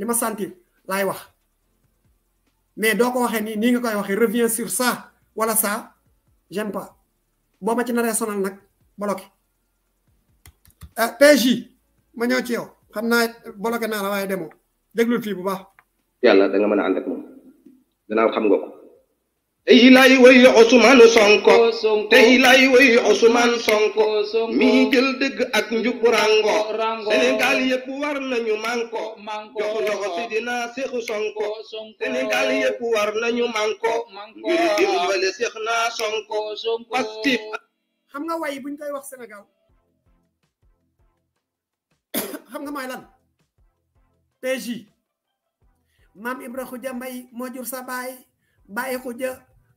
li ma sentir laay wax mais doo ko waxee nii nii nga koy waxee reviens sur ça wala sa j'aime pas boo ma ci naree sonal nag bloqué euh, PJ ma ñëw ci yow xam naa bloqué naa a waaye demoo déglul fii bu baax yàlla da nga mën a ànd ak moom danaa xam nga tey lay woy Ousmane Sonko tey lay woy Ousmane Sonko mi jël dëgg ak njub rango Sénégal yëpp war nañu manko jox loxo Sidina Seexu Sonko Sénégal yëpp war nañu manko ngir dimbale Seex naa Sonko Pastef xam nga way buñ koy wax Sénégal xam nga mooy lan PJ Maam Ibra Xuja Mbay moo jur sa baay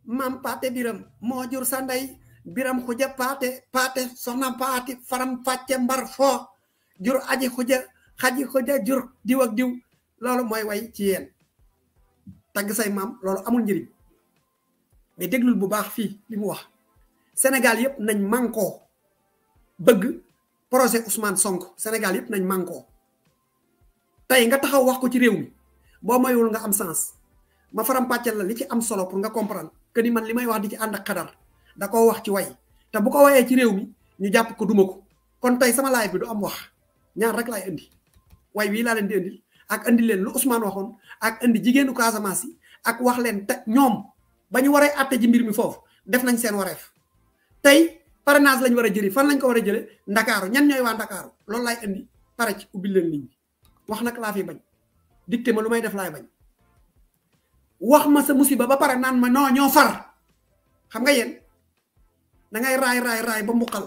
mam pate biram jur sandai biram xuja pate pate sona pate, faram pate mbar fo jur aji xuja xaji xuja jur diw ak diw loolu moy way ci yeen tag say mam loolu amul njiri mais deglul bu bax fi limu wax senegal yep nañ manko beug projet ousmane sonko senegal yep nañ manko tay nga taxaw wax ko ci mi mayul nga am sens ma faram patel la li ci am solo pour nga comprendre ke ni man limay wax di ci and ak xadar da ko wax ci way te bu ko waye ci rew mi ñu japp ko duma ko kon tay sama live bi du am wax ñaar rek lay indi way wi la leen di indil ak indi leen lu Ousmane waxon ak andi jigenu Casamance ak wax leen te ñom bañu waré atté ji mbir mi fofu def nañ seen wareef tay parrainage lañ wara jëri fan lañ ko wara jëlé dakaru ñan ñoy wa dakaru lool lay indi ci ubil leen nit wax nak la fi bañ dikté ma lu def lay bañ wax ma sa musiba ba pare nan ma no ñoo far xam nga yeen da ngay raay raay raay ba mbuqal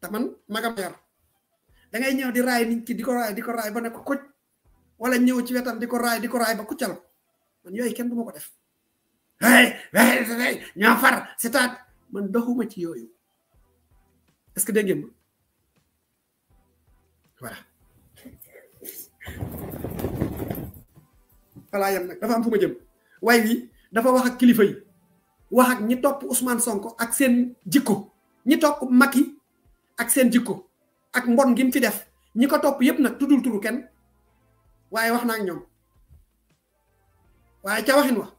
ta man magam yar da ngay ñew di raay nit ki diko ko raay di raay ba ne ko kuc wala ñew ci wetam diko raay ba kuccal man yoy kenn def hey hey hey ñoo far man doxuma ci est ce que voilà falaa yam nag dafa am fu ma jëm way wi dafa wax ak kilifa yi wax ñi topp Ousmane Sonko ak seen jikko ñi topp Macky ak seen jikko ak mbon gi mu fi def ñi ko topp yépp nag tuddul turu kenn waaye wax naa ak ñoom waaye ca waxin wax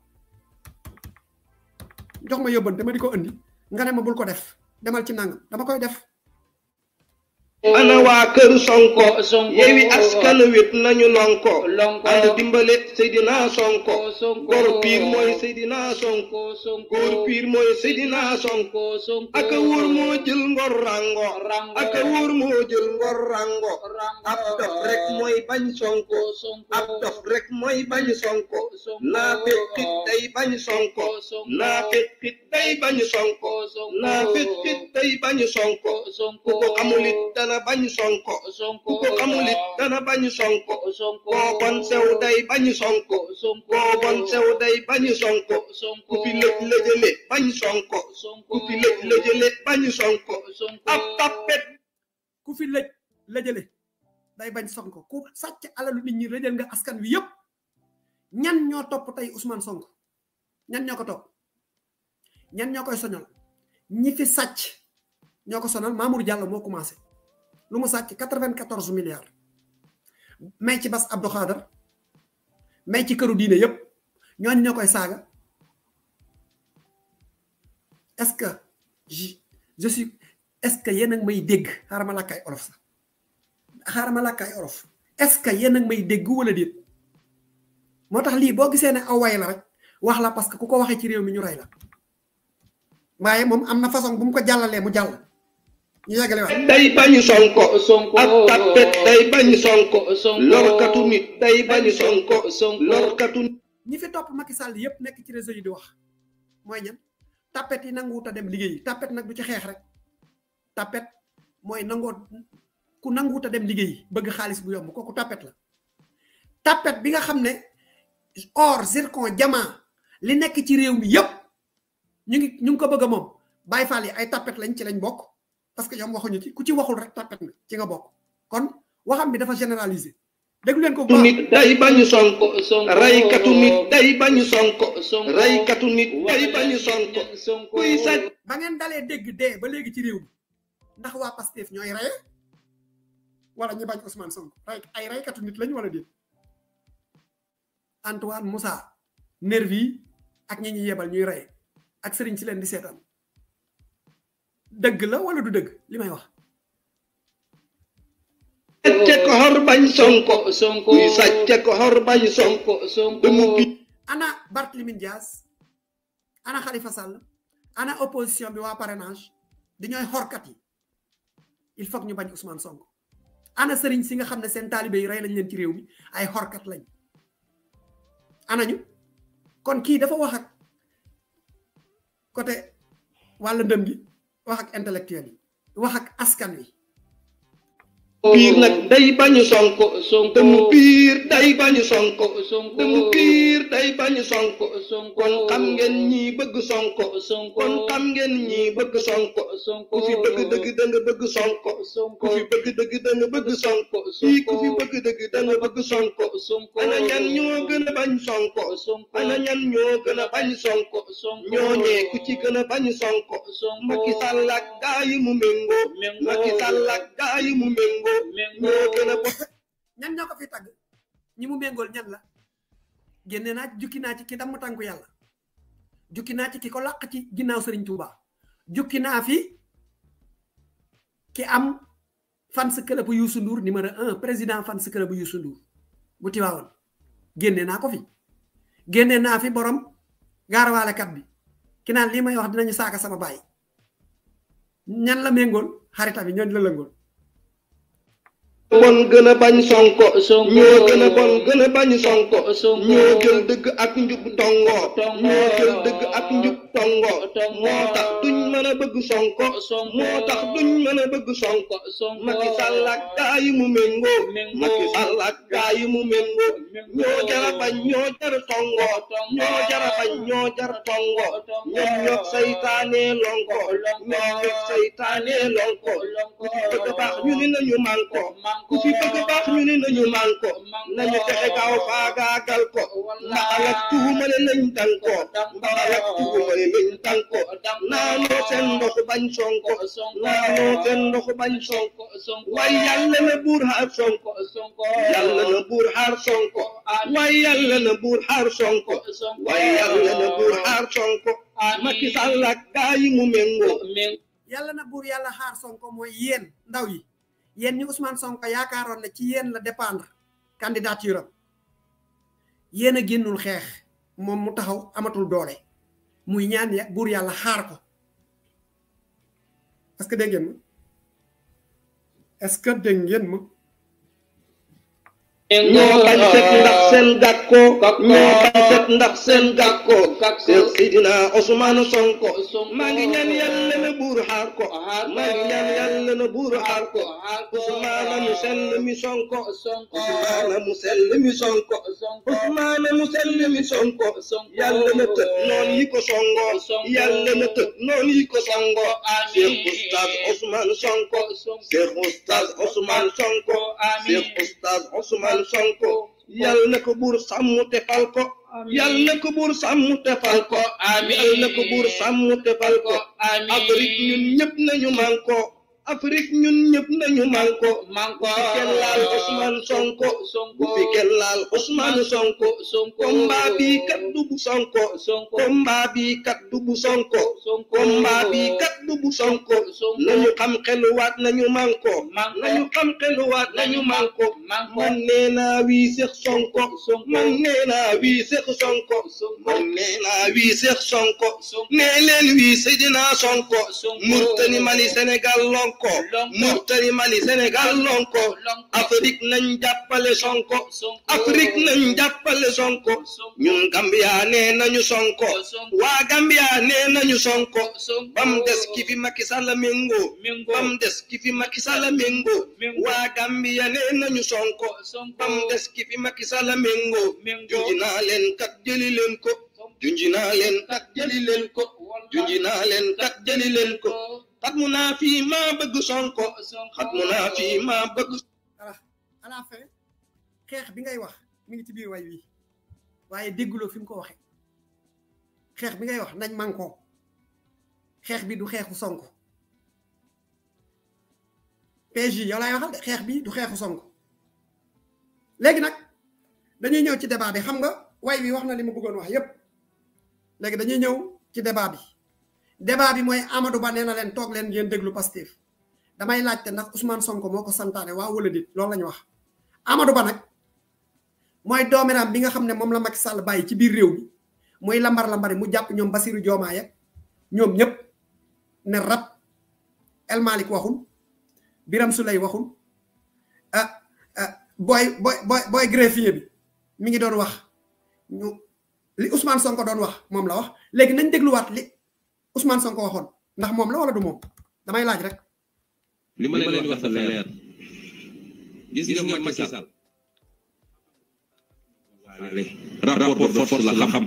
jox ma yóbbante ma di ko andi nga ne ma bul ko def demal ci nangam dama koy def Eh, ana waa kër Sonko yewi askan wit nañu lonko and dimbale Seydina oh, Sonko góor piir mooy Seydina Sonko oh, góor piir mooy oh, Sonko a wóor moo ngor rango ak a wóor moo ngor rango ab rek mooy bañ Sonko ab rek mooy bañ Sonko naa fekkit day bañ Sonko naa fekkit day bañ Sonko naa fekkit day bañ Sonko dana bañu sonko ko xamulit dana bañu sonko ko bon sew day bañu sonko ko bon sew day bañu sonko ku fi songko, lëjële bañu sonko ku fi lëj lëjële bañu sonko ab tapet ku fi lëj lëjële day bañ sonko ku alalu nit ñi nga askan wi yépp ñan ñoo songko, tey Ousmane Sonko ñan ñoo ko topp ñan ñoo koy soñal ñi fi sàcc ñoo sonal Mamour Diallo mo commencer lu mu sàcc quatre-vingt-quatorze milliards may ci Bass Abdou Khadre may ci këru diine yépp ñooñu ñoo koy saaga est-ce que je est-ce que yéen a may dégg xaaral ma làkk ay olof sax xaaral ma làkk ay olof est-ce que yéen a may dégg wala déet moo tax lii boo gisee ne aw way la rek wax la parce que ku ko waxee ci réew mi ñu rey la waaye moom am na façon bu mu ko jàllalee mu jàll day bañ sonko sonko ab tapet day bañ sonko lorkatu nit day bañ sonko lorkatu ñi fi topp Macky sàll yépp nekk ci réseau yi di wax mooy ñan tapet yi nanguwut a dem liggéey tapet nag bu ci xeex rek tapet mooy nangoo ku nanguwuta dem liggéey bëgg xaalis bu yomb kooku tapet la tapet bi nga xam ne or zircon diamant li nekk ci réew mi yépp ñu ngi ñu ngi ko bëgg a moom Baye Fall yi ay tapet lañ ci lañ bokk parce que ñoom waxuñu ci ku ci waxul rek tapet na ci nga bokk kon waxam bi dafa généraliser déglu leen ko bu nit day bañu sonko raykatu nit day bañu sonko raykatu nit day bañu sonko ba ngeen dalee dégg dee ba léegi ci réew mi ndax waa Pastef ñooy rey wala ñu bañ Ousmane Sonko ray ay raykatu nit lañu wala déet Antoine Moussa nervi ak ñi ñu yebal ñuy rey ak sëriñ si leen di seetaan deug la wala du deug limay wax te ko xor bañ sonko sonko te ko xor bañ sonko sonko ana Barthélémy Dias ana Khalifa Sall ana opposition bi wa parrainage di hor kat yi il faut que ñu bañ Ousmane Sonko ana serigne si nga xamne sen seen taalibe yi rey lañ leen ci rew mi ay kat lañ ñu kon ki dafa wax ak côté wàllu gi wax ak intellectuel yi wax ak askan wi piir nag day bañ sonko sonko mu piir day bañu sonko sonko mu piir day bañu sonko sonko kon xam ngeen ñi bëgg sonko sonko kon ngeen ñi bëgg sonko sonko ku fi bëgg dëgg da bëgg sonko sonko ku fi bëgg dëgg da bëgg sonko fii ku fi dëgg da bëgg sonko sonko ana ñan ñoo gën a bañ sonko sonko ana ñan bañ sonko sonko ku ci gën a bañ sonko sonko Macky Sall mu méngoo Macky Sall mu méngoo ñan ñoo ko fi tagg ñi mu méngool ñan la génne naa jukki naa ci ki damm tànku yàlla jukki naa ci ki ko làq ci ginnaaw sëriñ tuuba jukki naa fi ki am fans club Youssou Ndour numéro un président fans club Youssou Ndour bu tiwaawoon génne naa ko fi génne naa fi borom gaarawaalekat bi ki naan lii wax dinañu saaka sama bàyyi ñan la méngool xarita bi ñooñ la bon gën a bañ sonko ñoo gën a bon gën a bañ sonko ñoo jël dëgg ak njub tongoo ñoo jël dëgg ak njub tongoo moo tax duñ mën a bëgg sonko moo tax duñ mën a bëgg sonko Macky Sall ak gaa yi mu méngoo Macky Sall ak gaa yi mu méngoo ñoo jara bañ ñoo jar tongo ñoo jara bañ ñoo jar tongo ñoom ñoo saytaane lonko ñoom ñoo bëgg baax ñu ni nañu manko ku ci bëgg baax ñu ni nañu manko nañu fexe gaaw faagaagal ko mbaxal ak ne nañ dal ko mbaxal ne nañ dal ko naanu seen ndox bañ sonko naanoo seen ndox sonko waaye yàlla na buur xaar sonko yàlla na buur xaar sonko waaye yàlla na buur xaar sonko waaye yàlla na xaar sonko Macky na buur yàlla xaar sonko mooy yéen ndaw yi yéen ñi Ousmane Sonko yaakaaroon ne ci yéen la dépendre candidature am yéen a génnul xeex moom mu taxaw amatul doole muy ñaan ya buur yàlla xaar ko est que dégg ngeen ma que dégg ngeen ñoo bañ set ndax seen gàkko sidina Ousmane Sonko maa ngi ñaan na buur xaar ko maa ngi Sonko Ousmane mu Sonko Ousmane na tëj noon yi songo yàlla na tëj noon yi songo seex oustaz Ousmane Sonko seex oustaz Ousmane fal sonko yal na ko buur sàmm te fal ko yal na ko buur sàmm te fal ko yal na ko buur sàmm te fal ko ak rik ñun ñëpp nañu Afrique ñun ñëpp nañu manko manko bu fi kenn laal Sonko bu fi kenn laal Ousmane Sonko combat bi kat du bu Sonko combat bi kat du bu Sonko combat man nee wii seex Sonko man nee wii seex Sonko man wii seex Sonko Murtani mani Sénégal lonko ko lonko Mauritanie Sénégal lonko Afrique nañ jàppale Sonko Afrique nañ jàppale Sonko ñun Gambia nee nañu Sonko waa Gambia nee nañu Sonko bam des ki fi Macky Sall méngo ki fi Macky Sall méngo waa Gambia nee Sonko bam des ki fi Macky Sall méngo junji kat jëli leen xat mu naa fii maa bëgg sonko xat mu naa fii maa bëgg voilà à la xeex bi ngay wax mi ngi ci biir way wi waaye dégguloo fi mu ko waxee xeex bi ngay wax nañ mànkoo xeex bi du xeexu sonko PJ yow laay waxal de xeex bi du xeexu sonko léegi nag dañuy ñëw ci débat bi xam nga way wi wax na li ma bëggoon wax yépp léegi dañuy ñëw ci débat bi débat bi mooy Amadou Ba nee na leen toog leen ngeen déglu Pastef damay laajte ndax Ousmane Sonko moo ko santaane waaw wala déet loolu la ñu wax Amadou Ba nag mooy doomeraam bi nga xam ne moom la Macky Sall bàyyi ci biir réew mi muy lambar-lambari mu jàpp ñoom Basirou Diomaye ñoom ñëpp ne waxul Biram Souley waxul ah, ah booy booy booy bi mi ngi doon wax ñu li Ousmane Sonko doon wax moom la wax léegi nañ dégluwaat li Ousmane Sonko waxoon ndax moom la wala du moom damay laaj rek. li ma leen wax dafa leer gis nga Macky Sall. rapport de force la xam-xam.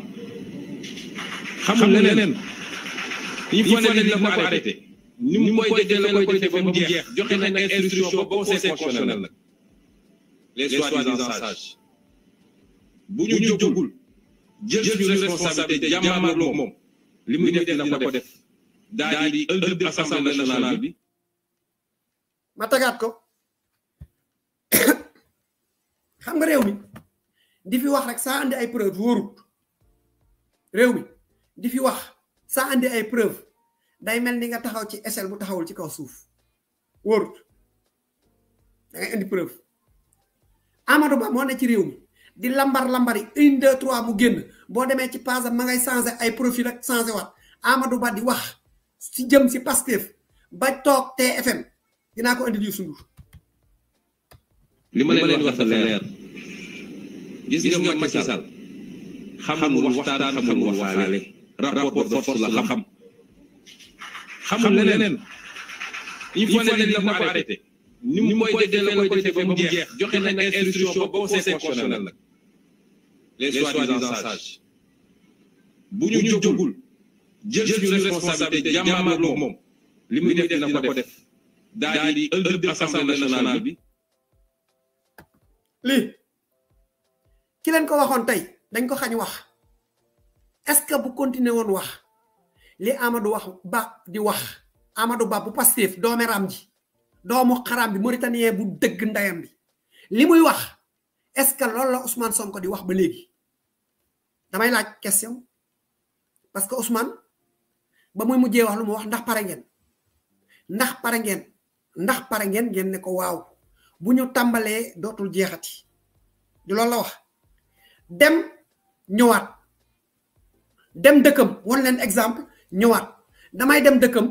xamul leneen. il faut ne dina ko arrêté. ni mu koy defee la koy defee ba mu jeex joxe nañ instruction ba conseil constitutionnel nag. les soi bu ñu jógul jël suñu responsabilité jàmmaarloo moom. li muy def dina ko def daal di ëllëg assemblée nationale bi ma tagaat ko xam nga mi di fi wax rek saa andi ay preuve wóorut mi di fi wax saa andi ay preuve day mel nga taxaw ci échelle bu taxawul ci kaw suuf da ngay preuve Amadou Ba ne ci mi di lambar lambari une deux trois mu génn bo démé ci page ma ngay changer ay profil ak changer wat Amadou Ba di wax si jëm si Pastef ba tok TFM dina ko indi sundu lima li ma leen wax leer gis nga Macky Sall xamul waxtaan xamul waxaale rapport de force la xam xam leneen il faut ne leen la ko arrêté ni moy dédé la koy defee ba mu jeex joxé nañ instruction ba conseil constitutionnel nak les soi-disant sages bu ñu jógul jël suñu responsabilité jàmmaam ak moom li muy def dina ko def daal di assemblée nationale bi lii ki leen ko waxoon tey dañ ko xañ wax est-ce que bu continuer woon wax li Amadou wax ba di wax Amadou Ba bu Pastef doomeram ji doomu xaram bi mauritanien bu dëgg ndayam bi li wax est-ce que loolu Ousmane Sonko di wax ba damay laaj question parce que Ousmane ba muy mujjee wax lu mu wax ndax pare ngeen ndax pare ngeen ndax pare ngeen ngeen ne ko waaw bu ñu tàmbalee dootul jeexati du loolu la wax dem ñëwaat dem dëkkam wan leen exemple ñëwaat damay dem dëkkam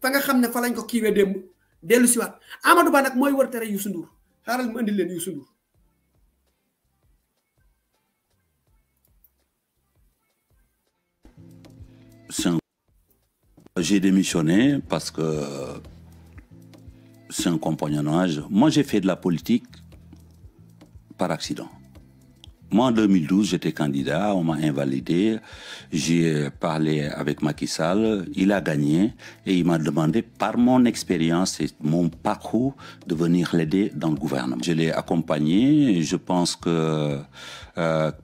fa nga xam ne fa lañ ko kiiwee démb dellu siwaat Amadou Ba nag mooy wër tere Youssou xaaral mu indi leen yu sundur J'ai démissionné parce que c'est un compagnonnage. Moi, j'ai fait de la politique par accident. Moi, en 2012, j'étais candidat, on m'a invalidé. J'ai parlé avec Macky Sall, il a gagné et il m'a demandé, par mon expérience et mon parcours, de venir l'aider dans le gouvernement. Je l'ai accompagné. Et je pense que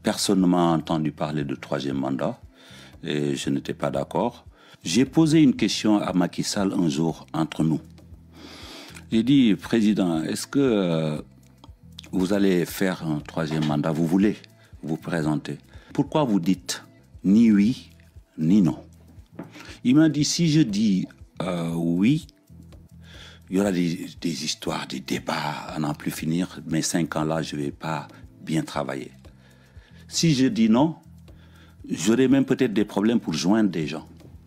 personne ne m'a entendu parler de troisième mandat et je n'étais pas d'accord. J'ai posé une question à Macky Sall un jour entre nous. Il dit, Président, est-ce que euh, vous allez faire un troisième mandat Vous voulez vous présenter Pourquoi vous dites ni oui, ni non Il m'a dit, si je dis euh, oui, il y aura des, des histoires, des débats à n'en plus finir. Mes cinq ans-là, je ne vais pas bien travailler. Si je dis non, j'aurais même peut-être des problèmes pour joindre des gens.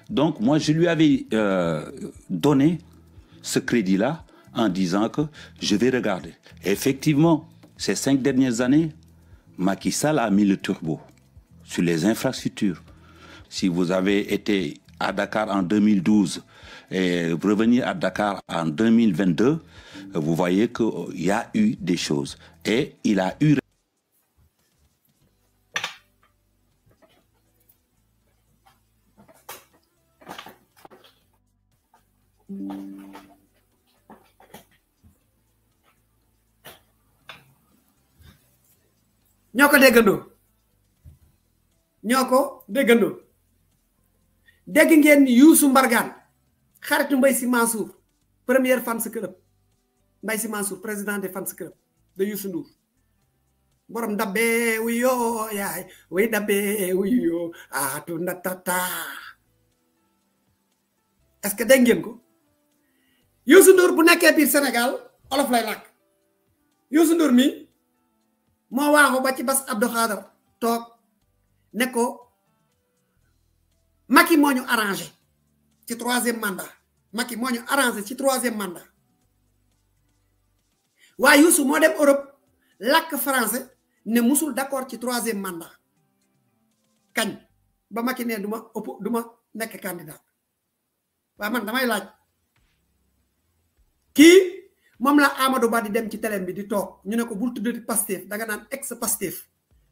Donc moi, je lui avais euh, donné ce crédit-là en disant que je vais regarder. Effectivement, ces cinq dernières années, Macky Sall a mis le turbo sur les infrastructures. Si vous avez été à Dakar en 2012 et revenir à Dakar en 2022, vous voyez qu'il y a eu des choses. Et il a eu ñoo ko nyoko ñoo ko déggandoo dégg ngeen ni yuusu mbargaan xaritu mbay si mansour première fans club mbay si mansour president des fans club de yuusu nduur borom dabbe wu yoo yaay way dabbe wu yoo aatu ndatata est ce que dégg ko Youssou Ndour bu nekkee biir Sénégal olof lay làkk Youssou Ndour mi moo waaxu ba ci Abdou arrangé ci troisième mandat Macky arrangé troisième mandat Youssou Europe français ne musul d'accord ci troisième mandat candidat qui mom la Amadou Ba di dem ci bi di ne ko bul Pastef nan ex Pastef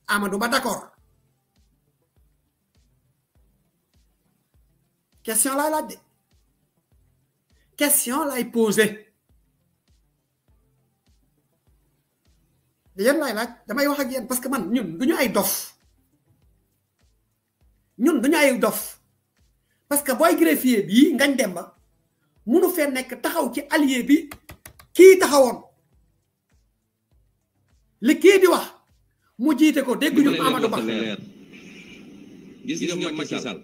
Amadou Ba d'accord question la la de question poser posé laaj a wax ak parce que man ñun duñu ay dof ñun duñu ay dof parce que vous, greffier bi ngañ dem ba munu fee nekk taxaw ci allié bi kii taxawoon li kii di wax mu jiite ko dégguñu Amadou Ba gis nga Macky Sall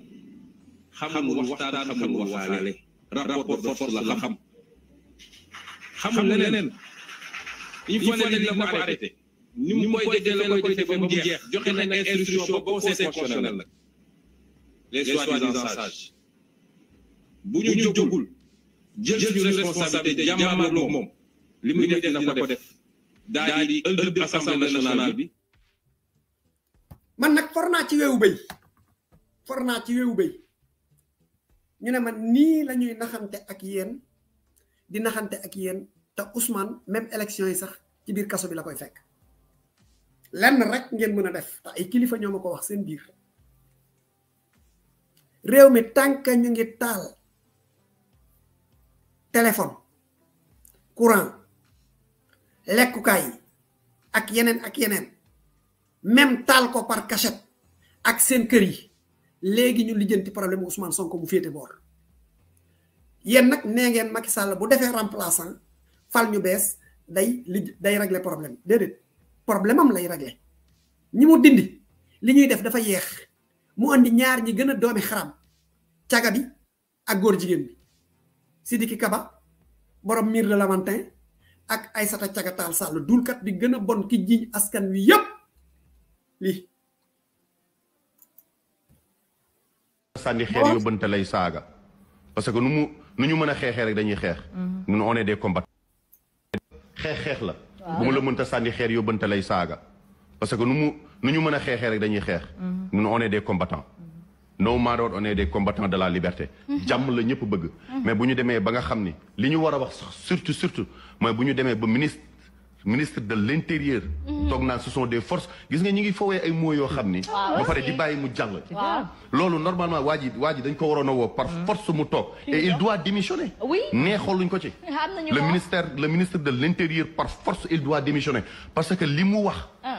xamul waxtaan xamul waxaale rapport de force la xam xamul leneen il faut ne la ko arrêté ni mu koy defee la koy defee ba mu jeex joxe nañ instruction ba conseil constitutionnel nag les soi-disant sages bu ñu jógul jël suñu responsabilité jàmmaarloo moom li muy def dina ko def daal di ëllëg assemblée nationale bi man nag for naa ci weewu béy di naxante ak yéen te Ousmane même élection yi kaso bi la koy fekk lenn rek ngeen mën a def te ay kilifa ñoo ma ko wax seen biir réew mi tànk ñu ngi taal téléphone courant lekkukaay ak yeneen ak yeneen même taal ko par cachette ak seen kër yi léegi ñu lijjanti problème Ousmane Sonko mu féete boor yéen nag nee ngeen Macky Sall bu defee remplaçant fal ñu bees day li day régler problème déedéet problème am lay régler ñi mu dindi li ñuy def dafa yeex mu indi ñaar ñi gën a doomi xaram caga bi ak góor jigéen bi Sidiki Kaba borom Mire la Lamentin ak Aïssata Cagataal Sall dulkat bi gën a bon ki jiiñ askan wi yépp lii sànni xeer yu lay saaga parce que nu mu nu ñu mën a xeexee rek dañuy xeex mhm. ñun on xeex la bu la mënta sànni xeer yu bënta lay saaga parce que nu mu nu ñu mën a xeexee rek dañuy xeex mhm. ñun no maroor on est des combattants de la liberté. jàmm le ñëpp bëgg. mais bu ñu demee ba nga xam ni li ñu wax surtout surtout mais ministre ministre de l'intérieur, intérieur. toog ce sont des forces gis nga ñi ngi foowee ay par yoo xam ni. Ah, ba pare di bàyyi mu jàll. loolu normalement wajid ji par hmm. force mu et il doit démissionner. oui neexoon luñ le ministère le ministre de l'intérieur par force il doit démissionner parce que li mu ah.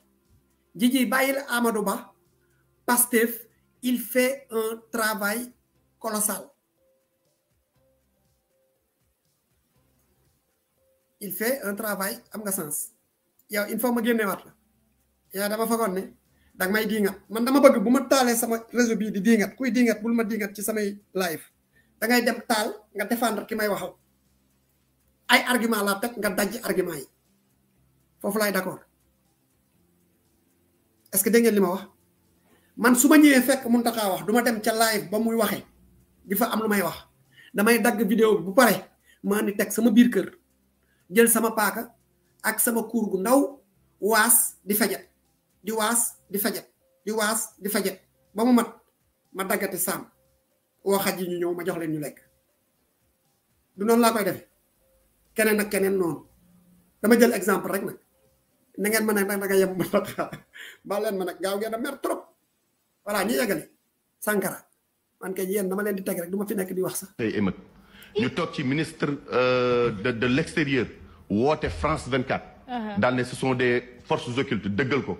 Gigi Bayil Amadouba, Pastef il fait un travail colossal il fait un travail am nga sens yow il faut ma génnewaat la yaa dama fagoon ne danga may diingat man dama bëgg bu ma sama réseau bii di dingat. kuy dingat. bul ma diingat ci samay live dangay dem tal. nga défendre ki may waxal ay argument laa teg nga dajji argument yi foofu laay d'accord est-ce que dégg lima wax man suma ñewé fekk wax duma dem ci live ba muy waxé di am lu may wax damay dag vidéo bu paré maa ni sama biir kër jël sama paaka ak sama cour gu ndaw was di fajet di was di fajet di was di fajet ba mu mat ma dagati sam woo xaj ñu ñew ma jox leen ñu lek du non la koy def keneen ak keneen non dama jël exemple rek nak na ngeen mën a nag naka yem ma baal leen ma nag gaaw ngeen a mer trop voilà ñu yegale Sankara man kay yeen dama leen di teg rek duma fi nekk di wax sax tey émeute ñu toog ci ministre euh, de de l'extérieur woote France 24 uh-huh. daal ne ce sont des forces occultes dëggal ko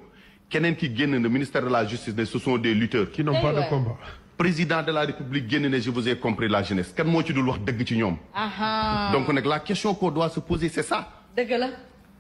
keneen ki génn na ministère de la justice ne ce sont des lutteurs qui n'ont eh pas de combat président de la République génn ne je vous ai compris la jeunesse kan moo ci dul wax dëgg ci ñoom uh-huh. donc nag la question qu'on doit se poser c'est ça dëgg la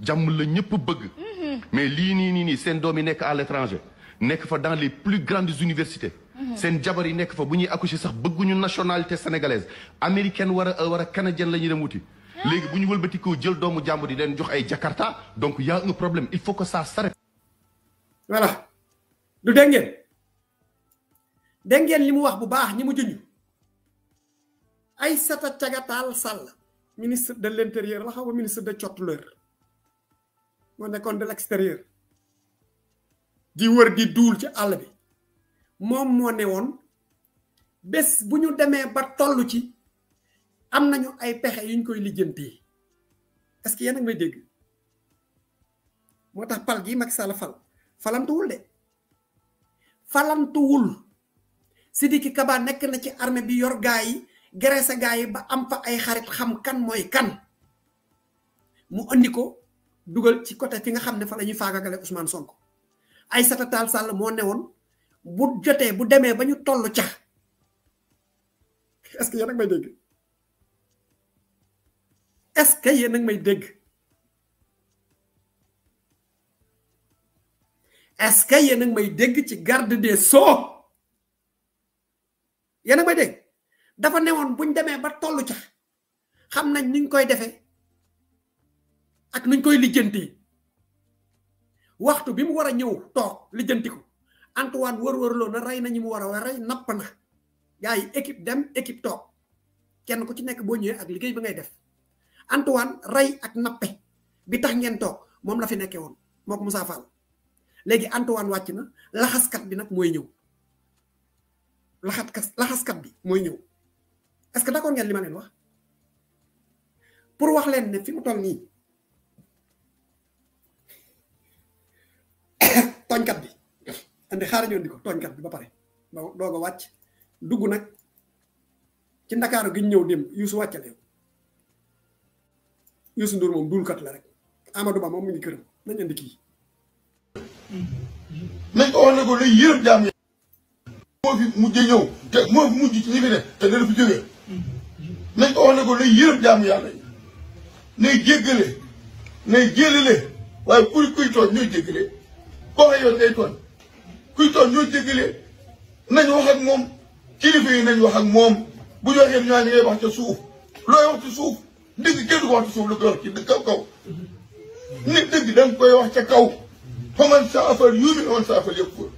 jàmm la ñëpp bëgg. mais li ni ni ni, sen doom à l'étranger nekk fa dans les plus grandes universités. sen jabar yi nekk fa bu accoucher sax ñu nationalité sénégalaise américaine war wara euh, war canadienne lañu ñuy dem wuti. léegi bu ñu wëlbati ko jël doomu jambu di len jox ay Jakarta donc y a un problème il faut que ça s'arrête. voilà du dégg ngeen limu wax bu baax ñi mu Aïssata sal ministre de l'intérieur la xaw ministre de Cotleur. moo kon de l'extérieur di wër di dul ci all bi mom mo ne woon bés bu ba tollu ci am nañu ay pexé yuñ koy lijeenté est-ce que yéen a ngi may dégg motax pal gi mak sala fal de wul Sidiki Kaba nek na ci armée bi yor gaay gaay ba am fa ay xarit xam kan moy kan mu andiko ko dugal ci côté fi nga xam ne fa la ñuy faagagale Ousmane Sonko Aïssata Tall Sall moo newoon bu jotee bu demee ba ñu toll ca est-ce que may dégg est-ce que may dégg ci garde des sceaux yéen may dégg dafa newoon buñ demee ba toll ca xam nañ niñ koy defee ak nuñ koy lijeenti waxtu bi mu war a ñëw toog ko Antoine wor lo na ray na mu wara wara ray nap na gaay équipe dem équipe tok kenn ku ci nek bo ñew ak liggéey bi ngay def Antoine ray ak nappé bi tax ngeen tok mom la fi nekké won moko Moussa Fall légui Antoine wacc na kat bi nag mooy la laxat kat bi moy ñew est-ce que d'accord ngeen li ma len wax pour wax len ne fi mu ni tooñkat bi andi xaaral ñoo di ko tooñkat bi ba pare doog a wàcc dugg nag ci ndakaaru gi ñëw dem yuusu wàccale yuusu Ndour moom duulkat la rek Amadou Ba moom mu ngi këram nañ andi kii. nañ ko ne ko lay yërëm jaam yi. moo ñëw te moo ci ñi fi ne te dana fi jógee. yàlla yi. nay jéggale nay jélale waaye pour kuy tooñ ñooy jéggale. koo waxee yoon kuy tooñ ñoo jégalee nañ wax ak moom kilifa yi nañ wax ak moom bu ñu waxee ñaan li wax ca suuf looy wax ci suuf dëgg kenn du ko wax kaw kaw nit dëgg da nga koy wax ca kaw fa man sa affaire yuumi man sa affaire yëpp ko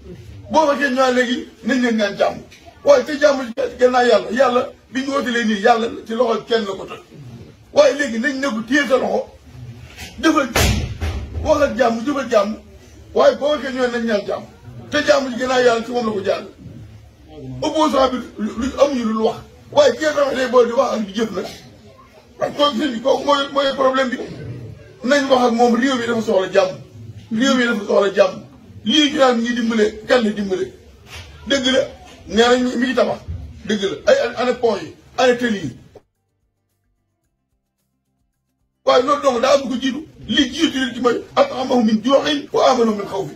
boo waxee ñaan léegi nañ leen naan jàmm waaye te jàmm li gannaaw yàlla yàlla bi ñu wootalee nii yàlla ci loxo kenn la ko toj waaye léegi nañ nekk téye sa loxo defal jàmm wax ak jàmm defal jàmm waaye boo waxee ñëwee nañ ñaan jàmm te jàmm ji gën a yàlla ci moom la ko jàll opposition bi lu amuñu lu wax waaye ki nga xam ne boo di wax ak di jëf nag ko que sëñ mooy mooy problème bi nañ wax ak moom réew mi dafa soxla jàmm réew mi dafa soxla jàmm lii ñu naan ñi dimbale kan la dimbale dëgg la nee nañ mi tabax dëgg la ay ana pont yi ana tëli yi waaye loolu dong daa am ko jiitu li jiitu leen ci mooy at'amahum min juu'in wa aamanahum min xawf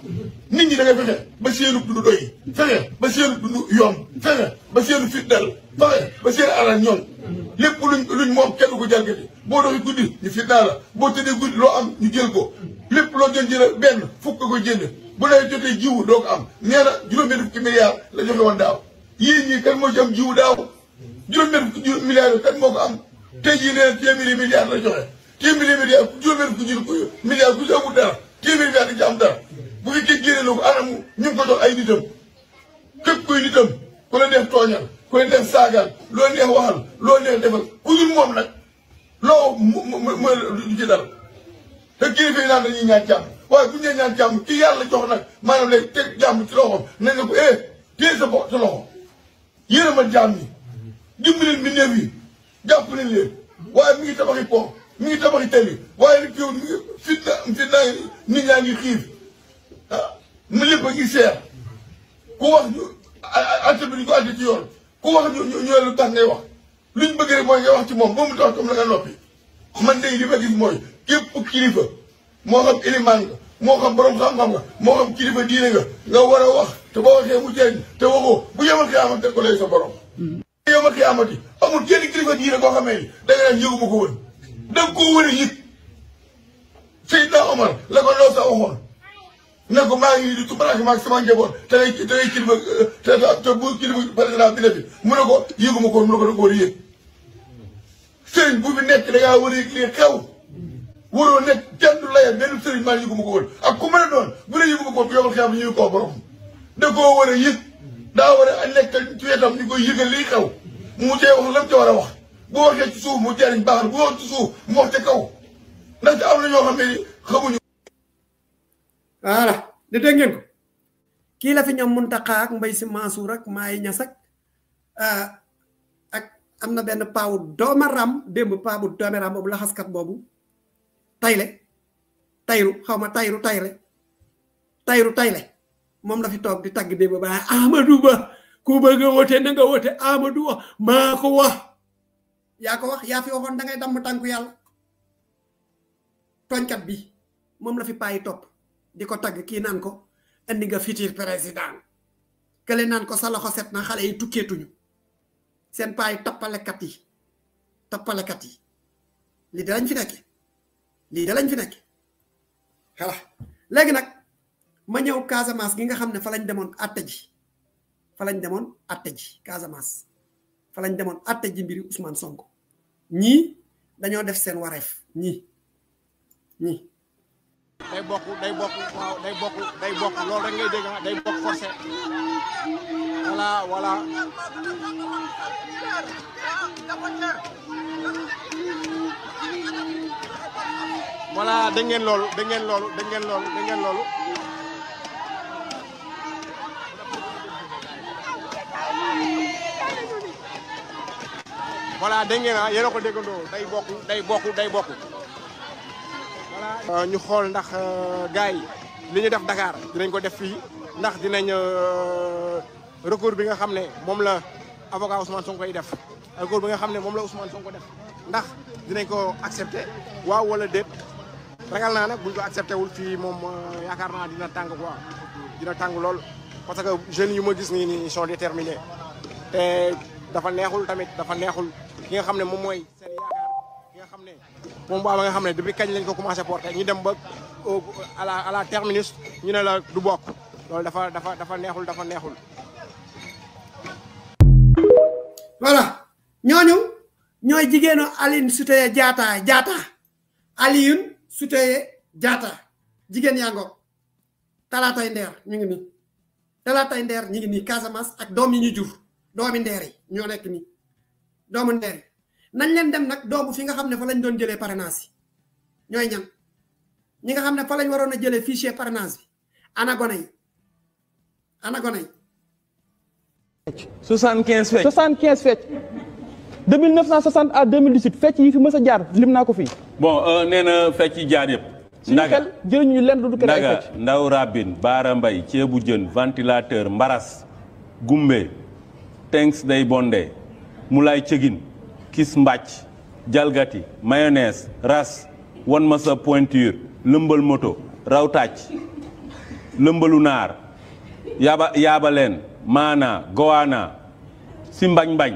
nit ñi da ngay fexe ba seenu dundu doy fexe ba seenu dundu yomb fexe ba seenu fit dal fexe ba seen alal ñoom lépp luñ luñ moom kenn ko jalgati boo doxi guddi ñu fit naa la boo tëddee guddi loo am ñu jël ko lépp loo jël jël benn fukk ko jënd bu lay jotee jiwu doo am nee na juróom-benn fukki milliards la joxe woon daaw yéen ñii kan moo ci am jiwu daaw juróom-benn fukki milliards kan moo ko am tey jii nee na téeméeri téeméeri milliard juróomi ku jël ko milliard ku si amul dara téeméeri milliard di ci dara bu fekkee génne ko anamu ñu ngi ko jox ay nitam képp kuy nitam ku la neex tooñal ku la neex saagaal loo neex waxal loo neex defal ku dul moom nag loo mu ci dara te kilifa yi naan dañuy ñaan jàmm waaye bu ñu nee ñaan jàmm ki yàlla jox nag maanaam léegi teg jàmm ci loxoom nañ ne ko a eh, bo sa bopp sa a yërëmal jàmm yi dimbaleen bi néew yi jàpp leen leen waaye mi ngi tabaxi pont mi ngi tabaxi tali waaye nag yow mi ngi fitna fitna nit ñaa ngi xiif mu ah lépp a ngi seer ku wax ñu àtte bi ñu ko àtte ci yoon ku wax ñu ñu ñu lu tax ngay wax luñ bëgg rek mooy nga wax ci moom ba mu tax comme la nga noppi. man day li a gis mooy képp kilifa moo xam ilimaan nga moo xam borom xam-xam nga moo xam kilifa diine nga nga war a wax te boo waxee mu jëriñ te waxoo bu yemal xiyaamati ko lay sa borom. bu mm. yemal amul kenn kilifa diine koo xamee ni danga naan yëgu ko da nga koo war a yëg fii daa Omar la ko loo sa waxoon ne ko maa ngi di tumaraange maa ngi sama njaboot te lay te lay kilifa te te bu kilifa président bi ne fi mu ne ko yëguma ko mu ne ko da nga ko war a yëg a yëg lii xew waroo a doon bu ne yëguma ko yomal xew ñu ko borom koo war yëg daa war a nekk ci wetam ñu koy yëgal lii xew mu tee wax lam ca war a wax bu waxee ci suuf mu jëriñ baax na bu waxee ci suuf mu wax ci kaw ndaxte am ah, ak am na benn paawu doomaram démb paawu doomaram boobu laxaskat boobu tayle tayru xaw ma tayru tayle tayru tayle moom la fi toog di tagg démb ba Amadou Ba ku bëgg a wote na nga Ba maa ko wax. yaa ko wax yaa fi waxoon da ngay tànku yàlla tooñkat bi moom la fi payi topp di ko tagg kii naan ko indi nga futur président kële naan ko sa loxo set na xale yi tukkeetuñu seen payi tappalekat yi tappalekat yi lii dalañ fi nekke lii dalañ fi nekke voilà léegi nag ma ñëw Casamance gi nga xam ne fa lañ demoon atte ji fa lañ demoon atte ji Casamance fa lañ demone atté ji mbiri Ousmane Sonko ñi dañoo def seen waref ñi ñi day bokku day bokku waaw day bokku day bokku lool rek ngay dégg day bokku forcé wala wala wala da ngeen loolu da ngeen lool da ngeen da ngeen voilà dégg ngeen ah yéen a ko déggandoo day bokk day bokk day euh, ñu xool ndax euh, gars yi li ñu def dakaar dinañ ko def fii ndax dinañ euh, recours bi nga xam ne moom la avocat Ousmane Sonko koy def recours bi nga xam ne moom la Ousmane ko def ndax dinañ ko accepté waaw wala déet regal naa nag buñ ko accepté wul fii moom yaakaar naa dina tàng quoi dina tàng lool parce que jeunes yi ma gis nii nii sont déterminés te dafa neexul tamit dafa neexul. ki nga xam ne moom mooy seen yaakaar ki nga xam ne moom bu am nga xam depuis kañ lañ ko commencé porté ñu dem ba à la terminus ñu ne la du bokk loolu dafa dafa dafa neexul dafa neexul. voilà ñooñu ñooy jigéenu Aline Sitoé jata, Diatta Alioune Sitoé Diatta jigéen yaa ngoog talaatay ndeer ñu ngi nii talaatay ndeer ñu ngi nii Casamance ak doom ñu jur doomi ndeer yi ñoo nekk nii. doomu ndeere nañ leen dem nag doomu fi nga xam ne fa lañ doon jëlee parrainage yi ñooy ñan ñi nga xam ne fa lañ waroon a jëlee fichier parrainage bi ana gone yi ana gone yi. 75 fecc 75 fecc de 1960 à 2018 fecc yi fi mës a jaar lim naa ko fii. bon euh, nee na fecc jaar yëpp. ndaga suñu xel jëriñu lenn du ndaw rabin baara mbay ceebu jën ventilateur mbaras gumbe tanks day bonde Moulay Cëgin Kiss Mbàcc Jalgati Mayonnaise Ras wan ma pointure lëmbal moto rawtaaj lëmbalu naar yaaba yaabaleen maana gowaana si mbañ-mbañ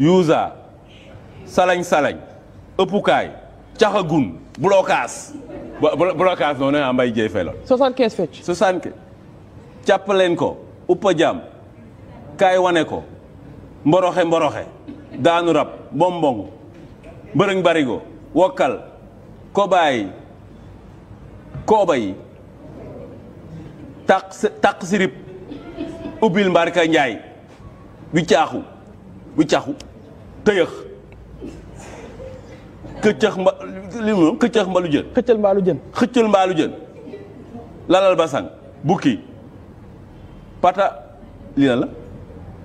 yuusa salañ-salañ ëppukaay caxagun blokaas blokaas noonu a ah, mbay jey fay la 75 fecc 75 ko uppa jaam kaay wane ko mboroxe mboroxe daanu rab bombong mbërëng barigo wokkal kobaay kooba yi taq sirip ubbil mbarka njaay bu caaxu bu caaxu tëyëx këccëx mba li mu mbalu jën xëccal mbaalu jën xëccal jën lalal basang bukki pata li la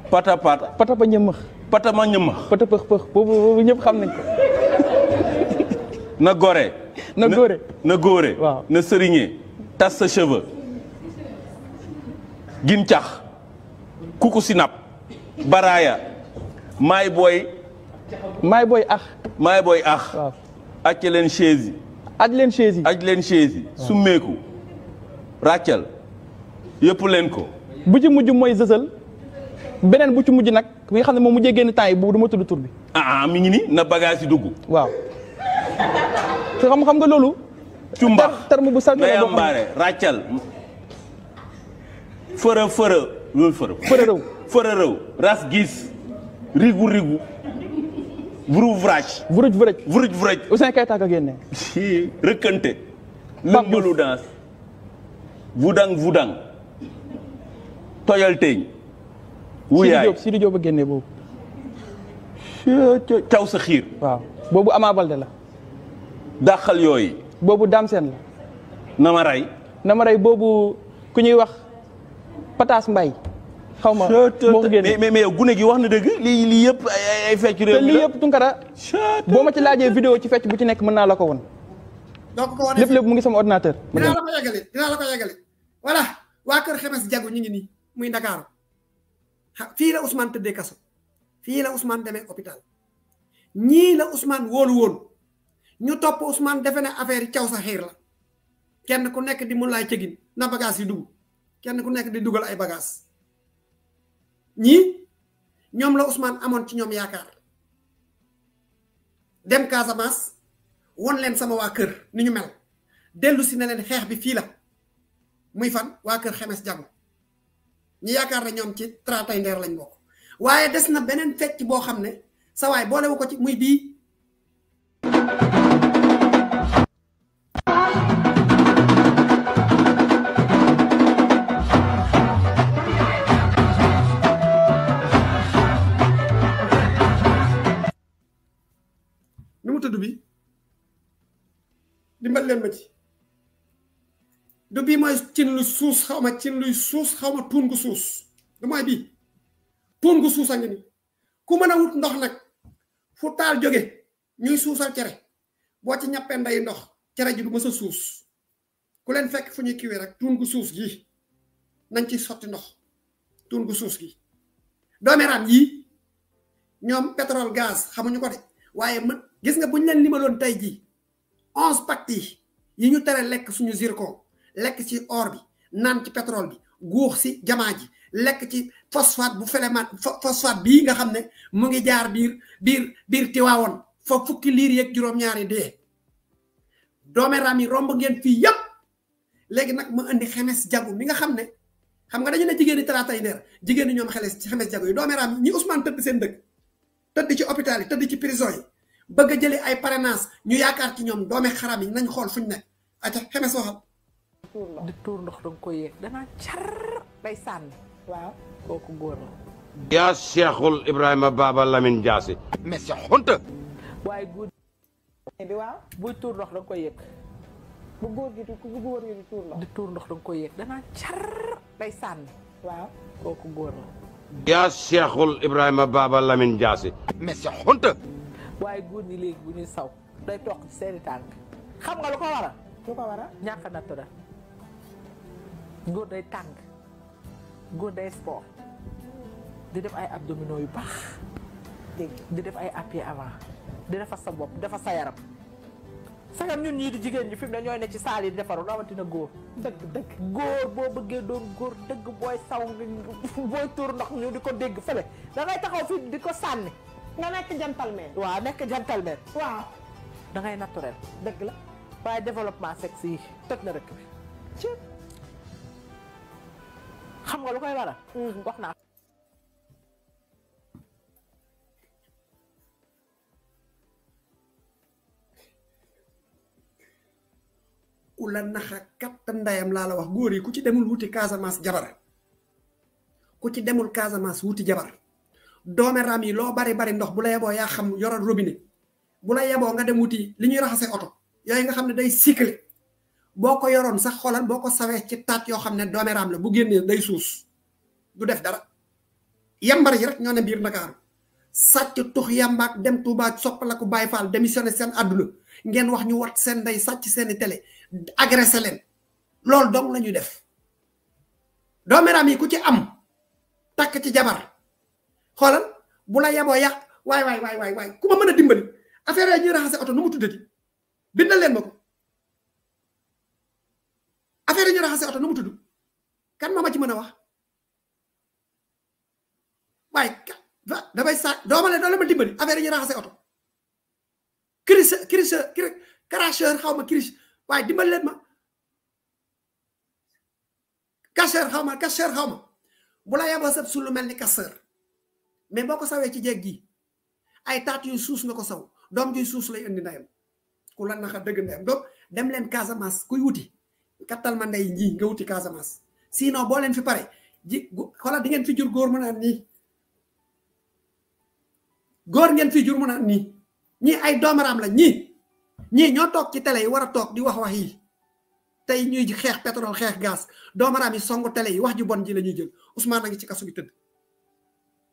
pata pata. pata ba ñëmmax. pata ma ñëmmax. pata pëx ñëpp xam nañ na gore. na góore na góore. waaw na sëriñee. tas sa cheveux. gin cax. kuku sinap. baraaya. maay booy. may booy ax. maay booy ax. leen chaise yi. aj leen chaise yi leen chaise summeeku ràccal yëpp leen ko. bu ci mujj mooy zësal. beneen bu ci mujj nag bi nga xam ne moom mujjee génn temps yi boobu du ma tudd bi. Ah, ah mi ngi ni na bagage yi dugg. waaw te xam xam nga loolu. cumbax te bu salte la boo xam ne fërë fërë loolu fërë. fërë rëw ras gis rigu rigu. vuru vraj. vuruj vërëj. vuruj vërëj. Ouzin Keita ka génne. rëkkante. lëmbalu danse. vudang vudang. toyal wuyaay Sidi Diop a génne boobu. caw sa xiir. waaw boobu Ama Balde la. dàqal yooy boobu Dame la. Nama Ray. Nama Ray boobu ku ñuy wax Pataas Mbay xaw ma moo ko génne mais mais gune gi wax na dëgg lii lii yëpp ay ay fecc réew mi la te boo ma ci laajee vidéo ci fecc bu ci nekk mën naa la ko won lépp lépp mu ngi sama ordinateur. dinaa la ko yegale dinaa la waa Kër Xemes jagu ñu ngi nii muy Ndakaaru. Fi la Ousmane tedde kasso fi la Ousmane demé hôpital ñi la Ousmane wol, woon ñu top Ousmane defe ne affaire ciow sa xir la kenn ku nekk di mulay laay na bagage yi dug kenn ku nekk di dugal ay bagage ñi ñom la Ousmane amoon ci ñom yaakar dem Casamance won len sama wa kër ni ñu mel delu ci na len xex bi fi la muy fan wa kër xemes jago ñu yaakaar ne ñoom ci tratay ndeer lañ bokk waaye des na beneen fecc boo xam ne sa waay boolewu ko ci muy bii nu mu tudd bi dimbal leen ma ci du bii mooy cin lu suus xaw ma cin luy suus xaw ma tuun gu suus du mooy bii tuun gu suus a ngi ni ku mën a wut ndox nag fu taal jóge ñuy suusal cere boo ci ñappee nday ndox cere ji du mës a suus ku leen fekk fu ñuy kiwee rek tuun gu suus gi nañ ci sotti ndox tuun gu suus gi doomeeraan yii ñoom pétrole gaz xamuñu ko de waaye mën gis nga bu ñu leen limaloon tey jii onze pacte yi ñu tere lekk suñu zircon lekk ci or bi naan ci pétrole bi guux si jamaa ji lekk ci phosphate bu félémat phosphate bii nga xam ne mu ngi jaar biir biir biir tiwaawoon foo fukki liir yeeg juróom-ñaari dee dooméram yi romb ngeen fii yëpp léegi nag mu indi xemes jagu mi nga xam ne xam nga dañu ne jigéen ñi talaatay ndeer jigéen ñi ñoom ci xemes jagu yi dooméram yi ñi Ousmane tëdd seen dëkk tëdd ci hôpital yi tëdd ci prison yi bëgg a jëli ay parrainage ñu yaakaar ci ñoom doome xaram yi nañ xool fuñ nekk aca xemes waxal tuur ndox di tuur ndox da nga koy yëg la. yaa Cheikhul Ibrahima Baba ndox da nga koy yëg. bu góor gi bu góor gi di day sànni. waaw kooku góor la. yaa Cheikhul Ibrahima Baba Lamine Diassi. mais sa xunta. waaye góor ñi léegi bu ñuy saw. day toog ci seeni xam nga lu ko waral. lu ko góor day tàng góor day sport di def ay abdominaux yu baax. di def ay appui avant di defar sa bopp defar sa yaram. sagam ñun ñii di jigéen ñi fi mu ne ñooy ne ci saal yi defaru rawatina góor. dëgg dëgg góor boo bëggee doon góor dëgg booy saw booy tuur ndox ñu di ko dégg fële da ngay taxaw fii di ko sànni. nga nekk gentleman. waa nekk gentleman. waaw. da ngay naturel. dëgg la waaye développement sexe yi toj na rëkk bi. xam nga lu koy waral wax naa ku la naxa katta ndayam laa la wax góor yi ku ci demul wuti Casamance jabar ku ci demul Casamance wuti jabar doome ram yi loo bari bari ndox bu la yeboo yaa xam yoroon robinet bu la yeboo nga dem wuti li ñuy raxase oto yooyu nga xam ne day cycle boko yoron sax xolal boko sawé ci tat yo xamné domeram la bu génné day sous du def dara yambar yi rek ñoo ne biir Ndakaaru tux yambak dem Touba ko bay fal démissionné sen àdduna ngeen wax ñu wat sen day sacc sen télé agresser len loolu dong lañu def domeram yi ku ci am tak ci jabar xolal bu la yabo yak way way way way way kuma mëna dimbali affaire yi ñu auto nu mu tuddé bindal affaire yi ñu raxase oto nu mu tudd kan moo ma ci mën a wax waaye damay sa doomale doole ma dimbali affaire yi ñu raxase oto crise crise xaw ma crise waaye dimbali leen ma cacheur xaw ma cacheur xaw bu la yaboo sab su lu mel ni casseur mais boo ko sawee ci jeeg gi ay taat yu suus la ko saw doom juy suus lay indi ndayam ku la naxa dëgg ndayam donc dem leen Casamance kuy wuti katal man day ji nga wuti casamance sino bo len fi pare ji di ngeen fi jur gor mu naan nii góor ngeen fi jur mu naan nii ñii ay domaram la ñi ñi ño tok ci télé yi war di wax wax yi tay ñuy xex pétrole xex gaz songot yi songu télé yi wax ju bon ji la jël Ousmane a ci kasso gi tëdd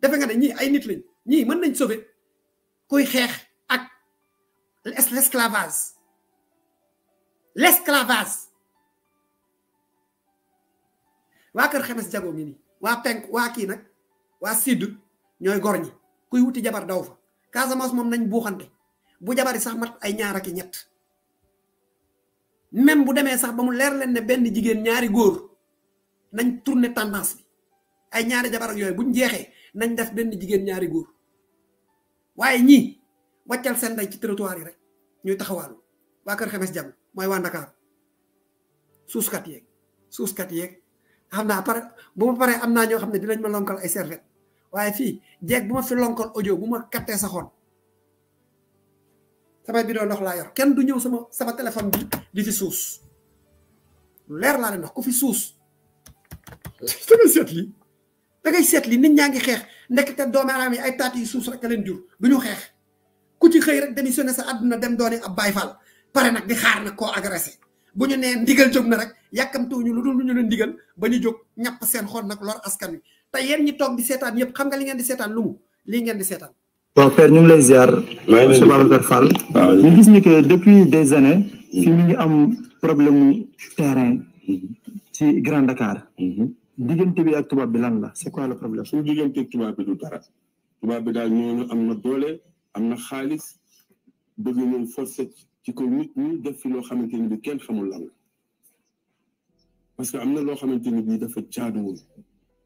defe nga ne ay nit lañ ñi mën nañ sauver kuy xex ak l'esclavage l'esclavage waa kër xemes jago ngi nii waa penk waa kii nag waa sud ñooy gor ñi kuy wuti jabar daw fa Casamance moom nañ buuxante bu jabari sax mat ay ñaar ak ñett même bu demee sax ba mu leer leen ne benn jigéen ñaari góor nañ tourner tendance bi ay ñaari jabar ak yooyu buñ jeexee nañ def benn jigéen ñaari góor waaye ñii wàccal seen day ci territoire yi rek ñuy taxawaalu waa kër xemes jago mooy waa Ndakaaru suuskat yeeg suuskat yeeg xam par buma paré amna am xamné dinañ ma lonkal ay servet waye fi jeeg buma fi lonkal audio buma ma sa xoon sama bidon ndox la yor kenn du ñew sama sama téléphone bi di fi sous lèr la leen wax ku fi sous sama seet li ngay seet li nit ñangi xex nek té doomi aadama yi ay tati sous rek a leen jur ñu ku ci xey rek démissioné sa aduna dem doone ab bayfal paré nak di xaar nak ko agresser buñu né ndigal jog na rek yakamtu ñu dul ñu leen digal bañu jog ñap seen xol nak lor askan wi te yeen ñi tok di sétan yëpp xam nga li ngeen di sétan lu mu lii ngeen di sétan waaw père ñu ngi lay ziar monsieur Babacar Fall ñu gis ni que depuis des années mm-hmm. fi mi ngi am problème terrain mm-hmm. ci Grand Dakar mm-hmm. digënté bi ak tubab bi lan la c'est quoi le problème suñu digënté ak tubab bi du dara tubab bi dal ñooñu amna doole amna na bëgg ñu forcer ci kaw nit ñi def fi loo xamante ni bi kenn xamul lan parce que am na loo xamante ni bi dafa jaaduwul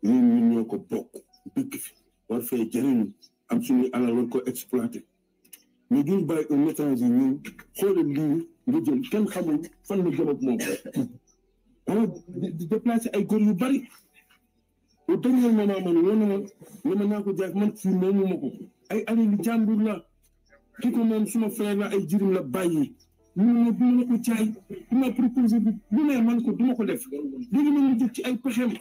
ñun ñun ñoo ko bokk dëkk fi war fee jëriñu am suñu alal war ko exploité mais duñ bàyyi un étranger ñun xoolal lii nga jël kenn xamul fan la jëm ak moom wala ay góor yu bari au dernier na ma ne ma naa la ki ko moom suma frère la ay jirim la bàyyi mënuma duma ko caay duma proposé bi lu ne man ko duma ko def léegi nag ñu jël ci ay pexeem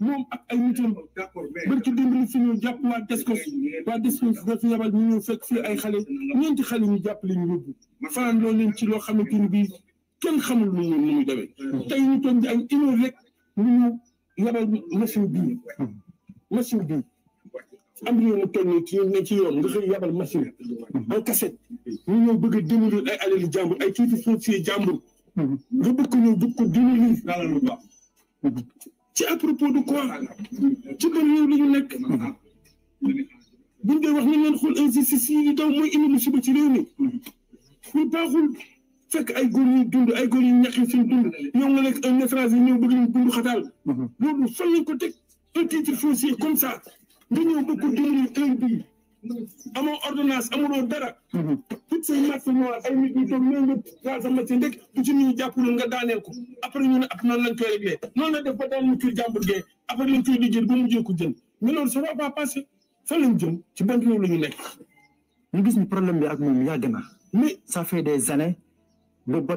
moom ak ay nitam bër ci dimbali fi ñu jàpp waa Descos waa Descos dafa yabal ñu ñëw fekk fii ay xale ñeenti xale ñu jàpp lañu yóbbu fanaan loo leen ci loo xamante ni bii kenn xamul lu ñu nu muy demee hmm. tey ñu toog di ay une heure rek ñu ñu yabal machine bii hmm. machine am réew mu toll nii ci ne ci yoon nga xëy yabal machine en cassette ñu ñëw bëgg a démolir ay alali jàmbur ay titre foncier jàmbur nga bëgg ko ñëw bëgg ko démolir ci à propos de quoi ci ban réew la ñu nekk buñ dee wax nañ leen xool injustice yi daw mooy indi musiba ci réew mi ñu baaxul fekk ay góor ñuy dund ay góor yu ñaqi seen dund ñoo nga nekk un étranger ñëw bëgg leen dund xataal loolu fan lañ ko teg un titre foncier comme ça nga ñëw ba ku dimbali heure bii amoo ordonnance amuloo dara. Mm-hmm. tout say marché noir ay nit ñu toog ñëw nga gaal sa machine rek du ci ñu jàppul nga daaneel ko après ñu ne ak noonu lañ koy réglé noonu def ba daan mu kii jàmbur gee après lañ koy liggéey ba mujjee ko jël mais loolu ça va pas passer fan lañ jëm ci ban la ñu nekk. ñu gis ñu problème bi ak moom yàgg na. mais ça fait des années ba ba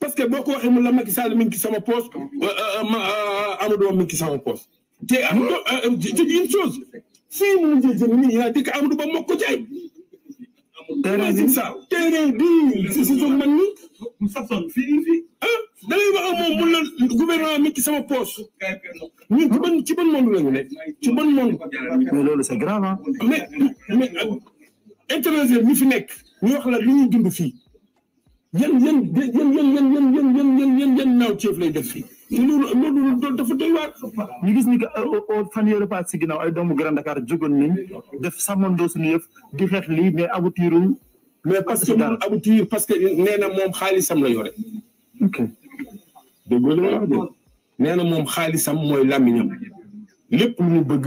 parce que beaucoup waxe la Macky Sall sama Amadou une chose si si gouvernement c'est grave yan yan yan yan yan yan yan yan yan yan yan naaw ceef lay def fii loolu loolu dafa doy waar ñu gis ni que fan yële paas si ginnaaw ay doomu Grand Dakar jógoon nañ def sàmmandoo suñu yëf di xeex lii mais aboutirul mais parce que moom aboutir parce que nee na moom xaalisam la yore ok dégg nga li ma wax nee na moom xaalisam mooy làmmiñam lépp lu mu bëgg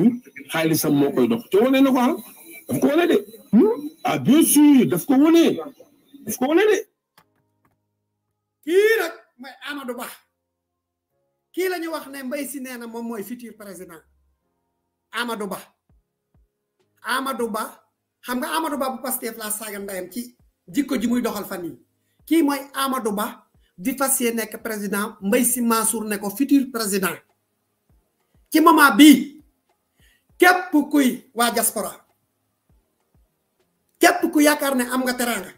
xaalisam moo koy dox te wane na ko ah daf ko wane de ah bien sûr daf ko wane daf ko wane de kira nak mooy Amadou Ba ki lañu wax ne mbay si nee mom moy futur président Amadou Ba Amadou Ba xam nga Amadou Ba bu Pastef laa saga ndayam ci jikko ji muy doxal fan yi ki moy Amadou Ba di fas nek président mbay si Mansour ne ko futur président ci moment bi kep kuy wa diaspora kep ku yakarne am nga teranga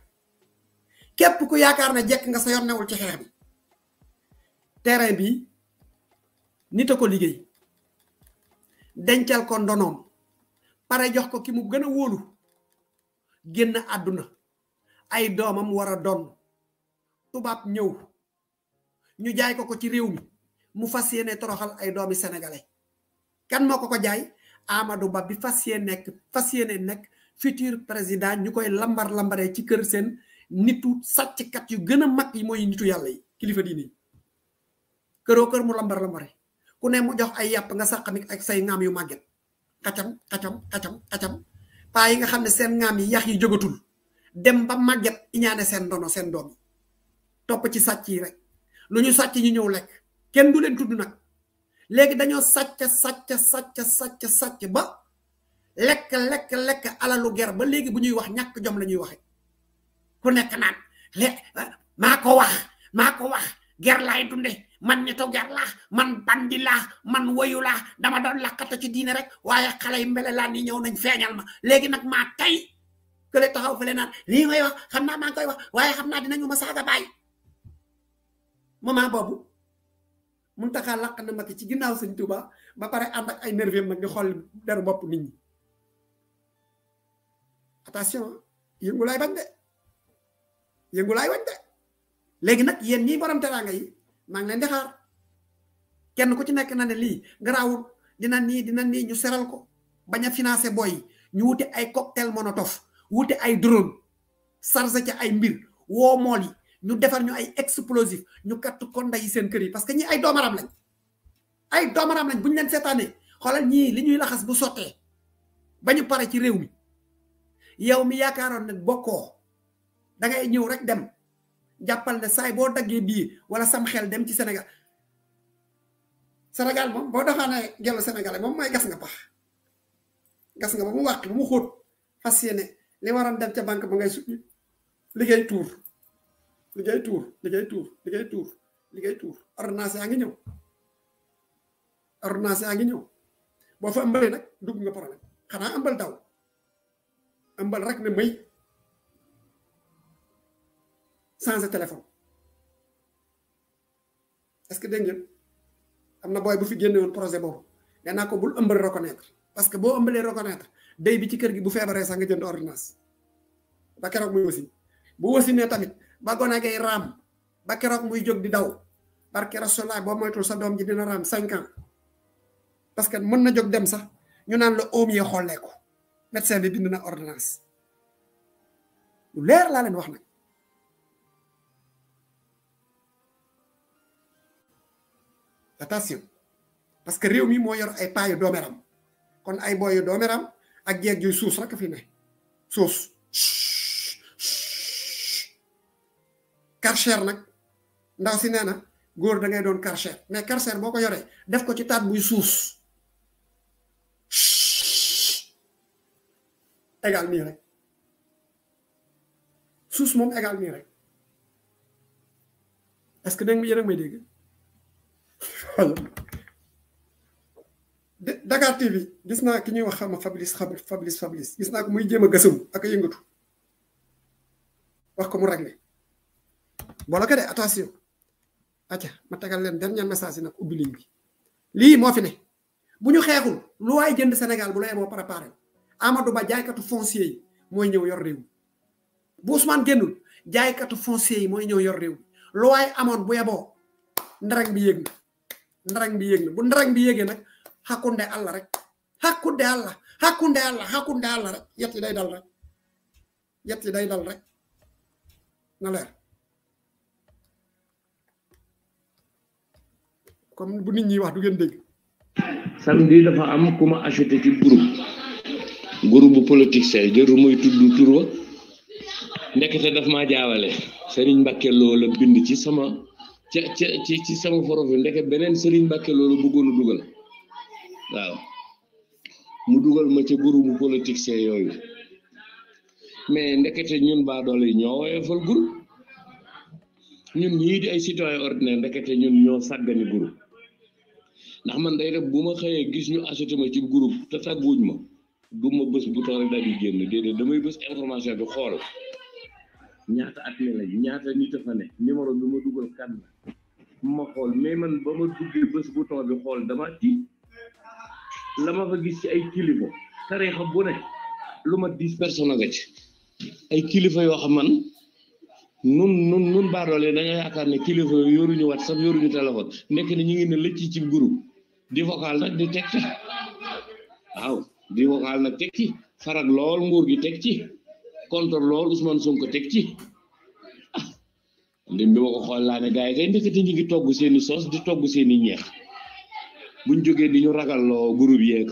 képp ku yaakaar na jekk nga sa yoon newul ci xeex bi terrain bi nit a ko liggéey dencal ko ndonoom pare jox ko ki mu gën a wóolu génn àdduna ay doomam war a doon tubaab ñëw ñu jaay ko ko ci réew mi mu fas yéene toroxal ay doomi sénégalais kan moo ko ko jaay Amadou Ba bi fas yéene nekk fas yéene nekk futur président ñu koy lambar lambaree ci kër seen nitu sacekat yu gëna a mag yi moy nitu yalla yi kilifa diine yi këroo kër mu lambar lambare ku ne mu jox ay yap nga sax mi ak say ngam yu màgget katam katam katam katam pa yi nga xam sen ngam yi yah yi jogatul dem ba màgget iñane sen dono sen dom top ci satch yi rek luñu satch ñu ñew lek kenn du len tuddu nak léegi dañoo satch satch satch satch satch ba lek lek ala lu ger ba bu wax ñak jom lañuy waxe ku nek nan le mako wax mako wax ger lay dundé man ñeto ger la man bandi man woyu la dama doon lakkata ci diiné rek waye ya xalé yi mbele laa ni ñew nañ feeñal ma nak ma tay ke le taxaw fele nan li may wax xamna ma maa ya koy wax waye xamna dinañu ma saga bay moment boobu mun taxaa laq na maki ci ginnaw sëñ touba ba paré and ak ay nerveux nag di xol der bop nit ñi attention yëngu ya. bañ de yëngu wañ de léegi nag yéen ñii borom teraanga yi maa leen di kenn ku ci nekk na ne lii garaawul dina nii dina nii ñu seral ko bañ a financé booy ñu wute ay cocktail molotov wute ay drone chargé ca ay mbir woo mool yi ñu defar ñu ay explosif ñu katt konda yi seen kër yi parce que ñi ay doomaram lañ ay doomaram lañ bu ñu leen seetaanee xoolal ñii li ñuy laxas bu sottee ba ñu pare ci réew mi yow mi yaakaaroon nag bokkoo da ngay ñew rek dem jappal ne say bo daggee bi wala sam xel dem ci Sénégal Sénégal mom bo doxane gelu Sénégalais mom may gas nga pax gas nga ba mu wàq ba mu li waroon dem ci banque ba ngay suñu liggéey tour, liggéey tour, liggéey tour, liggéey tour. liggéey tour ordonnance ya nga ñew ordonnance ya nga ñew bo fa ëmbalee nak dug nga problème xana ambal daw ambal rek ne may changé téléphone est-ce que dégg ngeen am na booy bu fi génne projet boobu nee naa ko bul ëmbal reconnaître parce que boo ëmbalee reconnaître day bi ci kër gi bu feebaree sax nga jënd ordonnance ba keroog muy wasin bu wasinee tamit ba gone gay ba keroog muy jóg di daw barke rasulaay boo moytul sa doom ji dina raam cinq ans parce que mën na jóg dem sax ñu naan la oom yee xollee ko médecin bi bind na ordonnance lu leer laa leen wax nag attention parce que réew mi moo yor ay paayu doomeram kon ay booyu doomeram ak jeeg yuy suus rek fi ne suus karcher nag ndax si nee na góor da ngay doon karcher mais karcher boo ko yoree def ko ci taat buy suus égal nii rek suus moom égal nii rek est que dégg nga yéen may dégg Dakar TV gis naa ki ñuy wax xam fabilis xam Fabrice Fabrice gis naa ko muy jéem a gësum ak a yëngatu wax ko mu réglé boole ko de attention acca ma tegal leen dernier message yi nag ubbi ligne bi lii moo fi ne bu ñu xeexul lu waay jënd Sénégal bu la mo préparé Amadou Ba jaaykatu foncier yi mooy yor réew bu Ousmane yor lu bu bi ndarang bi yéeg na bu ndarang bi yéegee nag xàkkunde àlla rek xàkkunde àlla xàkkunde àlla xàkkunde àlla rek yet yi day dal rek yet yi day dal rek na leer comme bu nit ñi wax du ngeen dégg samedi dafa am ku ma acheté ci groupe groupe bu politique say jëru muy tudd tur wa ndekete daf maa jaawale Serigne Mbacke loola bind ci sama ci ca ci ci sama forom bi ndeke beneen Serigne Mbacke loolu bëggoon duggal waaw mu duggal ma ci buru mu politique sé yoy mais ndekete ñun ba doole ñoo woyofal guru ñun ñi di ay citoyen ordinaire ndekete ñun ñoo sagani guru ndax man day def buma ma gis ñu acheté ma ci groupe te tàgguwuñ ma du ma bés bu toog rek daal di génn damay bëss information bi xol ñaata at la ñaata nit fa ne numéro bi ma dugal kan la ma xol mais man bama duggé bëss bu temps xol dama ci lama fa gis ci ay kilifa tarixa bu ne luma nga ci ay kilifa yo xam man nun nun nun baadoole da nga yaakaar ne kilifa ñu wat sax ñu téléphone nek ne ñi ngi ne lecc ci guru di vocal nak di tek ci waaw di vocal nak tek ci farak lool nguur gi tek ci contre lool Ousmane Sonko tek ci ndim bi ma ko xool laa ne yi kay ndekete ñu togg seeni soos di togg seeni ñeex bu jógee di ñu ragalloo groupe yeeg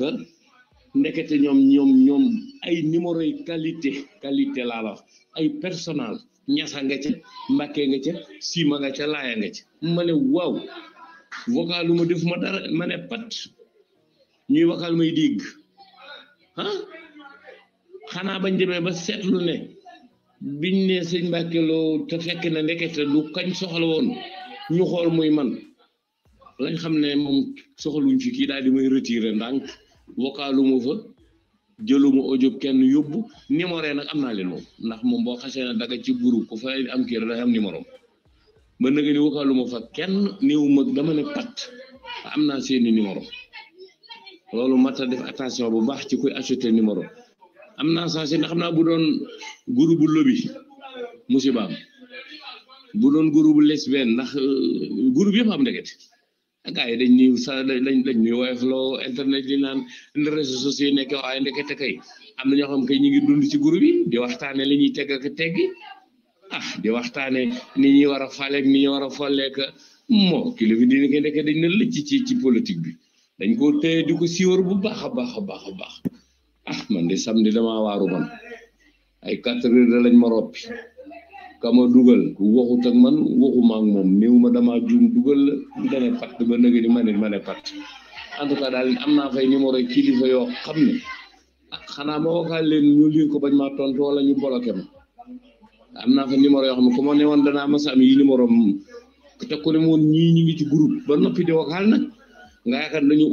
ndekete ñoom ñoom ay numéro yi qualité qualité laa ay personnel ñasa nga ca mbàkkee nga ca siima nga ca laaya nga ca ma ne vocal ma def ma dara ma pat ñuy vocal may dégg ah xanaa bañ demee ba seetlu ne biñ ne sëñ Mbàkke Lo te fekk na ndekete du kañ soxla woon ñu xool muy man lañ xam ne moom soxaluñ fi kii daal di may retire ndànk vocalu ma fa jëluma ojo kenn yóbbu numéro nag am naa leen ndax moom boo xasee ci groupe ku am kii dafay am numéro man nag ni vocalu fa kenn néew mag dama ne pat am naa seeni numéro loolu mat def attention bu baax ci kuy acheter numéro am naa sensé ndax xam naa bu doon groupe bu lobby musibaam bu doon groupe bu lesbienne ndax euh, groupe yoo am ndeket gars yi dañ ñuy sa dañ dañ ñuy woyofloo internet di naan réseaux sociaux yi nekk waaye ndeket kay am na ñoo xam kay ñu ngi dund ci groupe yi di waxtaane li ñuy teg ak teggi ah di waxtaane ni ñuy war a faleek ni ñuy war a folleek moo kilifa dina koy ndeket dañ na lëcc ci ci politique bi dañ koo téye di ko siiwar bu baax a baax a baax a baax man di samedi dama waru man ay 4 da lañ ma roppi kama dugal waxut ak man waxuma ak mom ma dama jum dugal da ne pat ba neug ni mané mané pat en tout cas dal amna fay numéro kilifa yo xamné ah, xana ma waxal len ñu li ko bañ ma tontu wala ñu bloqué ma amna fa numéro yo xamné ko newon dana ma am yi numéro te ko ni won ñi ñi ngi ci groupe ba nopi di waxal nak nga yakar dañu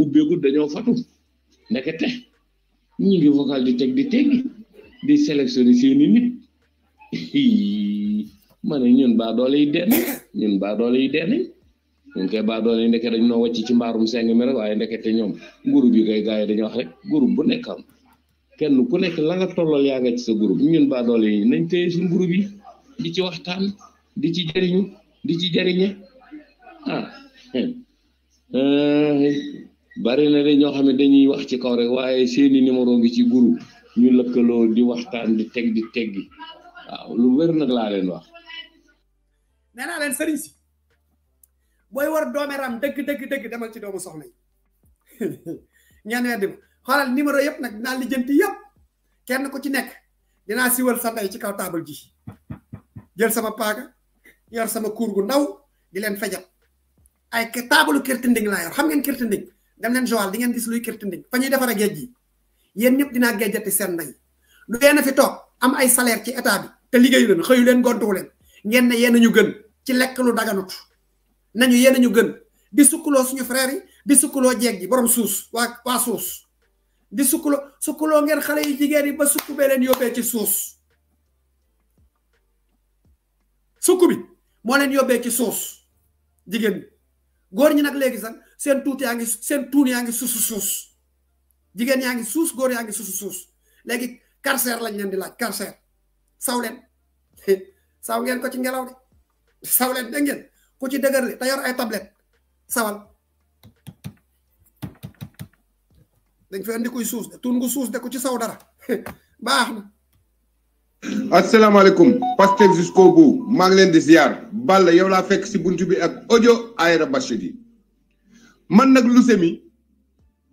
dañu fatu nekete ñu ngi vocal di teg di teggi di sélectionné seeni nit ma ne ñun baa doole yi dee nañ ñun baa doole yi dee nañ ñun kay baa doole yi ndeke dañ noo wàcc ci mbaarum seng mi rek waaye ndekete ñoom groupe yi kay gars yi dañuy wax rek groupe bu nekk am kenn ku nekk la nga tollal yaa nga ci sa groupe ñun baa doole yi nañ téye suñu groupe yi di ci waxtaan di ci jëriñu di ci jëriñe ah eh, bari na de ñoo xamne dañuy wax ci kaw rek waye seeni numéro ngi ci guru ñu lekkelo di waxtaan di tegg di tegg waaw lu wër nak la leen wax nena leen serigne ci boy war ram dëgg dëgg dëgg demal ci doomu soxna yi ñaan weer dem numéro yëpp nag dinaa lijjanti yëpp kenn ko ci nekk dinaa siwal sa tay ci kaw table ji jël sama paga yor sama kurgo gu ndaw di leen fajjat ay table kirtinding la yor xam ngeen dem leen joal di ngeen gis luy kirtinding fa ñuy ak géej gi yéen ñëpp dinaa géejati seen ndey lu yéen fi toog am ay salaire ci état bi te liggéeyu leen xëyu leen gontu leen ngeen ne yéen ñu gën ci lekk lu daganut nañu yéen ñu gën di sukkuloo suñu frère yi di sukkuloo jeeg ji borom suus waa waa suus di sukkuloo sukkuloo ngeen xale yi jigéen yi ba sukku bee leen yóbbee ci suus sukku bi moo leen yóbbee ci suus jigéen bi góor ñi nag léegi sax sen tout yangi ngi seen yangi yaa ngi sus suus jigéen yaa ngi sus góor yaa ngi suusu suus léegi carcère lañ len di laaj carcer saw len saw ngeen ko ci ngelaw de saw len ngeen ku ci deugar li tayor ay tablette sawal dañ fi andi kuy sus de tun gu sus de ku ci saw dara baax na asalaamaaleykum Pastef jusqu'au bout mag len di ziar Balla yow la fekk si buntu bi ak audio aira bashidi man nag lu semi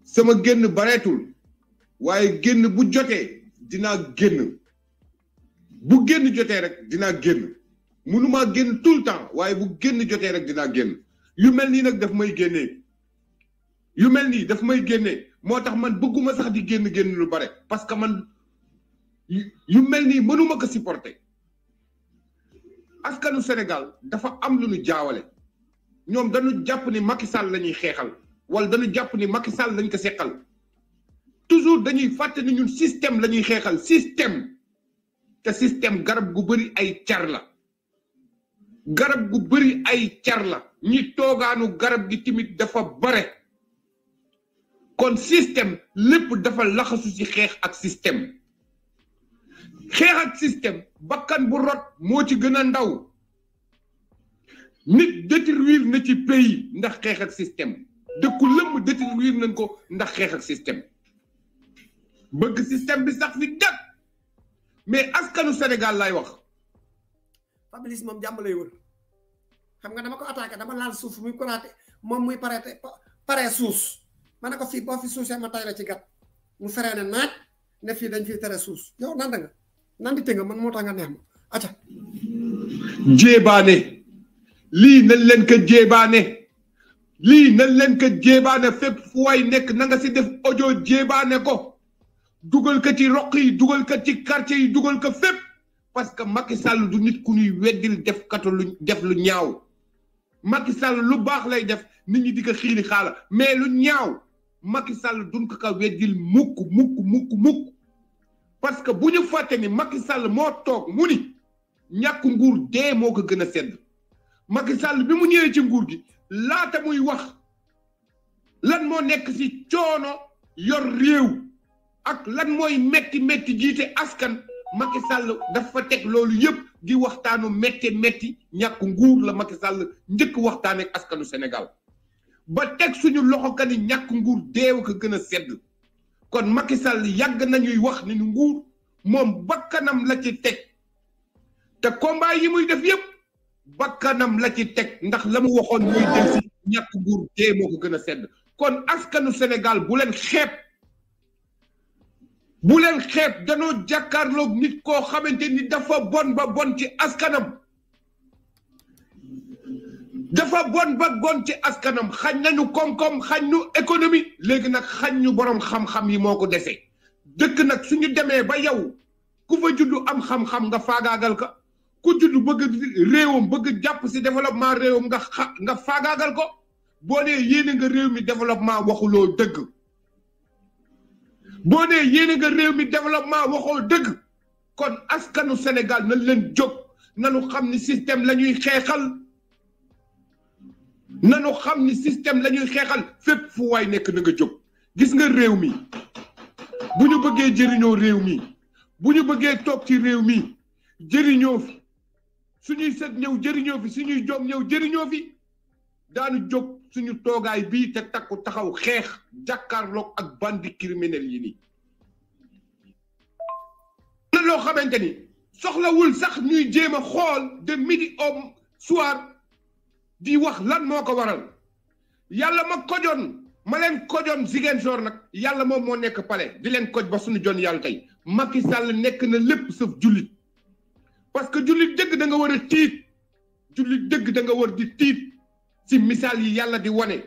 sama génn bareetul waaye génn bu jotee dinaa génn bu génn jotee rek dinaa génn mënumaa génn tout le temps waaye bu génn jotee rek dinaa génn yu mel nii nag daf may génnee yu mel nii daf may génnee moo tax man bëgguma sax di génn génn lu bare parce que man yu mel nii mënuma ko supporter askanu Sénégal dafa am lu nu jaawale ñoom dañu jàpp ni Macky Sall la ñuy xeexal wala dañu jàpp ni Macky Sall lañ ko seqal toujours dañuy fàtte ni ñun système la ñuy xeexal système te système garab gu bëri ay car la garab gu bëri ay car la ñi toogaanu garab gi timit dafa bare kon système lépp dafa laxasu ci xeex ak système xeex ak système bakkan bu rot moo ci gën a ndaw nit détruire na ci pays ndax xeex ak système dëkku lëmm détruire nañ ko ndax xeex ak système bëgg système bi sax fi dëkk mais askanu Sénégal lay wax. Fabrice moom jàmm lay wër xam nga dama ko attaqué dama laal suuf muy kuraate moom muy parete pare suus ma ne ko fii boo fi suusee ma tay la ci gat mu feree ne naaj ne fii dañ fiy tere suus yow nanda nga nandite nga man moo tax nga neex ma acca jéebaane lii nañ leen ko jéebaane lii nañ leen ko jéebaane fépp fu waay nekk na nga si def audio jéebaane ko dugal ka ci roq yi dugal ko ci quartier yi dugal ko fépp parce que Macky Sall du nit ku ñuy weddil def katu def lu ñaaw Macky Sall lu baax lay def nit ñi di ko xiiri xaala mais lu ñaaw Macky Sall duñ ko ka weddil mukk mukk mukk mukk parce que bu ñu fàtte ni Macky Sall moo toog mu ni ñàkk nguur dee moo ko gën a sedd Macky Sall bi mu ñëwee ci nguur gi laata muy wax lan moo nekk ci coono yor réew ak lan mooy metti metti jiite askan Macky Sall dafa teg loolu yëpp di waxtaanu metti metti ñàkk nguur la Macky Sall njëkk waxtaan ak askanu Sénégal ba teg suñu loxo ka ñàkk nguur deew ko gën a sedd kon Macky Sall yàgg nañuy wax ni nguur moom bakkanam la ci teg te combat yi muy def yëpp. bakkanam la ci teg ndax la mu waxoon muy del si ñàkk nguur moo ko gën a sedd kon askanu Sénégal bu leen xeeb bu leen xeeb danoo jàkkaarloog nit koo xamante ni dafa bon ba bon ci askanam dafa bon ba bon ci askanam xañ nañu koom xañ nu économie léegi nag xañ ñu boroom xam-xam yi moo ko desee dëkk nag suñu demee ba yow ku fa juddu am xam-xam nga faagaagal ka ku juddu bëgg réewam bëgg jàpp si développement réewam nga xa nga faagaagal ko boo nee yéene nga réew mi développement waxuloo dëgg boo nee yéene nga réew mi développement waxoo dëgg kon askanu Sénégal nañ leen jóg nanu xam ni système la ñuy xeexal nanu xam ni système lañuy ñuy xeexal fépp fu waay nekk na nga jóg gis nga réew mi bu ñu bëggee jëriñoo réew mi bu ñu bëggee toog ci réew mi jëriñoo su ñuy set ñëw jëriñoo fi suñuy joom ñëw jëriñoo fi daanu jóg suñu toogaay bii te takku taxaw xeex jàkkaarloog ak bandi criminel yi nii. la loo xamante ni soxlawul sax ñuy jéem a xool de midi au soir di wax lan moo ko waral yàlla ma kojoon ma leen kojoon Ziguinchor nag yàlla moom moo nekk pale di leen koj ba suñu jon yàlla tey ki sàll nekk na lépp sëf jullit. parce que julit deug da nga wara tit julit deug da nga wara di tit si misal yi yalla di woné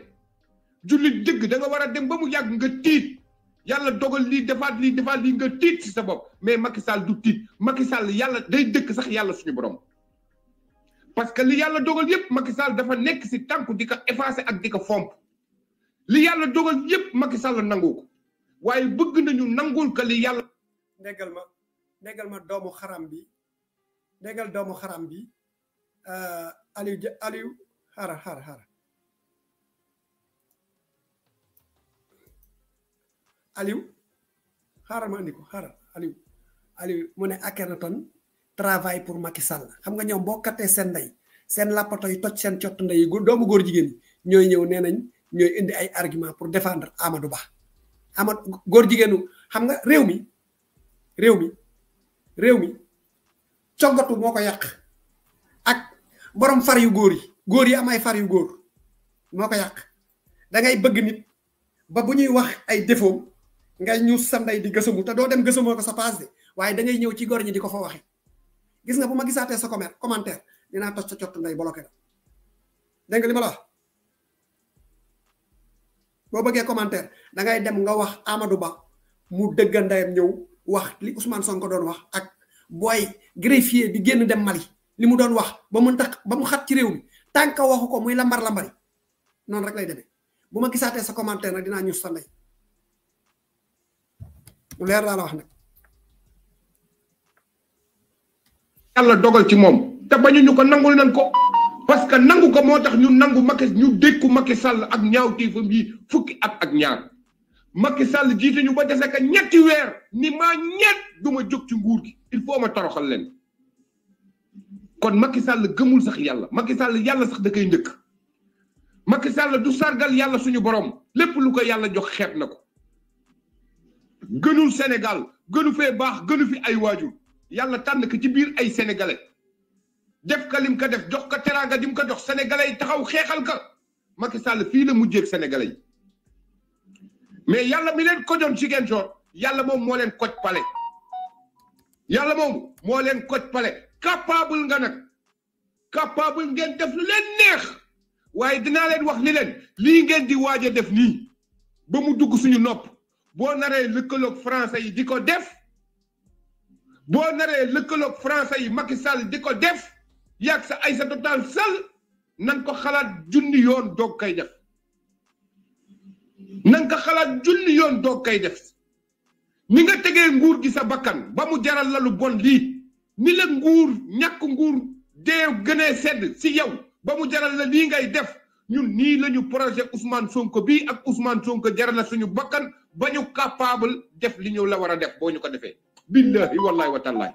julit deug da nga wara dem ba mu nga tit yalla dogal li defat li defaat li nga tit si sa bop mais Macky Sall du tit Macky Sall yalla day deug sax yalla suñu borom parce que li yalla dogal yépp Macky Sall dafa nek ci tanku diko effacer ak diko fomp li yalla dogal yépp Macky Sall nangu ko bëgg nañu nangul ka li yalla déggal ma déggal ma doomu xaram bi dégal doomu xaram bi euh, Aliou Aliou Aliou xara xara xara Aliou xaaral ma andi ko xaaral Aliou Aliou mu ne Akhenaton travail pour Macky Sall xam nga ñoom boo kattee seen ndey seen làppato yi toj seen cott ndey doomu góor jigéen ñooy ñëw nee nañ ñooy indi ay argument pour défendre Amadou Ba Amadou góor jigéenu xam nga réew mi réew mi réew mi cogatu moko yak ak borom far yu góor yi góor yi am ay far yu góor moko yak da ngay bëgg nit ba buñuy wax ay défaut ngay ñu sanday di gëssamu ta do dem gëssamu ko sa passe de waye da ngay ñew ci góor ñi di fa waxe gis nga buma ma sa commentaire commentaire dina tax sa ciot ndey bloqué la nga lima la bo boo commentaire da ngay dem nga wax Amadou Ba mu deug ñew wax li Ousmane Sonko doon wax ak boy greffier di génn dem Mali li mu doon wax ba mu tax ba mu xat ci réew mi tànk waxu ko muy lambar lambari noonu rek lay demee bu ma gisaatee sa commentaire nag dinaa ñu sa ndey mu leer laa la wax nag yàlla dogal ci moom te bañu ñu ko nangul nan ko parce que nangu ko moo tax ñu nangu makki ñu dékku makki Sall ak ñaawteefam yi fukki at ak ñaar Macky Sall jiite ñu ba déssé ka ñetti wër ni ma ñet duma ma jóg ci nguur gi il faut ma toroxal len kon Macky Sall gëmul sax yàlla Macky Sall yàlla sax da kay ndëkk Macky Sall du sargal yàlla suñu borom lépp lu ko yàlla jox xeeb nako gënul Sénégal gënu fe bax gënu fi ay waajur yàlla tan ko ci biir ay sénégalais def ka lim ka def jox ka teranga dim ko jox sénégalais taxaw xéxal ka Macky Sall fi la mujjé ak sénégalais mais yalla mi a des ci qui ont yalla mom mo qui koj pale yalla mom mo len koj pale capable nga nak capable ngeen def lu len neex waye dina len wax ngeen di def ni ba mu dugg suñu nopp naré le français yi diko def bo français yi def yak sa seul nan ko nang ka xalaat julli yoon doo kay def ni nga tegee nguur gi sa bakkan ba mu jaral la lu bon lii ni la nguur ñàkk nguur dee gënee sedd si yow ba mu jaral la lii ngay def ñun nii lañu projet Ousmane Sonko bii ak Ousmane Sonko jaral la suñu bakkan ba ñu capable def li ñu la war a def boo ñu ko defee billahi wallahi wa tallahi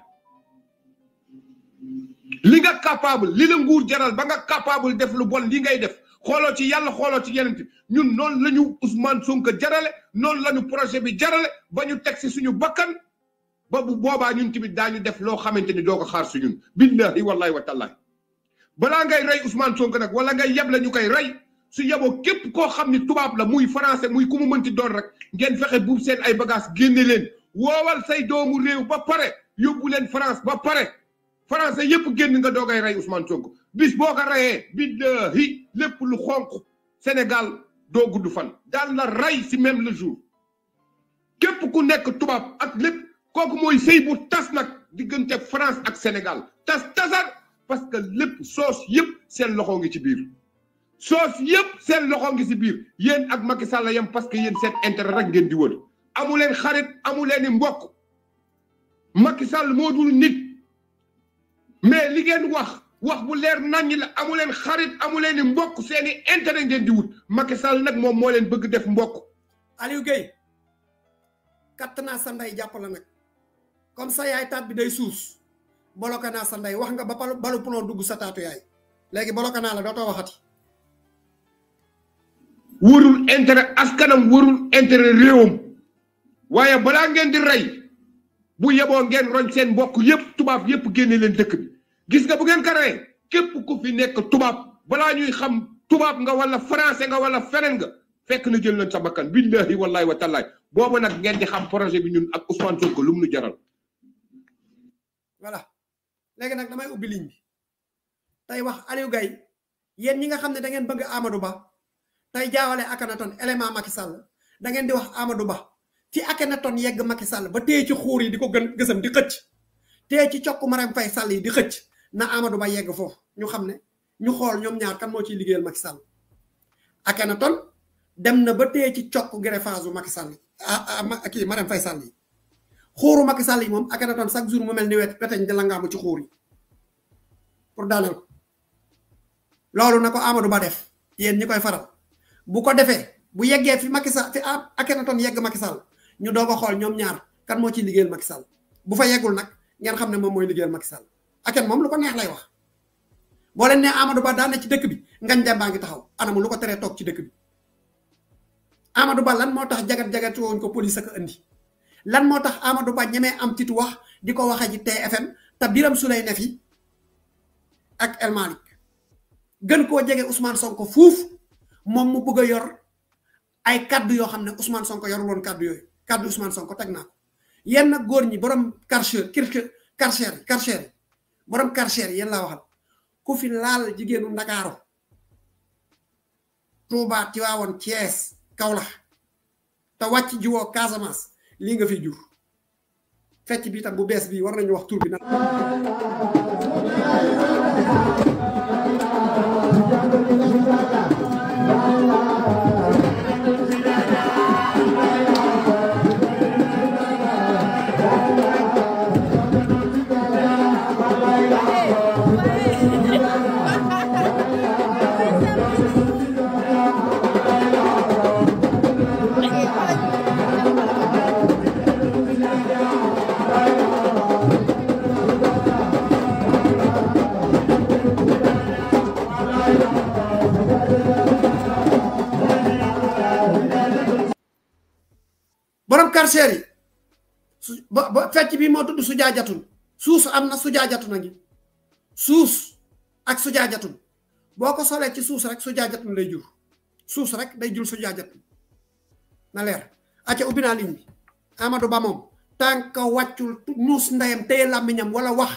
li nga capable li la nguur jaral ba nga capable def lu bon li ngay def xooloo ci yàlla xooloo ci yeneen ñun noonu la ñu Ousmane Sonko jarale noonu la projet bi jarale ba ñu teg si suñu bakkan ba bu boobaa ñun tamit daañu def loo xamante ni doo ko xaar si ñun. billahi wallahi wa tallahi balaa ngay rey Ousmane Sonko nag wala ngay yeb la ñu koy rey su yeboo képp koo xam ni tubaab la muy français muy ku mu mënti doon rek ngeen fexe buub seen ay bagages génne leen woowal say doomu réew ba pare yóbbu leen France ba pare français yépp génn nga doogay rey Ousmane Sonko. bis boo ko reyee billahi lépp lu xonq Sénégal doo gudd fan daal na rey si même le jour képp ku nekk tubaab ak lépp kooku mooy sëy bu tas nag diggante France ak Sénégal tas tasar parce que lépp soos yëpp seen loxo ngi ci biir soos yëpp seen loxo ngi ci biir yéen ak Macky Sall la yem parce que yéen seen intérêt rek ngeen di wër amu leen xarit amu leen i mbokk Macky moo dul nit mais li ngeen wax wax bu leer nañ la amu leen xarit amu leen mbokk seen intérêt ngeen di wut Macky Sall nag moom moo leen bëgg def mbokk Aliou Gueye katt naa sa ndey jàpp la nag comme sa yaay taat bi day suus boloka naa sa ndey wax nga ba balu puloo dugg sa taatu yaay léegi boloka naa la dootoo waxati wërul intérêt askanam wurul intérêt réewam waaye balaa ngeen di rey bu yeboo ngeen roñ seen mbokk yépp tubaab yépp génne leen dëkk gis nga bu ngeen ko rey képp ku fi nekk tubaab balaa ñuy xam tubaab nga wala français nga wala feneen nga fekk na jël nañ sa bakkan billahi wallahi wa tallahi boobu nag ngeen di xam projet bi ñun ak Ousmane Sonko lu mu nu jaral voilà léegi nag damay ubbi ligne bi tey wax Aliou Gaye yéen ñi nga xam ne da ngeen bëgg Amadou Ba tey jaawale Akhenaton élément Macky Sall da ngeen di wax Amadou Ba fi Akhenaton yegg Macky Sall ba téye ci xuur yi di ko gën gësam di xëcc téye ci cokku Marème Faye Sall yi di xëcc na Amadou Ba yegg foofu ñu xam ne ñu xool ñoom ñaar kan moo ciy liggéeyal Macky Sall Akhenaton dem na ba tee ci cokk greffage u Macky Sall ah, ah kii Marème Faye Sall yi xuuru Macky Sall yi moom Akhenaton chaque jour mu mel ni wet weteñ di la ngaamu ci xuur yi pour daaneel ko loolu na ko Amadou Ba def yéen ñi koy faral bu ko defee bu yeggee fi Macky Sall fi Akhenaton yegg Macky sal ñu doog a xool ñoom ñaar kan moo ciy liggéeyal Macky Sall bu fa yeggul nag ngeen xam ne moom mooy liggéeyal Macky Sall Akan mom lu ko neex lay wax bo len ne Amadou Ba da na ci dekk bi ngañ dem baa ngi taxaw anamu lu ko teree tok ci dekk bi Amadou Ba lan motax jagat jagat woon ko police ak andi lan motax Amadou Ba ñame am titu wax di waxe ji TFM ta Biram sulay ak El Malik, gën ko jégué Ousmane Sonko fouf mom mu bëgg yor ay kaddu yo xam Ousmane Sonko yor won kaddu yooyu kaddu Ousmane Sonko yenn borom karcher karcher karcher borom quartier yéen laa waxal ku fi laal jigéenu Ndakaaru Touba Tiwaawoon Thiès Kaolack te wàcc jiwoo Casamance lii nga fi jur fecc bi tam bu bees bi war nañu wax tur bi nag carcère ba ba fecc bi mo tuddu sujaajatun suus amna na sujaajatun a ngi suus ak sujaajatun boko solé ci suus rek sujaajatun lay jur suus rek day jul sujaajatun na leer acca ubina naa bi amadu Ba moom tànk waccul nuus ndayam téye lamiñam wala wax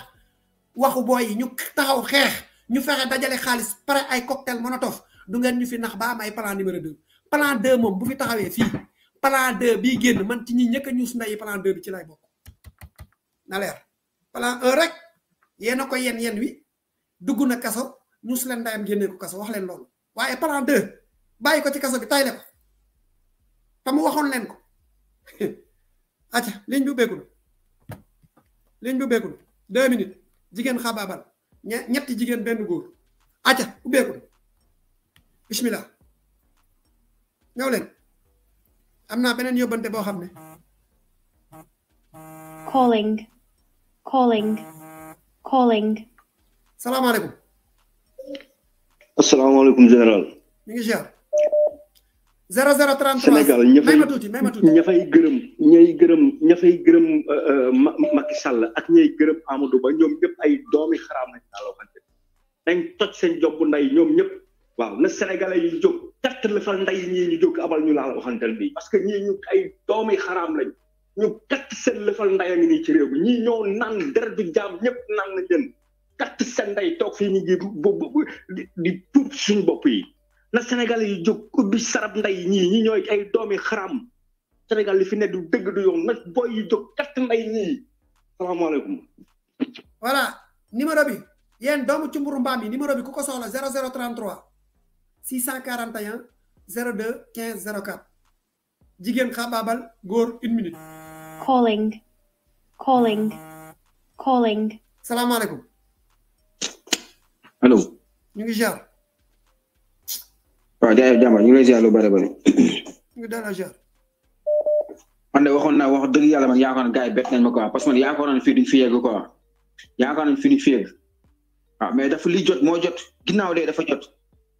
waxu boy ñu taxaw xex ñu fexé dajale xaliss paré ay cocktail monotov du ngeen ñu fi nax ba am ay plan numéro 2 plan 2 mom bu fi taxawé fi plan 2 bii génn man ci ñi ñëkk a ñuus ndeyi plan 2 bi ci lay bokk na leer plan 1 rek yéen a ko yen yen wi dugg na kaso ñuus leen ndeyam génnee ko kaso wax leen loolu waaye plan 2 bàyyi ko ci kaso bi tay ko te waxoon leen ko acca liñ bu béeku na liñ bu béeku deux minutes jigéen xabaabal ñetti jigéen benn góor acca ubbeeku na bismillah ñëw leen amna benen yobante bo xamne calling calling calling calling alaykum assalamu alaykum general ñu ngi ziar. 0033 Sénégal ña fay ña fay gërëm ñay gërëm ña fay euh, euh Macky Sall ak ñay gërëm Amadou Ba ñom ñep ay doomi xaraam nañ naa la waxante toj seen jobu nday ñom ñep waaw na sénégalais yi jóg tett la fal ndey ñii ñu jóg abal ñu laal waxantel bi parce que ñii ñu ay doomi xaraam lañ ñu tett seen lëfal ndey nii ci réew bi ñii ñoo naan der du jaam ñëpp naan nañ leen tett seen toog fii ñu ngi di di suñu bopp yi na sénégalais yi jóg ubbi sarab ndey ñii ñi ñooy ay doomi xaraam sénégal li fi ne du dëgg du yoon nag booy yi jóg tett ndey ñii salaamaaleykum voilà numéro bi yéen doomu ci mburu mbaam yi numéro bi ku ko soxla 0033 641 02 15 04 jigen xabaabal góor une minute. calling calling calling. salaamaaleykum. hello ñu ngi ziar. waaw jaay jàmba ñu lay ziar lu bëri bëri. ñu ngi daal man de waxoon wax dëgg yàlla man yaakaar naa gars yi nañ ma quoi parce man yaakaar naa quoi jot jot dafa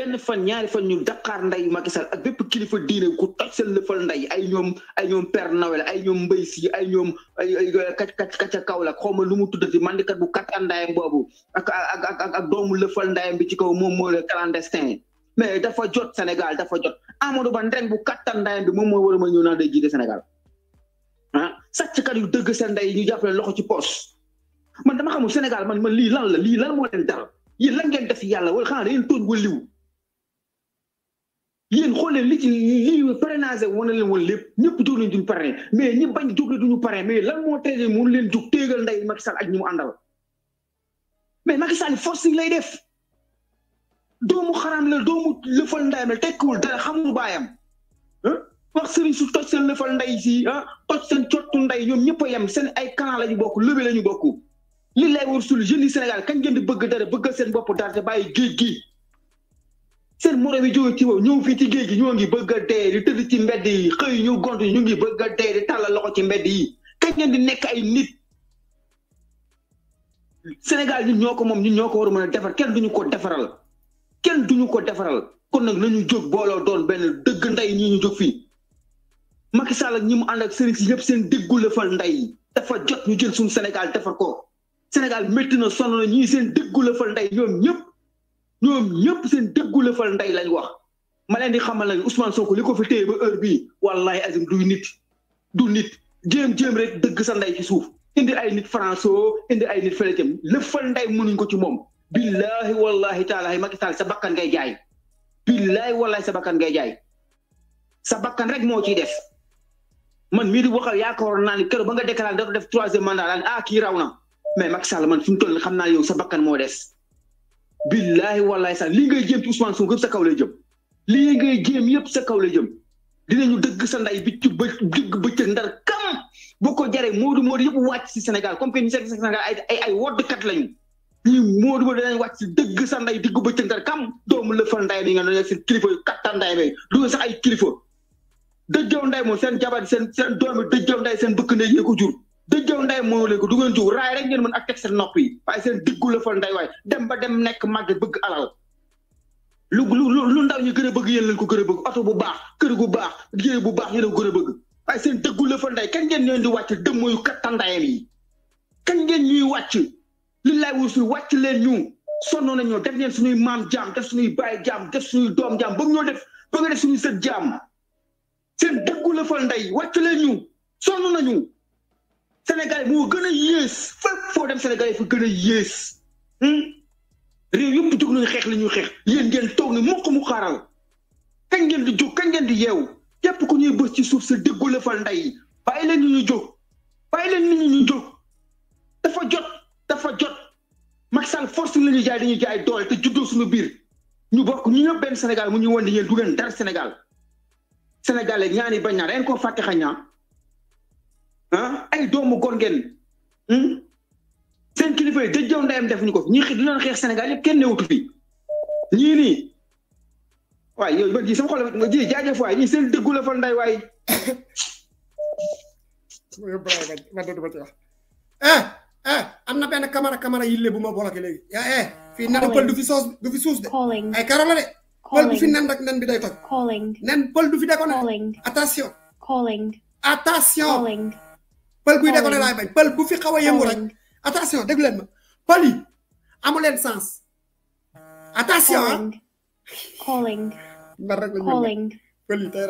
benn fan ñaari fan ñu daqaar nday Macky Sall ak bépp kilifa diine ku toj seen lëfal nday ay ñoom ay ñoom Père Nawel ay ñoom Mbaye ay ñoom ay kac kac kaca Kaolack xaw ma lu mu tuddati mandikat bu kattan ndayam boobu ak ak doomu lëfal ndayam bi ci kaw moom mooy le mais dafa jot Sénégal dafa jot Amadou Ba ndeng bu kattan bi moom mooy war ma ñëw naan day jiite Sénégal ah yu dëgg seen nday ñu jàppale loxo ci poos man dama xamul Sénégal man man lii lan la lii lan moo leen dal yéen lan ngeen def yàlla wala xanaa da ngeen tooñ wala liw yéen xool leen li ci li parrainage wane leen woon lépp ñëpp jóg nañ duñu parrain mais ñi bañ jóg na duñu parrain mais lan moo tey mënu leen jóg téegal nday Macky Sall ak ñi mu àndal mais Macky Sall forcing lay def doomu xaraam la doomu lëfal ndayam la tekkiwul dara xamul baayam ah wax sëriñ su toj seen lëfal nday si ah toj seen cottu nday ñoom ñëpp a yem seen ay camp la ñu bokk lëbe la ñu bokk li lay war sul jeunes yi Sénégal kañ ngeen di bëgg dara bëgg seen bopp dara bàyyi géej gi seen moroom yi jóge ci wow ñëw fii ci géej gi ñoo ngi bëgg a dee di tëdd ci mbedd yi xëy ñu gont ñu ngi bëgg a dee di tàllal loxo ci mbedd yi kañ ngeen di nekk ay nit Sénégal ñun ñoo ko moom ñun ñoo ko war a mën a defar kenn duñu ko defaral kenn duñu ko defaral kon nag nañu jóg booloo doon benn dëgg ndey ñii ñu jóg fii Macky Sall ak ñi mu ànd ak sëriñ si ñëpp seen déggu fa fal ndey dafa jot ñu jël suñu senegal defar ko senegal métti na sonn na ñii seen déggu la fal ñëpp ñoom ñëpp seen dëggu la fal ndey lañ wax ma leen di xamal ne Ousmane Sonko li ko fi ba heure bii wallahi azim du nit du nit jéem jéem rek dëgg sa ndey ci suuf indi ay nit François indi ay nit fële itam la fal ndey mënuñ ko ci moom. billahi wallahi taalahi Macky Sall sa bakkan ngay jaay billahi wallahi sa bakkan ngay jaay sa bakkan rek moo ciy des man mii di waxal yaakaaroon naa ni keroog ba nga déclaré dafa def troisième mandat daal ah kii raw na mais Macky Sall man fi mu toll nii xam naa yow sa bakkan moo des. billaahi wallaahi sax lii ngay jéem ci Ousmane Sonko yëpp sa kaw lay jëm lii ngay jéem yëpp sa kaw la jëm ñu dëgg sa nday bi ci ba dëgg bëccëg ndar kam boo ko jaree Moodu Moodu yëpp wàcc si Sénégal comme que ñu seet Sénégal ay ay ay woddkat lañu ñu Moodu Moodu dinañ wàcc si dëgg sa nday digg bëccëg ndar kam doomu lëfal nday bi nga doon nekk seen kilifa kattan nday bi du sax ay kilifa dëjjoo nday moom seen jabar seen seen doomi dëjjoo nday seen bëkk ne yee jur dëjjëw nday moo leen ko du ngeen jiw raay rek ngeen mën ak teg seen nopp yi waaye seen diggu la nday waay dem ba dem nekk màgg bëgg alal lu lu lu ndaw ñu gën a bëgg yéen leen ko gën a oto bu baax kër gu baax yére bu baax yéen a ko gën a bëgg waaye seen dëggu la fa nday kañ ngeen ñeen di wàcc dëmmoyu katta ndayam yi kañ ngeen ñuy wàcc li laay wul wàcc leen ñu sonn nañu def leen suñuy maam jaam def suñuy jaam def suñuy doom jaam ba ñoo def ba nga def suñuy sët jaam seen dëggu la fa nday wàcc leen ñu sonn nañu Sénégal moo gën a yées fépp foo dem Sénégal yi fa gën a yées hmm? réew yëpp jóg nañu xeex li ñuy xeex yéen ngeen toog ni mokk mu xaaral kañ ngeen di jóg kañ ngeen di yeew képp ku ñuy bës ci suuf si déggoo la fa ndey bàyyi leen ñu ñu jóg bàyyi leen ñu jóg dafa jot dafa jot Macky Sall force la ñuy jaay dañuy jaay doole te juddoo suñu biir ñu bokk ñu ñëpp benn Sénégal mu ñu woon di ngeen du ngeen dara Sénégal Sénégalais ñaani bañ naa da ngeen koo fàtte xañaa ay doomu gor ngeen seen kilifa yi ndayam def ñu ko ñi xit leen xeex Sénégal yëpp kenn newutu fi ñi ni waay yow ba jii sama xol ma jii jaajëf waay ñi seen dëggu la fa nday waay. eh eh am na benn camara kamara yille bu ma bloqué léegi ya, eh fii nan pal du fi soos du fi suus de ay eh, karola de pal du fi nan rek nan bi day toj nan pal du fi deko ne attention attention pël buy décorer ah laay bañ pël fi xaw a ah yëngu rek attention déglu leen ma pël yi amu leen sens. Ah. calling mer rek lañ mën pël yi tey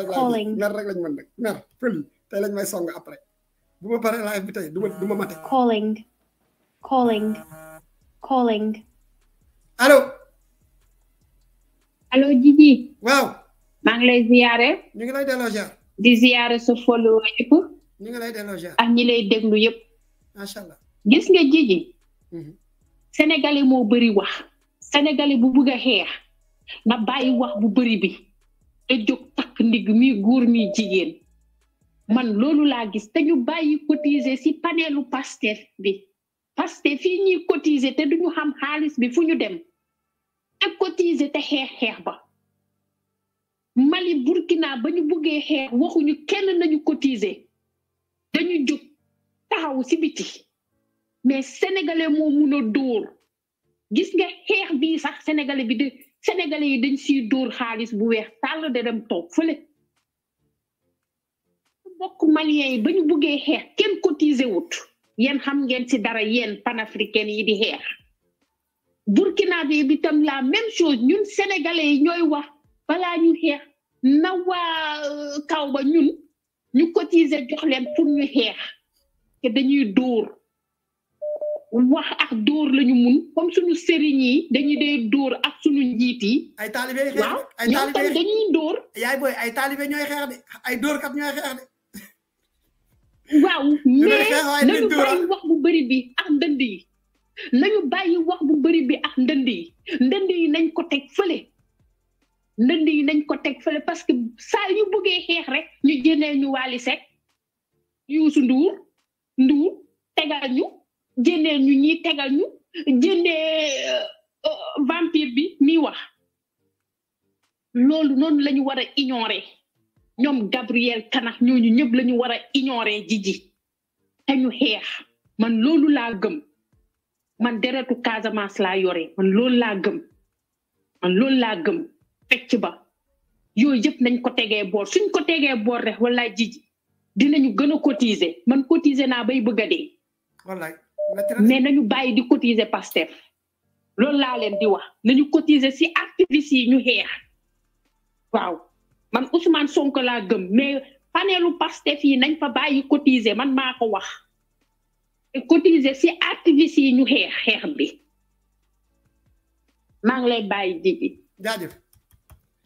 tey lañ may song après bu ma paree live bi tey du ma du ma mate. calling calling calling. allo. allo Jiji. waaw. maa ngi lay ziyaare. ñu ngi lay delloo di ziyaare sa follower yëpp. ñu ak ñi lay déglu yëpp. macha allah gis nga jiji mhm. sénégalais moo bari wax. sénégalais bu bëgg a xeex na bàyyi wax bu bëri bi te jog takk ndig mi góor mi jigéen man loolu laa gis te ñu bàyyi cotiser ci paneelu Pastef bi Pastef fii ñuy cotiser te duñu xam xaalis bi fu ñu dem ak cotisé te xeex xeex ba Mali Burkina ba ñu buggee xeex waxuñu kenn nañu cotisé dañu jóg taxaw si mais sénégalais moo mun a dóor gis nga xeex bii sax sénégalais bi de sénégalais yi dañ si dóor xaalis bu weex tàll de dem toog fële bokk maliens yi ba ñu buggee xeex kenn cotisé wut yéen xam ngeen si dara yéen panafricaine yi di xeex burkinabé bi tam la même chose ñun sénégalais yi ñooy wax balaa ñu xeex na waa euh, kaw ñun ñu cotiser jox leen pour ñu xeex te dañuy dóor wax ak dóor lañu mun comme suñu sëriñ yi dañuy dee dóor ak suñu njiit yi. ay taalibe xeex waaw ñoom ay taalibe xeex de ay dóorkat ñooy xeex de. waaw mais nañu bàyyi wax bu bari bi ak ndënd yi nañu bàyyi wax bu bari bi ak ndënd yi ndënd yi nañ ko teg fële. ndënd yi nañ ko teg fële parce que saa ñu bëggee xeex rek ñu jëndee ñu Wally Seck Youssou Ndour Ndour tegal ñu jëndee ñu ñii tegal ñu jëndee euh, euh, vampire bi mi wax loolu noonu lañu ñu war a ignorer ñoom Gabriel Kanax ñooñu ñëpp la ñu war a ignorer Jiji tañu xeex man loolu la gëm man deretu Casamance laa yore man loolu laa gëm man loolu laa gëm. fecc ba yooyu yëpp nañ ko tegee boor suñ ko tegee boor rek wallaay jiji dinañu gën a cotiser man cotiser naa bay bëgg a dee. wallaay mais nañu bàyyi di cotiser Pastef loolu laa leen di wax nañu cotiser si activistes yi ñu xeex waaw man Ousmane Sonko laa gëm mais paneelu Pastef yi nañ fa bàyyi cotiser man maa ko wax te cotiser si activistes yi ñu xeex xeex bi maa lay bàyyi jiji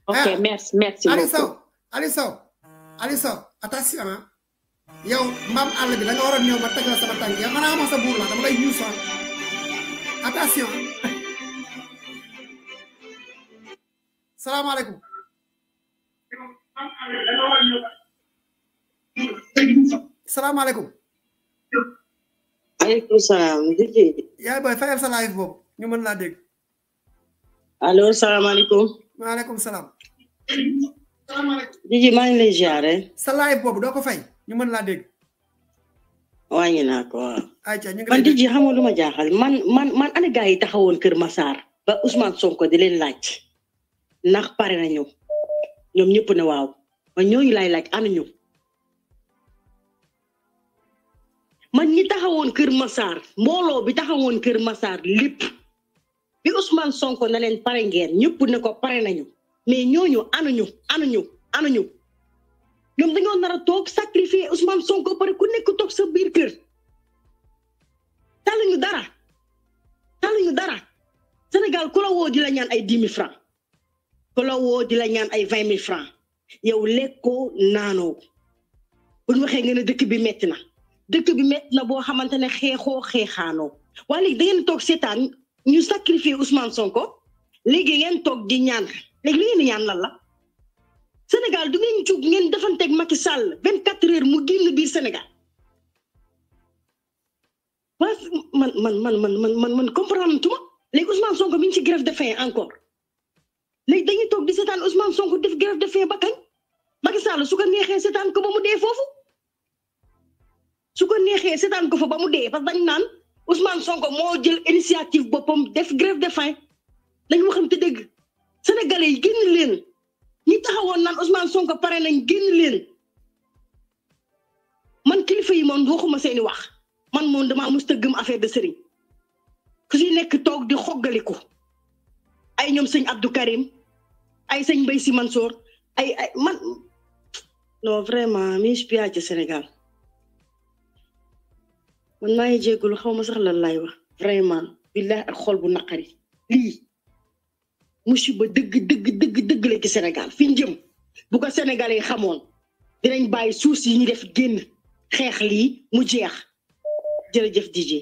ok eh, merci merci Aliou Sow yow mbaam àll bi da nga war a ma teg la sama tànk yow xanaa ma sa buur la dama lay ñuus attention salaamaaleykum salaamaaleykum aleykum salaam yaay booy fayal sa live dégg allo maaleykum salaam. Jiji maa ngi lay jaare sa boobu doo ko fay ñu mën laa dégg. wàññi naa ko waaw. man ji xam nga lu ma jaaxal man man man ana gars yi taxawoon Kër Massar. ba Ousmane Sonko di leen laaj. ndax pare na ñëw ñoom ñëpp ne waaw man ñooñu laay laaj ana ñu. man ñi taxawoon Kër Massar mbooloo bi taxawoon Kër Massar lépp. bi Ousmane Sonko na leen pare ngeen ñëpp ne ko pare nañu mais ñooñu anuñu anuñu anuñu ñoom dañoo nar a toog sacrifier Ousmane Sonko pare ku nekk toog sa biir kër taluñu dara taluñu dara Sénégal ku la woo di la ñaan ay dix mille francs ku la woo di la ñaan ay vingt mille francs yow lekkoo naanoo bu ñu waxee nga ne dëkk bi metti na dëkk bi metti na boo xamante ne xeexoo xeexaanoo waaye léegi da ngeen toog seetaan ñu sacrifier Ousmane Sonko léegi ngeen toog di ñaan léegi li ngeen di ñaan lan la Sénégal du ngeen jug ngeen defanteeg Macky Sall 24 heures mu génn biir Sénégal waa man man man man man man comprendre tuma léegi Ousmane Sonko mi ci grève de faim encore léegi dañuy toog di seetaan Ousmane Sonko def grève de faim ba kañ Macky Sall su ko neexee seetaan ko ba mu dee foofu su ko neexee seetaan ko fa ba mu dee parce que dañ naan. Ousmane Sonko moo jël initiative boppam def grève de faim dañu waxante dëgg sénégalais yi génn leen ñi taxawoon naan Ousmane Sonko pare nañ génn leen man kilifa yi moom waxuma seeni wax man moom damaa mës gëm affaire de sëriñ ku si nekk toog di xoggaliku ay ñoom sëñ Abdou Karim ay sëñ Mbaye Sy Mansour ay ay man non vraiment mi spiace Sénégal man maa ngi jégalu xaw ma sax lan laay wax vraiment billahi ak xool bu naqari lii musiba dëgg dëgg dëgg dëgg la ci Sénégal fi ñu jëm bu ko Sénégalais yi xamoon dinañ bàyyi suuf yi ñu def génn xeex lii mu jeex jërëjëf DJ.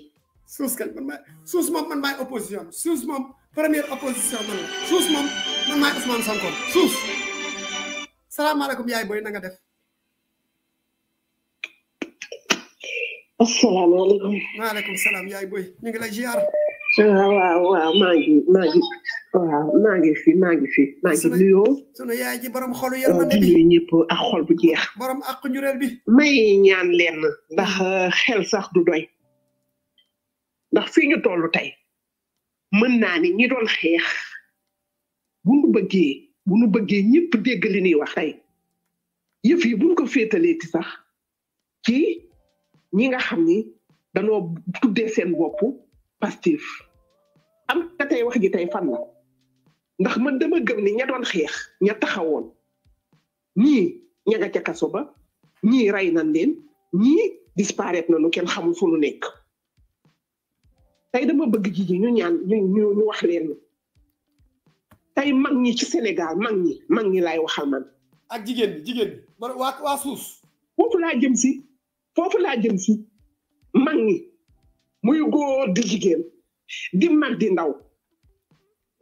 suus kan man maay suus moom man maay opposition suus moom première opposition man suus moom man maay Ousmane Sonko suus salaamaaleykum yaay booy nanga nga def. asalaamaaleykum. maaleykum waaw waaw maa ngi maa ngi waaw maa ngi fi maa ngi fi maa ngi nuyoo. sunu yaay ji borom xolu yërmande bi ak xol bu jeex. borom ak njureel may ñaan leen ndax euh, xel sax du doy ndax fii ñu toll tey mën naa ni ñi doon xeex bu nu bëggee bu nu bëggee ñëpp dégg li ñuy wax tey yëf yi bu nu ko féetalee sax ci. ñi nga xam ni danoo tuddee seen boppu Pastef am na tey wax ji tey fan la ndax man dama gëm ni ña doon xeex ña taxawoon ñii ña nga ca kaso ba ñii rey na leen ñi disparaître na nu kenn xamul fu nu nekk tey dama bëgg ji ñu ñaan ñu ñu wax leen tey mag ñi ci Sénégal mag ñi mag ñi laay waxal man. ak jigéen bi jigéen waa waa suuf. foofu laa jëm foofu laa jëm si mag ñi muy góor di jigéen di mag di ndaw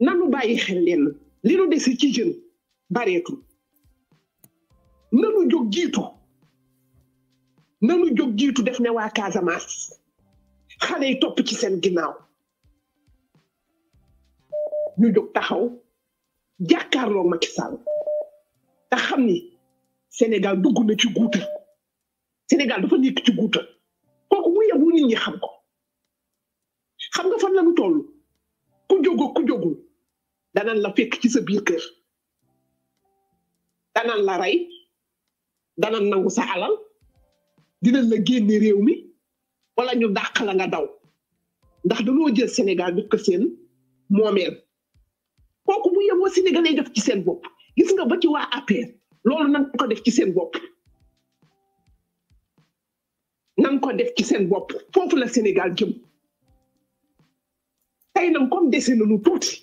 nanu bàyyi xel lenn li nu dese ci jeune bareetul nanu jóg jiitu nanu jóg jiitu def ne waa Casamance xale yi topp ci seen ginnaaw ñu jóg taxaw jàkkaarloo Macky Sall te xam ni Sénégal dugg na ci Sénégal dafa nekk ci guuta kooku mu wu nit ñi xam ko xam nga fan la ñu toll ku jógul ku jógul danaan la fekk ci sa biir kër danaan la rey danaan nangu sa alal dinañ la génne réew mi walla ñu dàq la nga daw ndax dañoo jël Sénégal def ko seen moomeel kooku bu yeboo Sénégalais def ci seen bopp gis nga ba ci waa APR loolu nan ko def ci seen bopp nan ko def ci sen bop fofu la senegal jëm tay nam comme dese na lu tuuti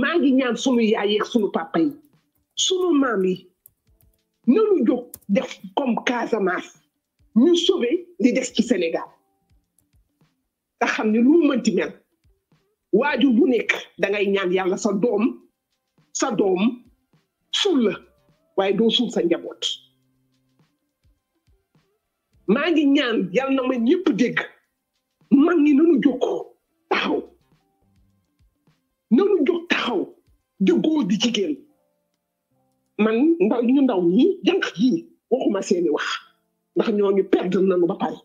maa ngi ñaan sunu yaay ak sunu papa yi sunu maam yi nanu jóg def comme Casamance ñu sauver li des ci senegal ta xamni lu mu mënti mel waju bu nek da ngay ñaan yalla sa dom sa dom suul la waaye doo sa njaboot. maa ngi ñaan yàlla na ma ñëpp dégg mag ñi nanu jóg taxaw nanu jóg taxaw di góor di jigéen man ndaw ñu ndaw ñi jànq yii waxuma seeni wax ndax ñooñu perdre nañu ba pare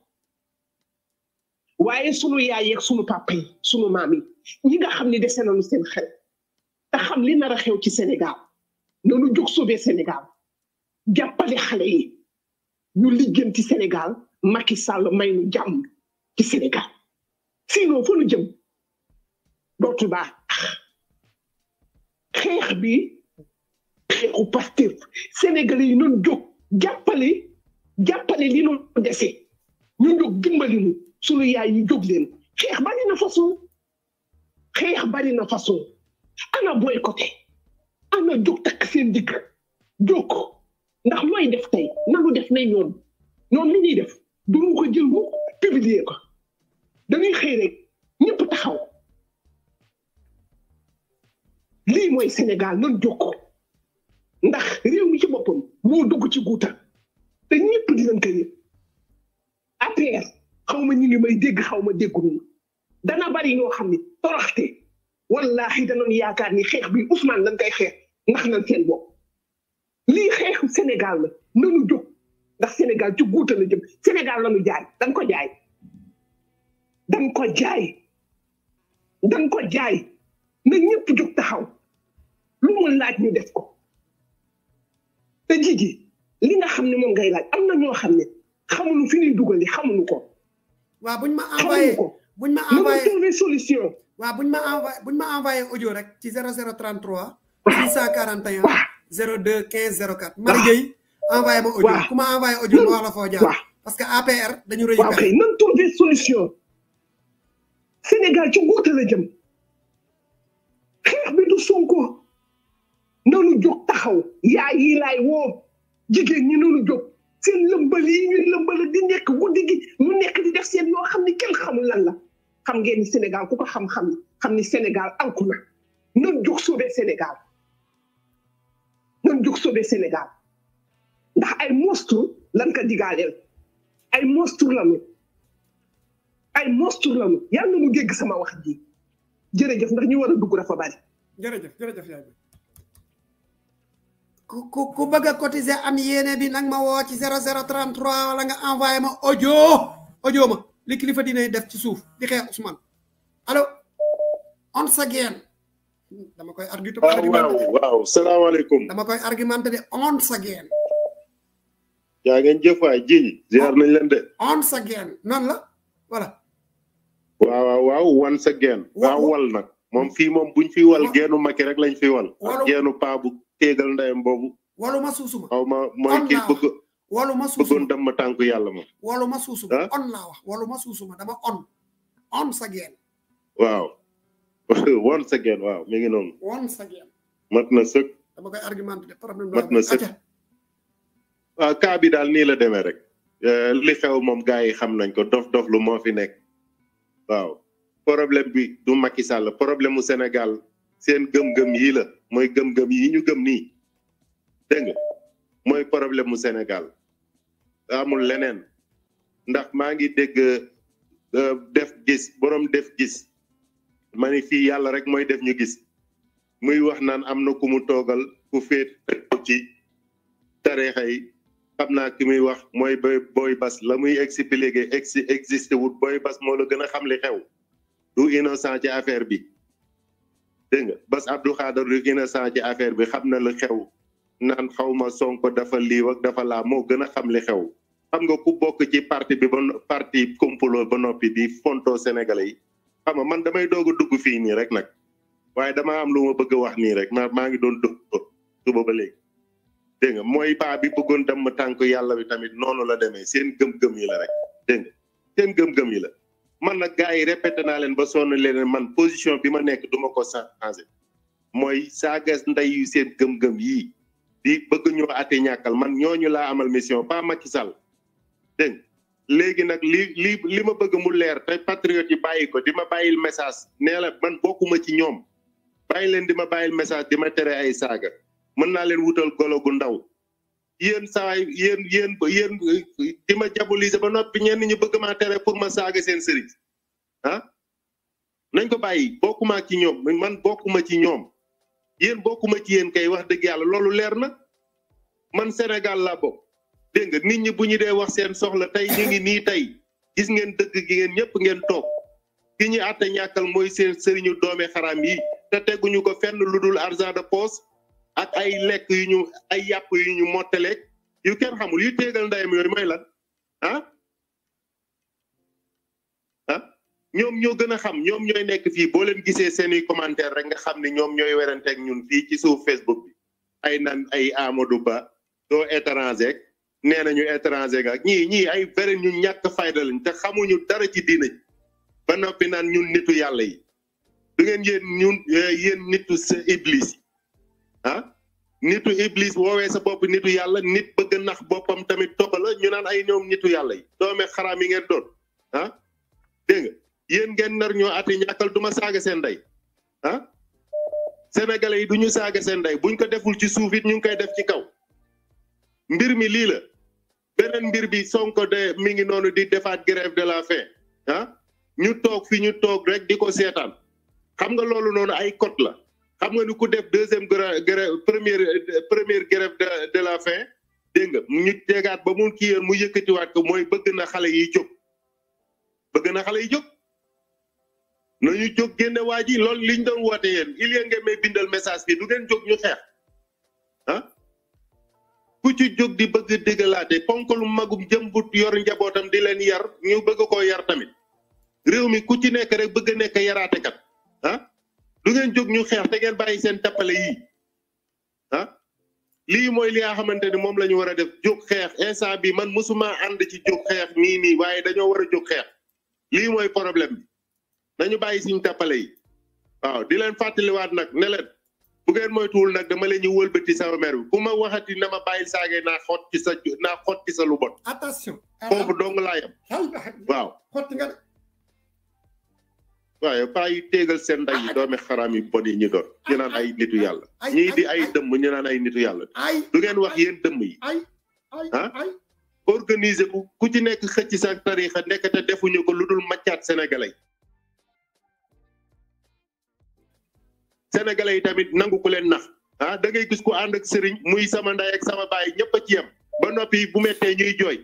waaye sunu yaay yeeg sunu papa yi sunu maam yi ñi nga xam ne dese nañu seen xel te xam li nar a xew ci Sénégal nanu jóg sauver Sénégal jàppale xale yi ñu liggéen ci Sénégal Macky Sall may nu jàmm ci Sénégal sinon fa nu jëm dootu xeex bi xeexu Pastef Sénégalais yi noonu jóg jàppale jàppale li noonu dese ñu jóg dimbali nu sunu yaay yi jóg leen xeex bari na façon xeex bari na façon ana boycotté ana jóg takk seen digg jóg ndax looy def tey nanu def ne ñoon ñoon li ñuy def duñu ko jël bu publier ko dañuy xëy rek ñëpp taxaw lii mooy Sénégal nan jokkoo ndax réew mi ci boppam moo dugg ci guuta te ñëpp di ko yëg après xaw ma ñu ngi may dégg xaw ma déggul nu dana bari ñoo xam ne toroxte wallaahi danoon yaakaar ni xeex bi Ousmane lañ koy xeex ndax nañ seen bopp lii xeexu Sénégal la nanu jóg ndax Sénégal ci guuta na jëm Sénégal la nu jaay dañ ko jaay dañ ko jaay dañ ko jaay na ñëpp jóg taxaw lu mu laaj ñu def ko te jiji li nga xam ne moom ngay laaj am na ñoo xam ne xamuñu fi ñuy dugal xamuñu ko. waaw buñ ma envoyé buñ ma envoyé xamuñu ko trouver solution. waaw buñ ma envoyé buñ ma envoyé audio rek ci 0033. 641. 02 15 04. waaw parce que APR dañu rëy. waaw kay nan trouver solution. Sénégal ci guute la jëm. xeex bi du Sonko. nanu jóg taxaw. yaay yi laay jigéen nanu jóg. seen lëmbal yi ñuy lëmbal di nekk guddi gi mu nekk di def seen yoo xam ni kenn xamul lan la. xam ngeen ni Sénégal ku ko xam-xam ni Sénégal anku na. nan jóg sauver Sénégal. nan jug sobe Sénégal ndax ay monstre lan ka digaaleel ay monstre lañu ay monstre lañu yàlla na mu gégg sama wax ji jërëjëf ndax ñu war a dugg dafa bari jërëjëf jërëjëf yaay ku ku ku bëgg a cotiser am yéene bi nag ma woo ci 0033 wala nga envoyé ma audio audio ma li kilifa dina def ci suuf di xeex Ousmane allo once again dama koy argumenté ah, waaw waaw salaamaaleykum dama koy argumenté de once again yaa ngeen jëf waay ji ziar nañ leen de once again noonu la voilà waaw waaw waaw once again waaw wal nag moom fii moom buñ fi wal geenu makki rek lañ fi wal geenu paa bu téegal ndeyam boobu walu ma suusuma xaw ma mooy kii bëgg walu ma suusuma bëggoon dem yàlla ma walu ma suusuma on laa wax walu ma suusuma dama on once again waaw once again waaw mi ngi noonu. once mat na sëkk. dama koy argumenté problème mat na sëkk. waaw ah, cas bi daal nii la demee rek. Eh, li xew moom gars yi xam nañ ko dof dof lu moo fi nekk. waaw problème bi du Macky Sall problème mu Sénégal seen gëm-gëm yii la mooy gëm-gëm yi ñu gëm nii dégg mooy problème mu Sénégal amul leneen ndax maa ngi dégg eh, def gis borom def gis. ma ne fii yàlla rek mooy def ñu gis muy wax naan am na ku mu toogal ku féet ci tareexa yi xam naa ki muy wax mooy boy booy bas la muy expliqué ex existé wut booy bas moo la gën a xam li xew du innocent ci affaire bi dégg nga bas Abdou Khadar du affaire bi xam na li xew naan xawma Sonko dafa lii ak dafa laa moo gën a xam li xew xam nga ku bokk ci parti bi ba parti complot ba noppi di fonto sénégal yi xam nga man damay doog a dugg fii nii rek nag waaye damaa am lu ma bëgg a wax nii rek ma maa ngi doon dugg suba ba léegi dégg nga mooy paa bi bëggoon dem tànk yàlla wi tamit noonu la demee seen gëm-gëm yi la rek dégg nga seen yi la man na gars yi répété naa leen ba sonn leen man position bi ma nekk duma ma ko changé mooy saagas ndey seen gëm-gëm yii di bëgg ñoo ate ñàkkal man ñooñu laa amal mission pas Macky Sall légui nak li li ma bëgg mu leer te patriote yi bayiko dima bayil message nee man bokuma ci ñom bayil leen dima bayil message dima téré ay saga mën na leen wutal golo gu ndaw yeen saay yeen yeen ba yeen dima diaboliser ba nopi ñen ñu bëgg ma téré pour ma saga seen sëriñ ah nañ ko bayyi bokuma ci ñom man bokuma ci ñom yeen bokuma ci yeen kay wax deug yalla lolu leer na man Sénégal la bokk dégg nga nit ñi bu ñu dee wax seen soxla tey ñu ngi nii tey gis ngeen dëgg gi ngeen ñëpp ngeen toog ki ñu àtte ñàkkal mooy seen sëriñu doome xaram yi te teguñu ko fenn lu dul argent de poche ak ay lekk yu ñu ay yàpp yu ñu mottaleeg yu kenn xamul yu tegal ndayam yooyu mooy lan ah ah ñoom ñoo gën a xam ñoom ñooy nekk fii boo leen gisee seeni commentaire rek nga xam ne ñoom ñooy weranteek ñun fii ci suuf Facebook bi ay nan ay Amadou Ba doo étranger nee nañu étranger nga ñii ñii ay bëri ñu ñàkk fayda lañ te xamuñu dara ci diina ji ba noppi naan ñun nitu yàlla yi du ngeen yéen ñun eh, yéen nitu sa iblis ah nitu iblis woowee sa bopp nitu yàlla nit bëgg nax boppam tamit topp la ñu naan ay ñoom nitu yàlla yi doome xaraam yi ngeen doon ah dégg nga yéen ngeen nar ñoo ati ñàkkal duma saaga seen ndey ah sénégalais yi duñu saaga seen ndey buñ ko deful ci suuf it ñu ngi koy def ci kaw mbir mi lii la beneen mbir bi Sonko de mi ngi noonu di defaat grève de la faim ah? ñu toog fi ñu toog rek di ko seetaan xam nga loolu noonu ay cote la xam nga ni ku def deuxième grève première première grève de la fin dégg nga ñu tegaat ba mu kii yoon mu yëkkatiwaat ko mooy bëgg na xale yi jóg bëgg na xale yi jóg ñu jóg génne waa ji loolu liñ doon woote yen il y a ngeen bindal message bi du ngeen jóg ñu xeex ah? ku ci jóg di bëgg déggalaate ponkalu magum jëmbut yor njabootam di leen yar ñu bëgg koo yar tamit réew mi ku ci nekk rek bëgg a nekk yaraate kat ah du ngeen jóg ñu xeex te ngeen bàyyi seen tappale yii ah? lii mooy li nga xamante ne moom lañu ñu war a def jóg xeex instant bi man mosuma ànd ci jóg xeex nii nii waaye dañoo war a jóg xeex lii mooy problème bi nañu bàyyi siñ tappale yi waaw di leen fàttaliwaat nag ne bu ngeen moytuwul nag dama leen ñu wëlbati sama mer bi ku ma waxati na ma bàyyil saagee naa xot ci sa naa xot ci sa lu bon. attention foofu dong laa yem. waaw xotti nga de. waaye paa yi téegal seen nday yi doomi xaraam yi bon yi ñu doon ah, ñu naan ah, ay nitu ah, yàlla ay dëmm ñu naan ay nitu yàlla du ngeen wax yéen dëmm yi ah organiser ku ku ci nekk xëcc sa tariixa nekk te defuñu ko lu dul maccaat sénégalais sénégalais yi tamit nangu ku leen nax ah da gis ku ànd ak sëriñ muy sama nday ak sama baay ñëpp a ci yem ba noppi bu mettee ñuy jooy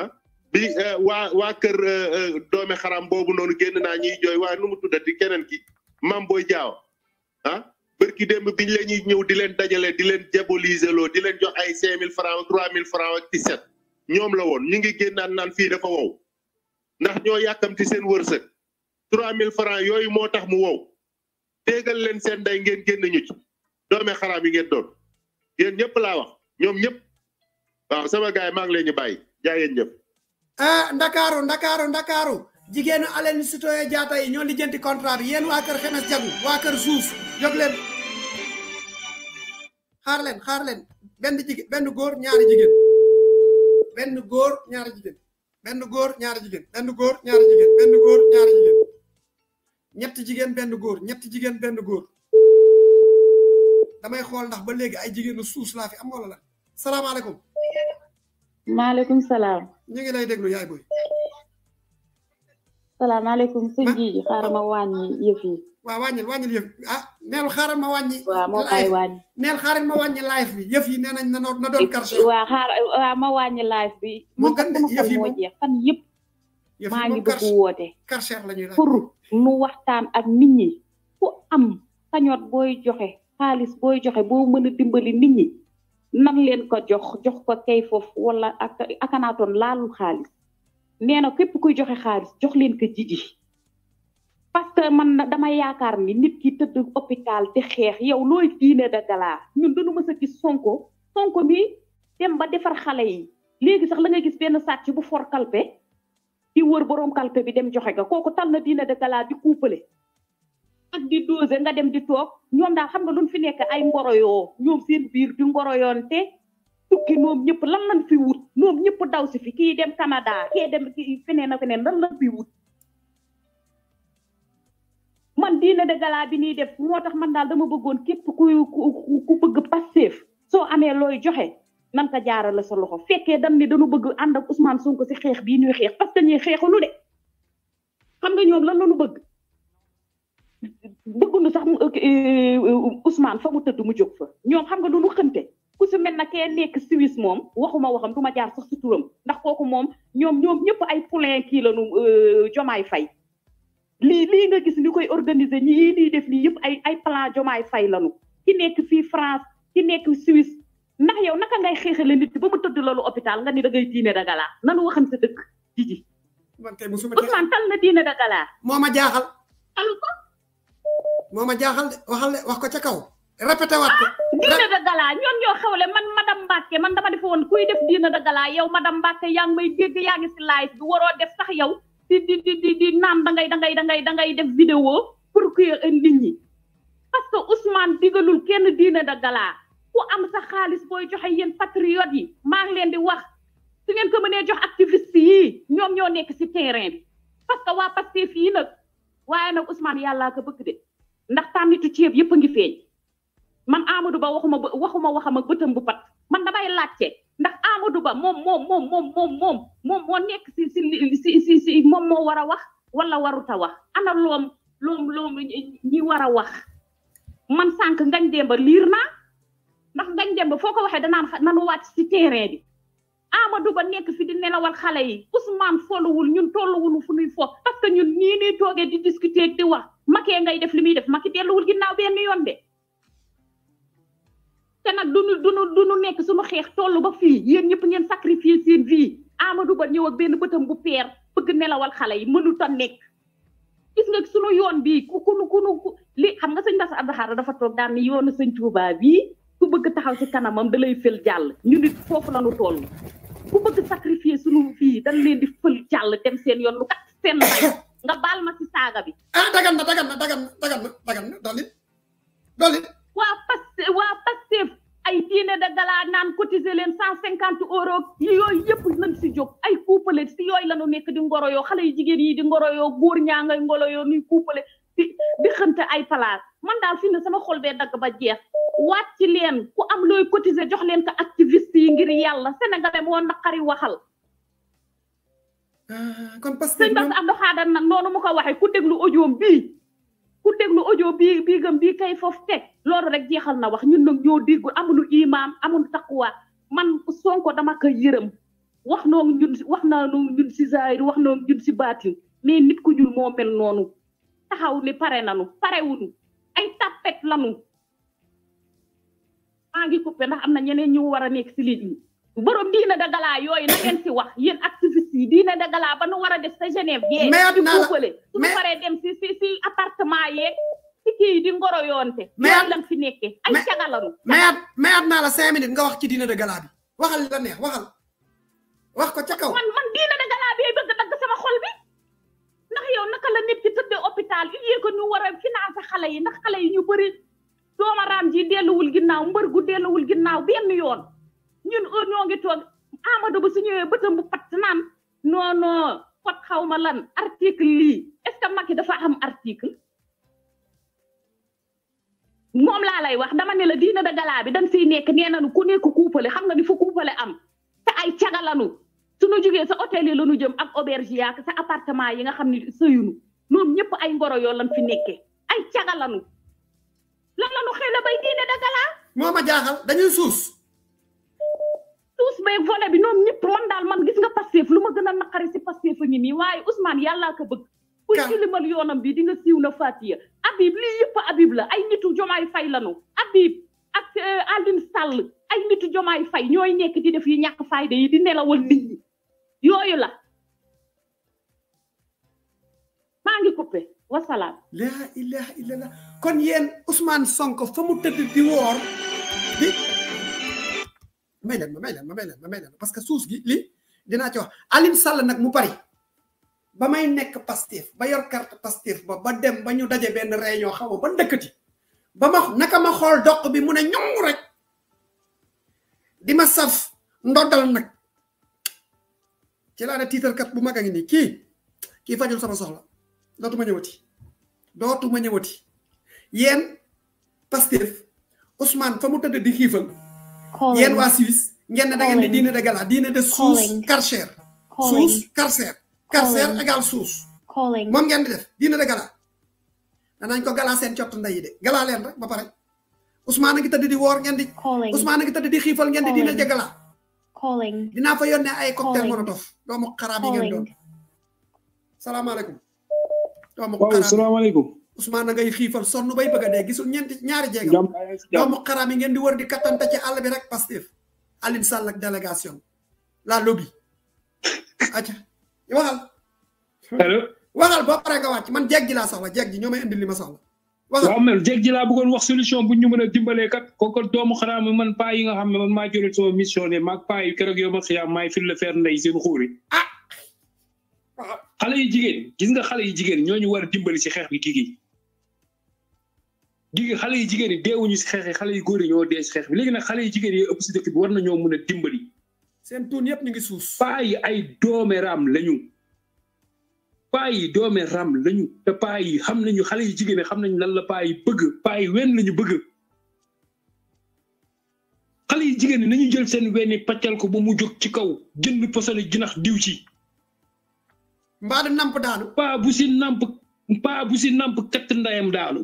ah bi eh, waa waa kër eh, eh, doome xaram boobu noonu génn naa ñuy jooy waaye nu mu di keneen ki mam booy jaaw ah ki démb biñ la ñuy ñëw di leen dajale di leen diaboliser loo di leen jox ay sin mille francs trois mille francs ak dix-sept ñoom la woon ñu ngi génnaan naan fii dafa wow ndax ñoo yàkkamti seen wërsëg trois mille francs yooyu moo tax mu wow déegal leen seen day ngeen génn ñu ci doome xaraam yi ngeen doon yéen ñëpp laa wax ñoom ñëpp waaw sama gars yi maa ngi leen ñu bàyyi jaa yéen ñëpp ah ndakaaru ndakaaru ndakaaru jigéenu Aline Sitoé Diatta yi ñoo lijjanti contrat bi yéen waa kër xemes jagu waa suuf jóg leen xaar leen xaar leen benn jigéen benn góor ñaari jigéen benn góor ñaari jigéen benn góor ñaari jigéen benn góor ñett jigéen benn góor ñetti jigéen benn góor damay xool ndax ba léegi ay jigéenu suus laa fi am la lan salaamaaleykum. maaleykum salaam. ñu ngi lay déglu yaay boy. salaamaaleykum sëñ Jiji xaaral ma wàññi yëf yi. waaw wàññil wàññil yëf ah neel xaaral ma wàññi. waaw moo koy wàññi. ma wàññi live bi yëf yi nee nañ na doon na doon karse. waaw xaaral waaw live bi. moo gën yëf yi moom fan yëpp. maa ngi bëgg woote. karseer la ñuy laaj mu waxtaan ak nit ñi ku am kañot boy joxe xaalis boy joxe boo mën a dimbali nit ñi nan leen ko jox jox ko kay foofu wala ak akanaatoon laalul xaalis nee na képp kuy joxe xaalis jox leen ko jiji parce que man dama yaakaar ni nit ki tëdd hôpital di xeex yow looy diine da galaa ñun dañu mës a gis sonko sonko mi dem ba defar xale yi léegi sax la nga gis benn sàcc bu for kalpe di wër borom kalpe bi dem joxe ko kooku tal na diina de gala di kuupale ak di dose nga dem di toog ñoom daal xam nga duñ fi nekk ay ngoroyoo ñoom seen biir di ngoroyoonte tukki ñoom ñëpp lan lañ fi wut ñoom ñëpp daw si fi kii dem Canada kii dem feneen ak feneen lan lañ fi wut man diina de gala bi nii def moo tax man daal dama bëggoon képp ku ku bëgg Pastef soo amee looy joxe nan ka ta jaarale sa loxo fekkee dam ni dañu bëgg ànd ak Ousmane Sonko si xeex bii ñuy xeex parce que ñuy xeexunu de xam nga ñoom lan la ñu bëgg bëgguñu sax euh, Ousmane fa mu tëdd mu jóg fa ñoom xam nga du ñu xënte ku na ke nekk Suisse moom waxuma waxam du ma jaar sax si turam ndax kooku moom ñoom ñoom ñëpp ay poulain kii la ñu jomaay euh, fay lii lii nga gis ni koy organiser ñii nii def lii yëpp ay ay plan jomaay fay lañu ki nekk fii France ki nekk Suisse ndax yow naka ngay xeexale nit ba mu tëdd loolu hôpital nga ni da ngay diine dagala nanu waxante dëkk jiji man kay musuma tal na diine dagala moma jaaxal jahal, anu ko moma jaaxal waxal wax ko ca kaw répété wat ko ah, diine dagala ñoom ñoo xewle man madame Mbacke man dama def won kuy def diine dagala yow madame Mbacke yaa may dégg yaa ngi live bi waro def sax yow di di di di di naan da ngay da ngay da ngay da ngay def vidéo pour que nit ñi parce que Ousmane digalul kenn diine dagala ku am sa xaalis boy joxe yeen patriote yi maa ngi leen di wax su ngeen ko mënee jox activiste yi ñoom ñoo nekk si terrain bi parce que waa Pastef yi nag waaye nag Ousmane yàllaa ko bëgg de ndax tànnitu ceeb yëpp a ngi feeñ man Amadou Ba waxuma waxuma waxam ak bëtam bu pat man damay laajte ndax Amadou Ba moom moom moom moom moom moom moom moo nekk si si si si si moom moo war a wax wala waruta wax ana loom loom loom ñi war a wax man sànq ngañ démba liir naa ndax ngañ dem ba foo ko waxee danaan nanu wàcc si terrain bi du Ba nekk fi di nelawal xale yi Ousmane folluwul ñun tolluwul fu nuy fo parce que ñun nii nii toogee di discuter di wax makee ngay def li muy def maki delluwul ginnaaw benn yoon de te nag duñu duñu duñu nekk suñu xeex toll ba fii yéen ñëpp ngeen sacrifier seen vie Amadou Ba ñëw ak benn bëtam bu peer bëgg nelawal xale yi mënut ta nekk gis nga sunu yoon bii ku kunu kunu li xam nga sëñ Bass Abdou Khadre dafa toog daal ni yoonu sëñ Touba bii ku bëgg taxaw ci kanamam da lay fël jàll ñu nit foofu la ñu toll ku bëgg sacrifier sunu fii dañ leen di fël jàll dem seen yoon lu kat seen mbay nga baal ma ci saaga bi. ah dagan na dagan na dagan na dagan na dagan na dolli dolli. waa Pastef waa Pastef ay diine da galaa naan cotiser leen cent cinquante euros yooyu yëpp lañ si jóg ay couple si yooyu la ñu nekk di ngoro yoo xale yu jigéen yi di ngoro yoo góor ñaa ngay ngoro yoo nuy couple di xënte ay place man daal fi ne sama xol bee dagg ba jeex waat ci leen ku am looy cotiser jox leen ko activiste yi ngir yàlla sénégalais moo naqari waxal ah, kon parce que sëñ Bass Abdou Khadre nag noonu mu ko waxee ku déglu audio bii ku déglu audio kay foofu teg loolu rek jeexal na wax ñun nag ñoo déggu amuñu imaam amuñu taqwa man Sonko dama ko yërëm wax noonu ñun wax naa noonu ñun si zaahir wax noonu ñun si baatin mais nit ku ñuul moo mel noonu taxaw li pare nanu parewuñu ay tàppet lanu maa ngi coupé ndax am na ñeneen ñu war a nekk si ligne bi borom diine da galaa yooyu na ngeen si wax yéen activiste yi diine da galaa ba nu war a def sa gi yee di fuufale suñu paree dem si si si appartement yeeg si kii di ngoro yoonte loolu lan fi nekkee ay cagalanu mayaat mayaat naa la cinq minutes nga wax ci diine da galaa bi waxal la neex waxal wax ko ca kaw man man diine yow naka la nit ki tëddee hôpital il est que ñu war a xale yi ndax xale yi ñu bëri doomaraam ji delluwul ginnaaw mbër gu delluwul ginnaaw benn yoon ñun ñoo ngi toog Amadou bu su ñëwee bëtam bu pat naan non non pot xaw ma lan article lii est ce que Macky dafa am article moom laa lay wax dama ne la diina da galaa bi dañ siy nekk nee ku nekk kuupale xam na ni fu kuupale am te ay cagalanu suñu jógee sa hôtel yi la ñu jëm ak auberge yaak sa appartement yi nga xam ne sëyunu ñoom ñëpp ay ngoro yoon lan fi nekkee ay cagalanu lan la ñu xëy bay diine dagalaa. moo ma jaaxal dañuy suus. suus bay volet bi ñoom ñëpp man daal man gis nga Pastef lu ma gën a naqari si Pastef a ngi waaye Ousmane yàllaa ko bëgg. ku ci yoonam bi di siiw na Fatia. Habib lii a Habib la ay nitu jomaay fay lanu Habib ak euh, Alioune Sall ay nitu jomaay fay ñooy nekk di def yi ñàkk fayda yi di nelawal nit ñi. Yo la mangi coupé wa salam la ilaha illallah kon yeen Ousmane Sonko famu mu di wor di may leen ma may ma parce que sous gi li dina ci wax Alim Sall nak mu bari ba may nek Pastef ba yor carte pastif ba ba dem ba ñu dajé ben réunion xaw ba ndëkkati ba ma naka ma xol doq bi mu ne ñong rek di ma saf ndodal nak ci laa ne kat bu mag ni Ki, ki kii sama soxla dotuma ñewati tu ñewati yeen pasteur Ousmane famu mu di xifal Yen wa Suisse ngeen ne da ngeen di dina de gala dina de sous karcher sous karcher karcher egal sous mom ngeen di def dina de gala nañ ko gala sen ciot ndey de gala len rek ba pare Ousmane ngi di wor ngeen di Ousmane a ngi di xifal ngeen di dina de gala calling Dina fa yónnee ay cocktail molotov doomu xaraab yi ngeen doon salaamaaleykum doomu salam alaykum. Ousmane nga yi xifal sonu bay beug de gisul ñent ñaari jéegam doomu xaraab yi ngeen di wër di kattante ci Allah bi rek pastif. Aline Sall ak délégation la lobby Acha. Yi waxal Hello. waxal boo paré nga wacc man jéggi la laa soxla jéggi ji ñoo li ma soxla waaw mais jéeg ji laa bëggoon wax solution bu ñu mën a dimbalee kat kooku doomu xaraam man paa yi nga xam ne man maa jëlee sama mission ne maag paa yi keroog maay fil la feer ndey seen xuuri ah xale yi jigéen gis nga xale yi jigéen ñooñu war a dimbali si xeex bi gigi gigi xale yu jigéen yi deewuñu si xeex yi xale yi ñoo dee si xeex bi léegi nag xale yu jigéen yi ëpp si dëkk bi war nañoo mën a dimbali seen tuun yëpp ñu ngi suuf paa yi ay doomeraam lañu paa yi doome ram lañu te paa yi xam nañu xale yu jigéen xam nañu lan la paa yi bëgg paa yi wenn lañu bëgg xale yu jigéen nañu jël seen wenn paccal ko ba mu jóg ci kaw jënd posale jinax diw ci. mbaa du namp daanu. paa bu si namp paa bu si namp katt ndayam daanu.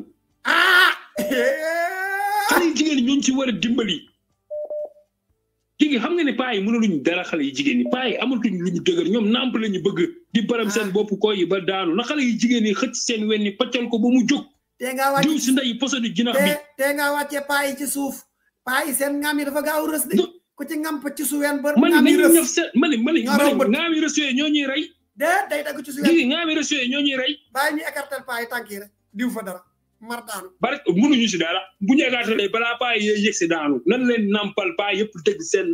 ah. xale yu jigéen ñooñu si war a dimbali. jigi xam nga ne paa yi mënuluñ dara xale yi jigéen yi paa yi amatuñ lu ñu dëgër ñoom namp la ñu bëgg di param seen ah. bopp ko yi ba daanu na xale yi jigéen yi xëcc seen wenni paccal ko ba mu jóg te nga wàcc diw si nday posa di jinax bi te nga wàccee paa yi ci suuf paa yi seen ngaam yi dafa gaaw rës de ku ci ngam pa ci suween bër man nañu ñaf seen man ni man man ngaam yi rësee ñoo ñuy rey de day dagg ci suween jigi ngaam yi rësee ñoo ñuy rey bàyyi ñu écartel paa yi tànk yi rek diw fa dara mar daanu bari mënuñu si dara bu ñu eggaatalee balaa paa yi yëg si daanu nan leen nampal paa yëpp tëgg seen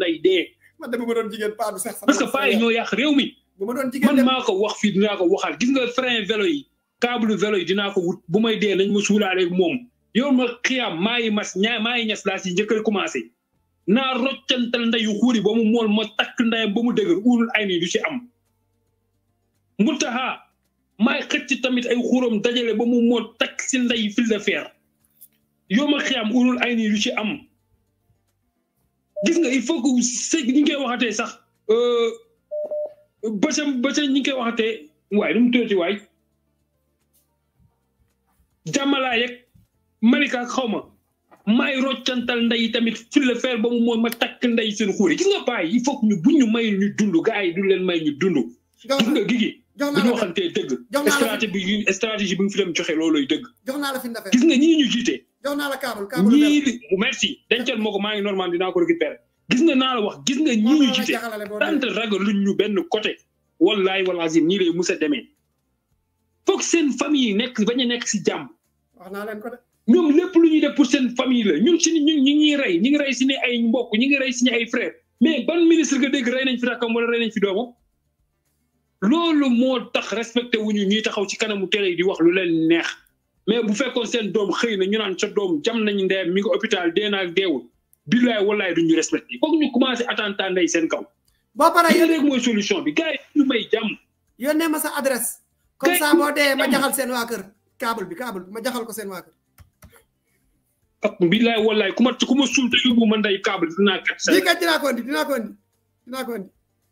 ma doon jigéen paa bi sax parce que paa yi ñoo yàq réew mi. bu ma doon jigéen man maa ko wax fii dinaa ko waxal gis nga frein vélo yi. câble vélo yi dinaa ko wut bu may dee nañ ma suulaale moom yow ma xiyam maa ngi mas ña maa ngi ñas laa si njëkk a commencé naa roccantal ndeyu xuuri ba mu mool ma takk ndeyam ba mu dëgg dëgër uurul ay nii du si am. Mountakha maay xëcc tamit ay xuram dajale ba mu moo takk si nday fil de fer yow ma urul ay nii yu ci am gis nga il faut que se ñi ngi koy waxatee sax ba sa ba sa ñi ngi koy waxatee waaye nu mu tuddati waay jàmmalaa yeeg malika xaw ma maay roccantal nday tamit fil de fer ba mu moo ma takk nday seen xuure gis nga baay il faut que ñu buñ ñu may ñu dund gaa yi du leen may ñu dund gis nga gigi bu ñu waxantee dëgg. stratégie bi stratégie bi mu fi dem joxe loolooy dëgg. jox naa la fi ndafet gis nga ñii ñu jiite. jox naa la kaabul kaabul ñii merci dencal moo ko maa ngi normal dinaa ko récupérer gis nga naa la wax gis nga ñii ñu jiite tant ragaluñ ñu benn côté. wallaay wal azim ñii lay mus a demee foog seen famille yi nekk bañ a nekk si jàmm. wax naa leen ko de. lépp lu ñuy def pour seen famille la ñun suñu ñun ñu ngi rey ñi ngi rey suñu ay mbokk ñi ngi rey suñu ay frère mais ban ministre nga dégg rey nañ fi rakkam wala nañ fi doomam loolu moo tax respecté wuñu ñuy taxaw ci kanamu télé yi di wax lu leen neex mais bu fekkoon seen doom xëy na ñu naan sa doom jam nañu ndeyam mi ngi hôpital dee naag deewul billaay wallaay duñu respecté foog ñu commencé attentat ndey seen kaw. boo paree yéen rek mooy solution bi gars yi ñu may jàmm. yónnee ma sa adresse. comme ça boo dee ma jaxal seen waa kër bi câble bi ma jaxal ko seen waa kër. ak ah, billaay wallaay ku ma ku ma suul te yóbbu ma ndey câble dinaa kat. lii kat dinaa ko indi dinaa ko indi dinaa ko indi.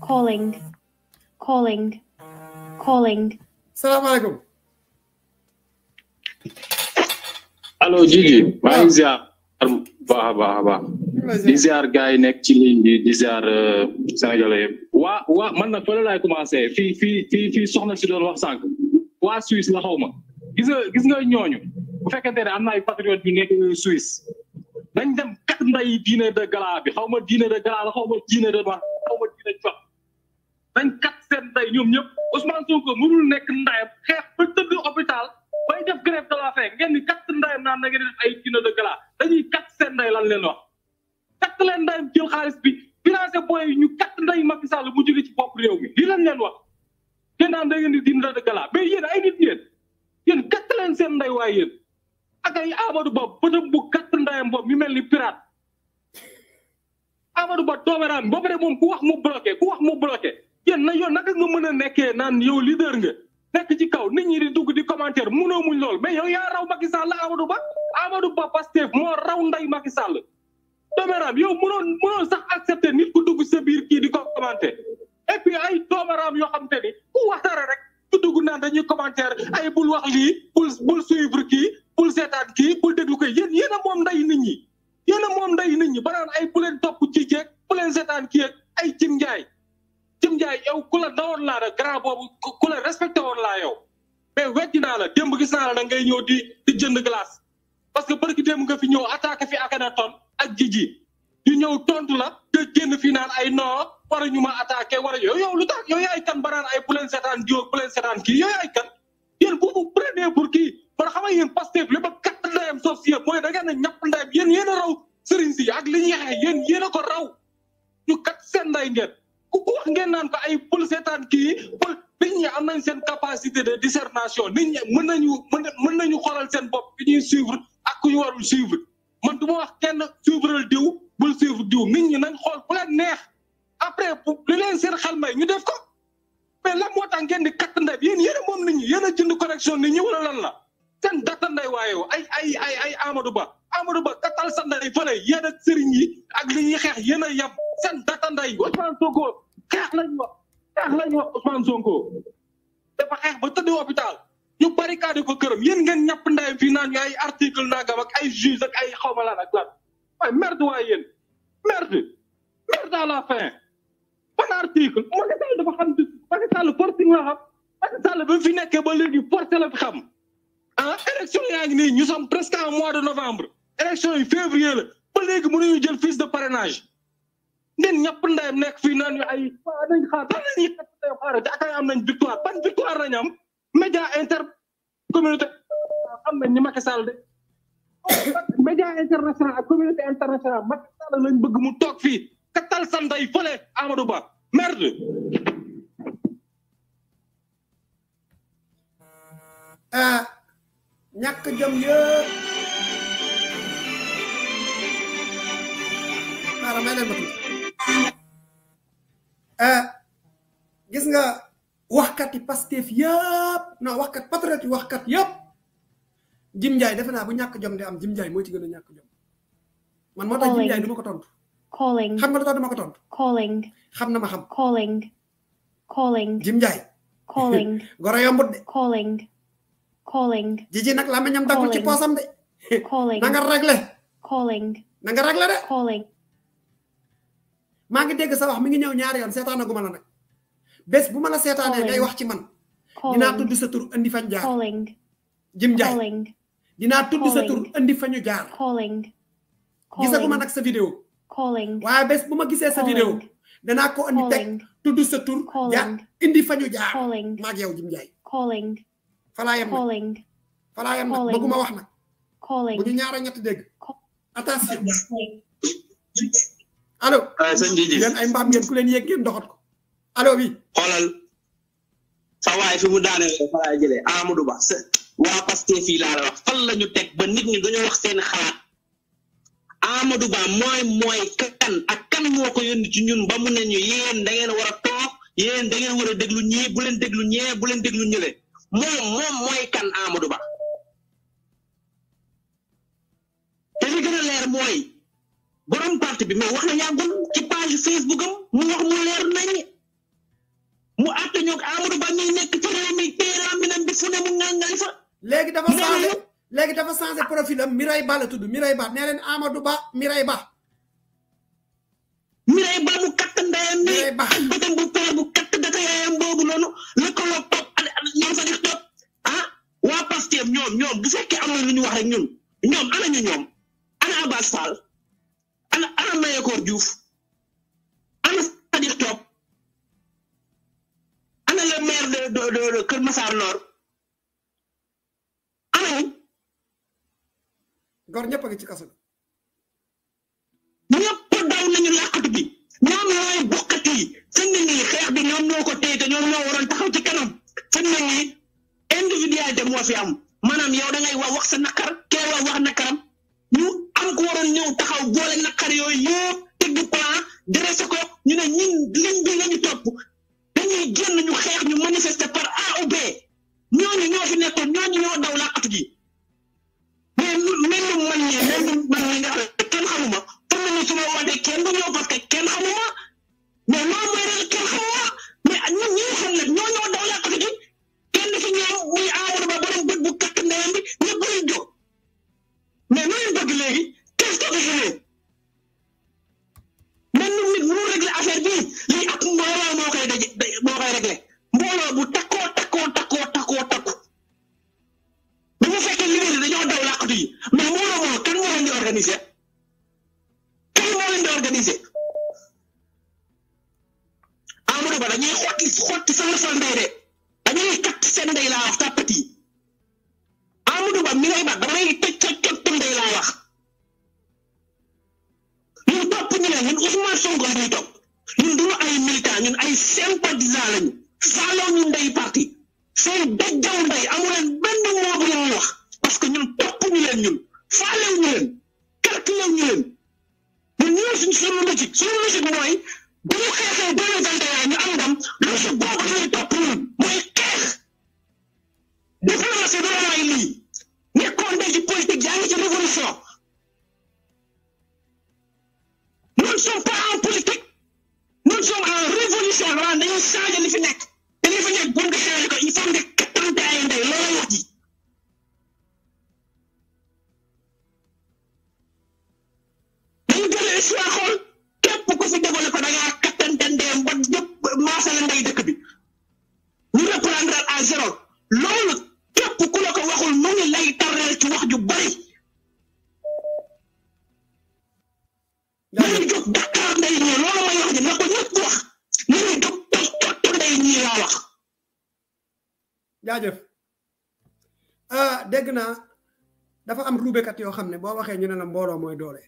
calling, calling, calling. Salam alaikum. allo Jigi maa ngi ziar bu baax a baax a baax di ziar gars yi nekk ci ligne bi di ziar sénégalais yëpp waa waa man nag fële laay commencé fii fii fii fii soxna si doon wax sànq waa Suisse la xaw gis nga gis nga ñooñu bu fekkente ne am na ay patriote yu nekk Suisse nañ dem kat nday diine de gala bi xaw ma diine de gala la xaw ma diine de ma xaw ma diine jox 24 seet tey ñoom ñëpp Ousmane Sonko mënul nekk ndayam xeex ba tëdd hôpital bay def grève de la faim ngeen ni katt ndayam naan na ngeen def ay dina de gala dañuy katt seen nday lan leen wax katt leen ndayam jël xaalis bi financé booy yi ñu katt nday Macky Sall mu jóge ci bopp réew mi li lan leen wax ngeen naan da ngeen di dina de gala mais yéen ay nit yéen yéen katt leen seen nday waaye yéen ak ay Amadou Ba bëtëm bu ndayam mi mel ni pirate Amadou doomeraam ba pare moom ku wax mu bloqué ku wax mu bloqué yéen na yow naka nga mën a nekkee naan yow leader nga nekk ci kaw nit ñi di dugg di commentaire mënoo muñ lool mais yow yaa raw Macky Sall Amadou Ba Amadou Ba Pastef moo raw nday Macky Sall doomeraam yow mënoon mënoon sax accepter nit ku dugg sa biir kii di ko commenter et puis ay doomeraam yoo xam te ni ku wax rek ku dugg naan dañuy commentaire ay bul wax lii bul bul suivre kii bul seetaan kii bul déglu ko yéen yéen a moom nday nit ñi yéen a moom nday nit ñi ba naan ay bu leen topp ci jeeg bu leen seetaan kii ak ay cin njaay Jim jaay yow ku la dawoon laa la grand boobu ku la respecté woon laa yow mais weddi naa la démb gis naa la da ngay ñëw di di jënd glace parce que barki démb nga fi ñëw attaque fi ton ak Jiji ñu ñëw tontu la te génn fi naan ay noo war ñu ma attaqué war yow yow lu tax yow yaay kan baraan ay bu leen seetaan diok bu leen seetaan kii yow yaay kan yéen bu bu prenez pour kii man xam nga yéen Pastef li ma kat ndayam sauf si yéen mooy da ngeen a ñàpp ndayam yéen yéen a raw sëriñ si ak li ñuy yéen yéen a ko raw ñu kat seen nday ngeen wax ngeen naan ko ay bul seetaan kii bul nit ñi am nañ seen capacité de discernation nit ñi mën nañu mën nañu xoolal seen bopp bi ñuy suivre ak ku ñu warul suivre man du ma wax kenn suivreal diw bul suivre diw nit ñi nañ xool bu leen neex après li leen seen xel may ñu def ko mais lan moo tax ngeen di katt ndey bi yéen yéen moom ñi yéen a jënd correction nit ñi wala lan la seen data ndey waayo ay ay ay ay Amadou Ba Amadou Ba kattal sa ndey fële ak sëriñ yi ak li ñuy xeex yéen a yem seen data nday Ousmane Sonko xeex lañ wax xeex lañ wax Ousmane Sonko dafa xeex ba tëdd hôpital ñu barricade ko këram yéen ngeen ñàpp ndayam fii naan ñu ay article nangam ak ay juge ak ay xawma ak lan waaye merde waaye merde à la fin ban article Macky Sall dafa xam di la xam Macky Sall ba fi nekke ba léegi forcé la fi xam ah, élection yaa ngi nii ñu sommes presque en mois de novembre élection yi février la ba léegi mënuñu jël fiche de parrainage ngeen ñep ndeyam nek fi non yu ay fa dañ xaar lan la ñuy xaar da xaaral am nañ victoire ban victoire lañ am media inter communauté am nañ ni Macky Sall de media international communauté international Macky Sall lañ bëgg mu toog fii katal sanday fële Amadou Ba merde ah ñak jëm yëpp xaaral may leen ma Eh, gis nga waxkat yi pastef yëpp na waxkat patriote yi waxkat yëpp jim jay defena bu ñak jom de am jim jay moo ci gëna ñak jom man moo jim jay duma ko tontu calling xam nga lu tax ko tontu calling xam na ma xam calling calling jim jay calling gora yombu de calling calling jiji ma ñam dakul ci posam de na nga calling na nga de calling ma ngi dégg sa wax mi ngi ñëw ñaari yoon seetaanaguma la nag bés bu ma la seetaanee ngay wax ci man dinaa tudd sa tur andi fañ jaar jim jaay dinaa tudd sa tur andi fañu jaar ma nag sa vidéo waaye bés bu ma gisee sa vidéo danaa ko andi teg tudd sa tur jaar indi fañu jaar ak yow jim jaay falaa nag falaa nag bëgguma wax nag bu ñu ñaara ñett dégg attention allo sëñ Jiji leen ay mbaam ngeen ku leen yéeg ngeen doxat ko allo bi xoolal sa waay fi mu daaneel fa laa jëlee Amadou Ba sa waa Pastef fii laa la wax fan la ñu teg ba nit ñi dañoo wax seen xalaat Amadou Ba mooy mooy kan ak kan moo ko yónni ci ñun ba mu ne ñu yéen da ngeen war a toog yéen da ngeen war a déglu ñii bu leen déglu ñee bu leen déglu ñële moom moom mooy kan Amadou Ba te li gën leer mooy borom parti bi mais wax na yàggul ci page facebook am mu wax mu leer nañ mu atté ñok amadou ba ñi nekk ci réew mi téye laminam bi fu ne mu ngangal fa légui dafa changé légui dafa changé profil am miray ba la tudd miray ba né len amadou ba miray ba miray ba mu kat ndayam ni ak bëtam bu peer bu kat da data yaayam bobu boobu noonu lëkkaloo topp ñoom fa def top ah wa pasteur ñoom ñoom bu fekké amul lu ñu wax rek ñun ñoom ana ñu ñoom ana abbas fall ana ana Mayakoor Diouf ana Sadikh Top ana le maire de de de Kër Massar Nord ana ñu. góor ñëpp ngi ci kaso bi. ñëpp daw nañu làkkatu bi ñoom ñooy bokkat yi sëñ na nii xeex bi ñoom ñoo ko téye te ñoom ñoo waroon taxaw ci kanam sëñ na nii individualité moo fi am maanaam yow da ngay wax sa naqar kee wax naqaram. ñu am ko waroon ñëw taxaw boole naqar yooyu yëpp tëgg plan dressé ko ñu ne ñun liñ bi ñu topp dañuy génn ñu xeex ñu manifester par A ou ñooñu ñoo fi nekkoon ñooñu ñoo daw làqatu ji mais man ñee mel man ñi nga kenn xamuma pour ne ni su ma wootee kenn du ñëw parce kenn xamuma mais loolu mooy démocrate yoo xam ne boo waxee ñu ne la mbooloo mooy doole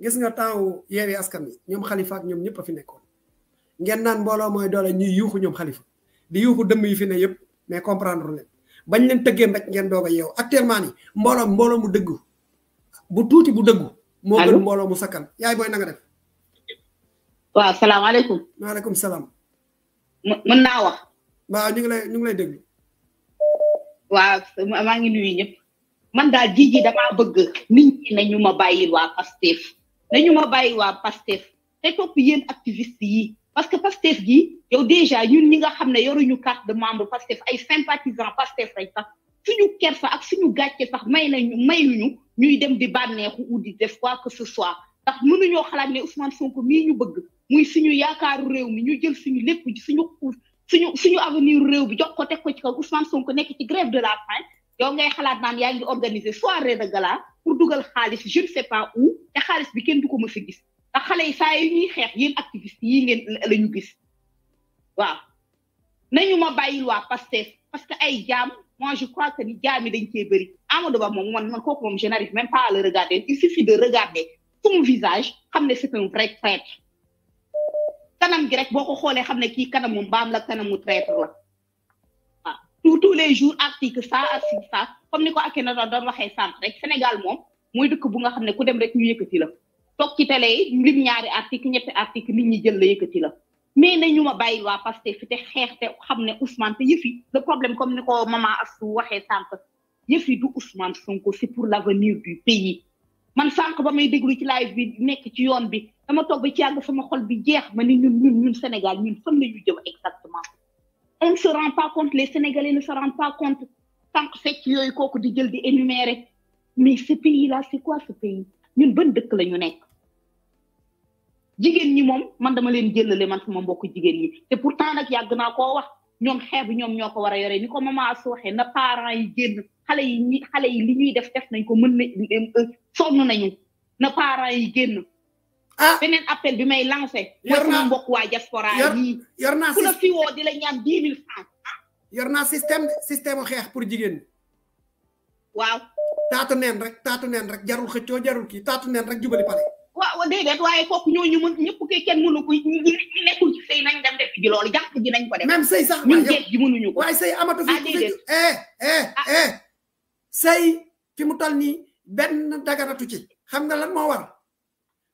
gis nga taawu yeewi askan wi ñoom xalifa ak ñoom ñëpp a fi nekkoon ngeen naan mbooloo mooy doole ñuy yuuxu ñoom xalifa di yuuxu dëmm yi fi ne yëpp mais comprendre leen bañ leen tëggee mbéj ngeen doog a yeewu actuellement ni mbooloo mbooloo mu dëggu bu tuuti bu dëggu moo gën mbooloo mu sakkan yaay booy na nga def waaw salaamaaleykum waaleykum salaam mën naa wax waaw ñu ngi lay ñu waaw maa ngi nuyu ñëpp man daal jiji dama bëgg nit ñi nañu ma bàyyil waa Pastef nañu ma bàyyil waa Pastef te topp yéen activistes yi parce que Pastef gi yow déjà ñun ñi nga xam ne yoruñu carte de membre Pastef ay sympathisant Pastef lañ sax suñu kersa ak suñu gàcce sax may nañu mayuñu ñuy dem di bànneexu ou di def quoi que ce soit ndax mënuñoo xalaat ne Ousmane Sonko mii ñu bëgg muy suñu yaakaaru réew mi ñu jël suñu lépp suñu suñu suñu avenir réew bi jox ko teg ko ci kaw Ousmane Sonko nekk ci grève de la faim yow ngay xalaat naan yaa ngi organiser soirée de gala pour dugal xaalis je ne sais pas où te xaalis bi kenn du ko mës a gis ndax xale yi saa yi ñuy xeex yéen activiste yi ngeen lañu gis waaw nañu ma bàyyil waa Pastef parce que ay jaam moi je crois que ni jaam yi dañ cee bëri Amadou Ba moom man man kooku moom je n'arrive même pas à le regarder il suffit de regarder son visage xam ne c'est un vrai traître kanam gi rek boo ko xoolee xam ne kii kanam moom baam la kanamu traître la tout tous les jours article ça article ça comme ni ko ak na doon waxé sànq rek Sénégal mom moy dëkk bu nga xamné ku dem rek ñu yëkkati la toog ci télé yi lim ñaari article ñepp article nit ñi jël la yëkkati la mais nañu ma bàyyi waa Pastef fi te xeex te xam Ousmane te yëfi le problème comme ni ko maman Astou waxee sànq yëfi du Ousmane Sonko c'est pour l'avenir du pays man sank ba may déglu ci live bi nekk ci yoon bi dama toog ba ci yàgg sama xol bi jeex ma ni ñun ñun ñun Sénégal ñun fan la ñu jëm exactement on ne se rend pas compte les Sénégalais ne se rendent pas compte tant que fekk yooyu kooku di jël di énumérer mais ce pays là c'est quoi ce pays ñun bonne dëkk la ñu nekk jigen ñi moom man dama leen le man sama mbokk jigen ñi te pourtant nak yàgg naa koo wax ñoom xeeb ñoom ñoo ko war a yore ni ko maman su waxee na parents yi génn xale yi ñi xale yi li ñuy def def nañ ko mën na euh, sonn nañu na parents yi génn ah beneen appel bi may lancer yar naa mbokk waa diaspora yi. yorna naa la fi di la ñaan dix mille francs. yorna système système xex pour jigen waaw. tatu nen rek tatu nen rek jarul xëccoo jarul ki tatu nen rek jubali pare. waaw waye waaye ñoo ñu mën ñëpp kay kenn mënu ko ñi ñi nekkul ci sey nañ dem def ci loolu jàpp ji nañ ko def. même sey sax ñu jéeg ji ñu ko. waye sey amatu fi. Ah, eh eh ah. eh. sey fi mu toll nii benn dagaratu ci xam nga lan mo war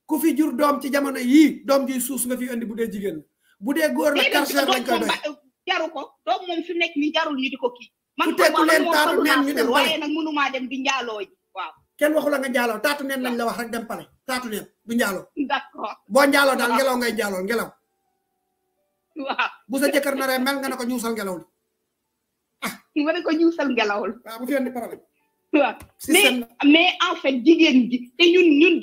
ku fi jur dom ci jamono yi dom ji suus nga fi andi budé jigen budé gor la carcer lañ ko doy jaru ko dom mom fi nek ni jarul ñu diko ki man ko ko len taatu neen ñu dem waye nak mënuma dem di ndialo yi waaw kenn waxu la nga ndialo taatu neen lañ la wax rek dem palé taatu neen du ndialo d'accord bo ndialo dal ngelaw ngay ndialo ngelaw waaw bu sa na ré mel nga nako ñuusal ngelaw li ah nga ne ko ñuusal ngelaw waaw bu fi andi problème mais en fait ñun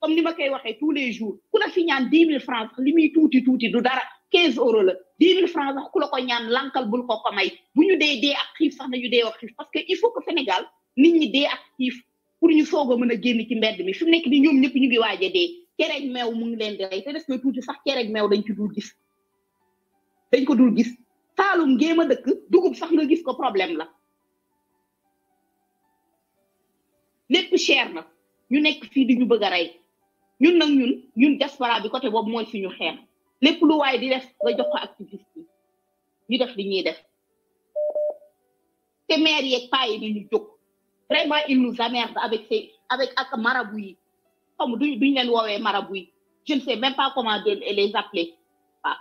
comme ni ma tous les jours ku la fi francs limi touti du dara 15 euros la francs wax ku ko ñaan lankal bul ko ko may bu ñu dé sax parce que faut que Sénégal nit ñi dé ak pour ñu sogo a génn ci mbéd mi ni ñoom ñëpp ñu ngi dé mew mu ngi leen que des na sax mew dañ ci dul gis dañ ko dul gis ngeema dëkk dugub sax gis ko problème la lépp cher na ñu nekk fii di ñu bëgg a rey ñun nag ñun ñun diaspora bi côté boobu mooy ñu xeex lépp lu waaye di def nga jox ko activiste yi ñu def li ñuy def te maire yeeg paa yi ñu jóg vraiment il nous emmerde avec ces avec ak marabu yi xam duñ duñ leen woowee marabu yi je ne sais même pas comment les appeler waaw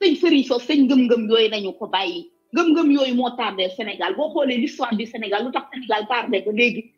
sëñ sëriñ soo sëñ ngëm-ngëm yooyu nañu ko bàyyi ngëm-ngëm yooyu moo tardé Sénégal boo xoolee l'histoire du Sénégal lu tax Sénégal tardé ba léegi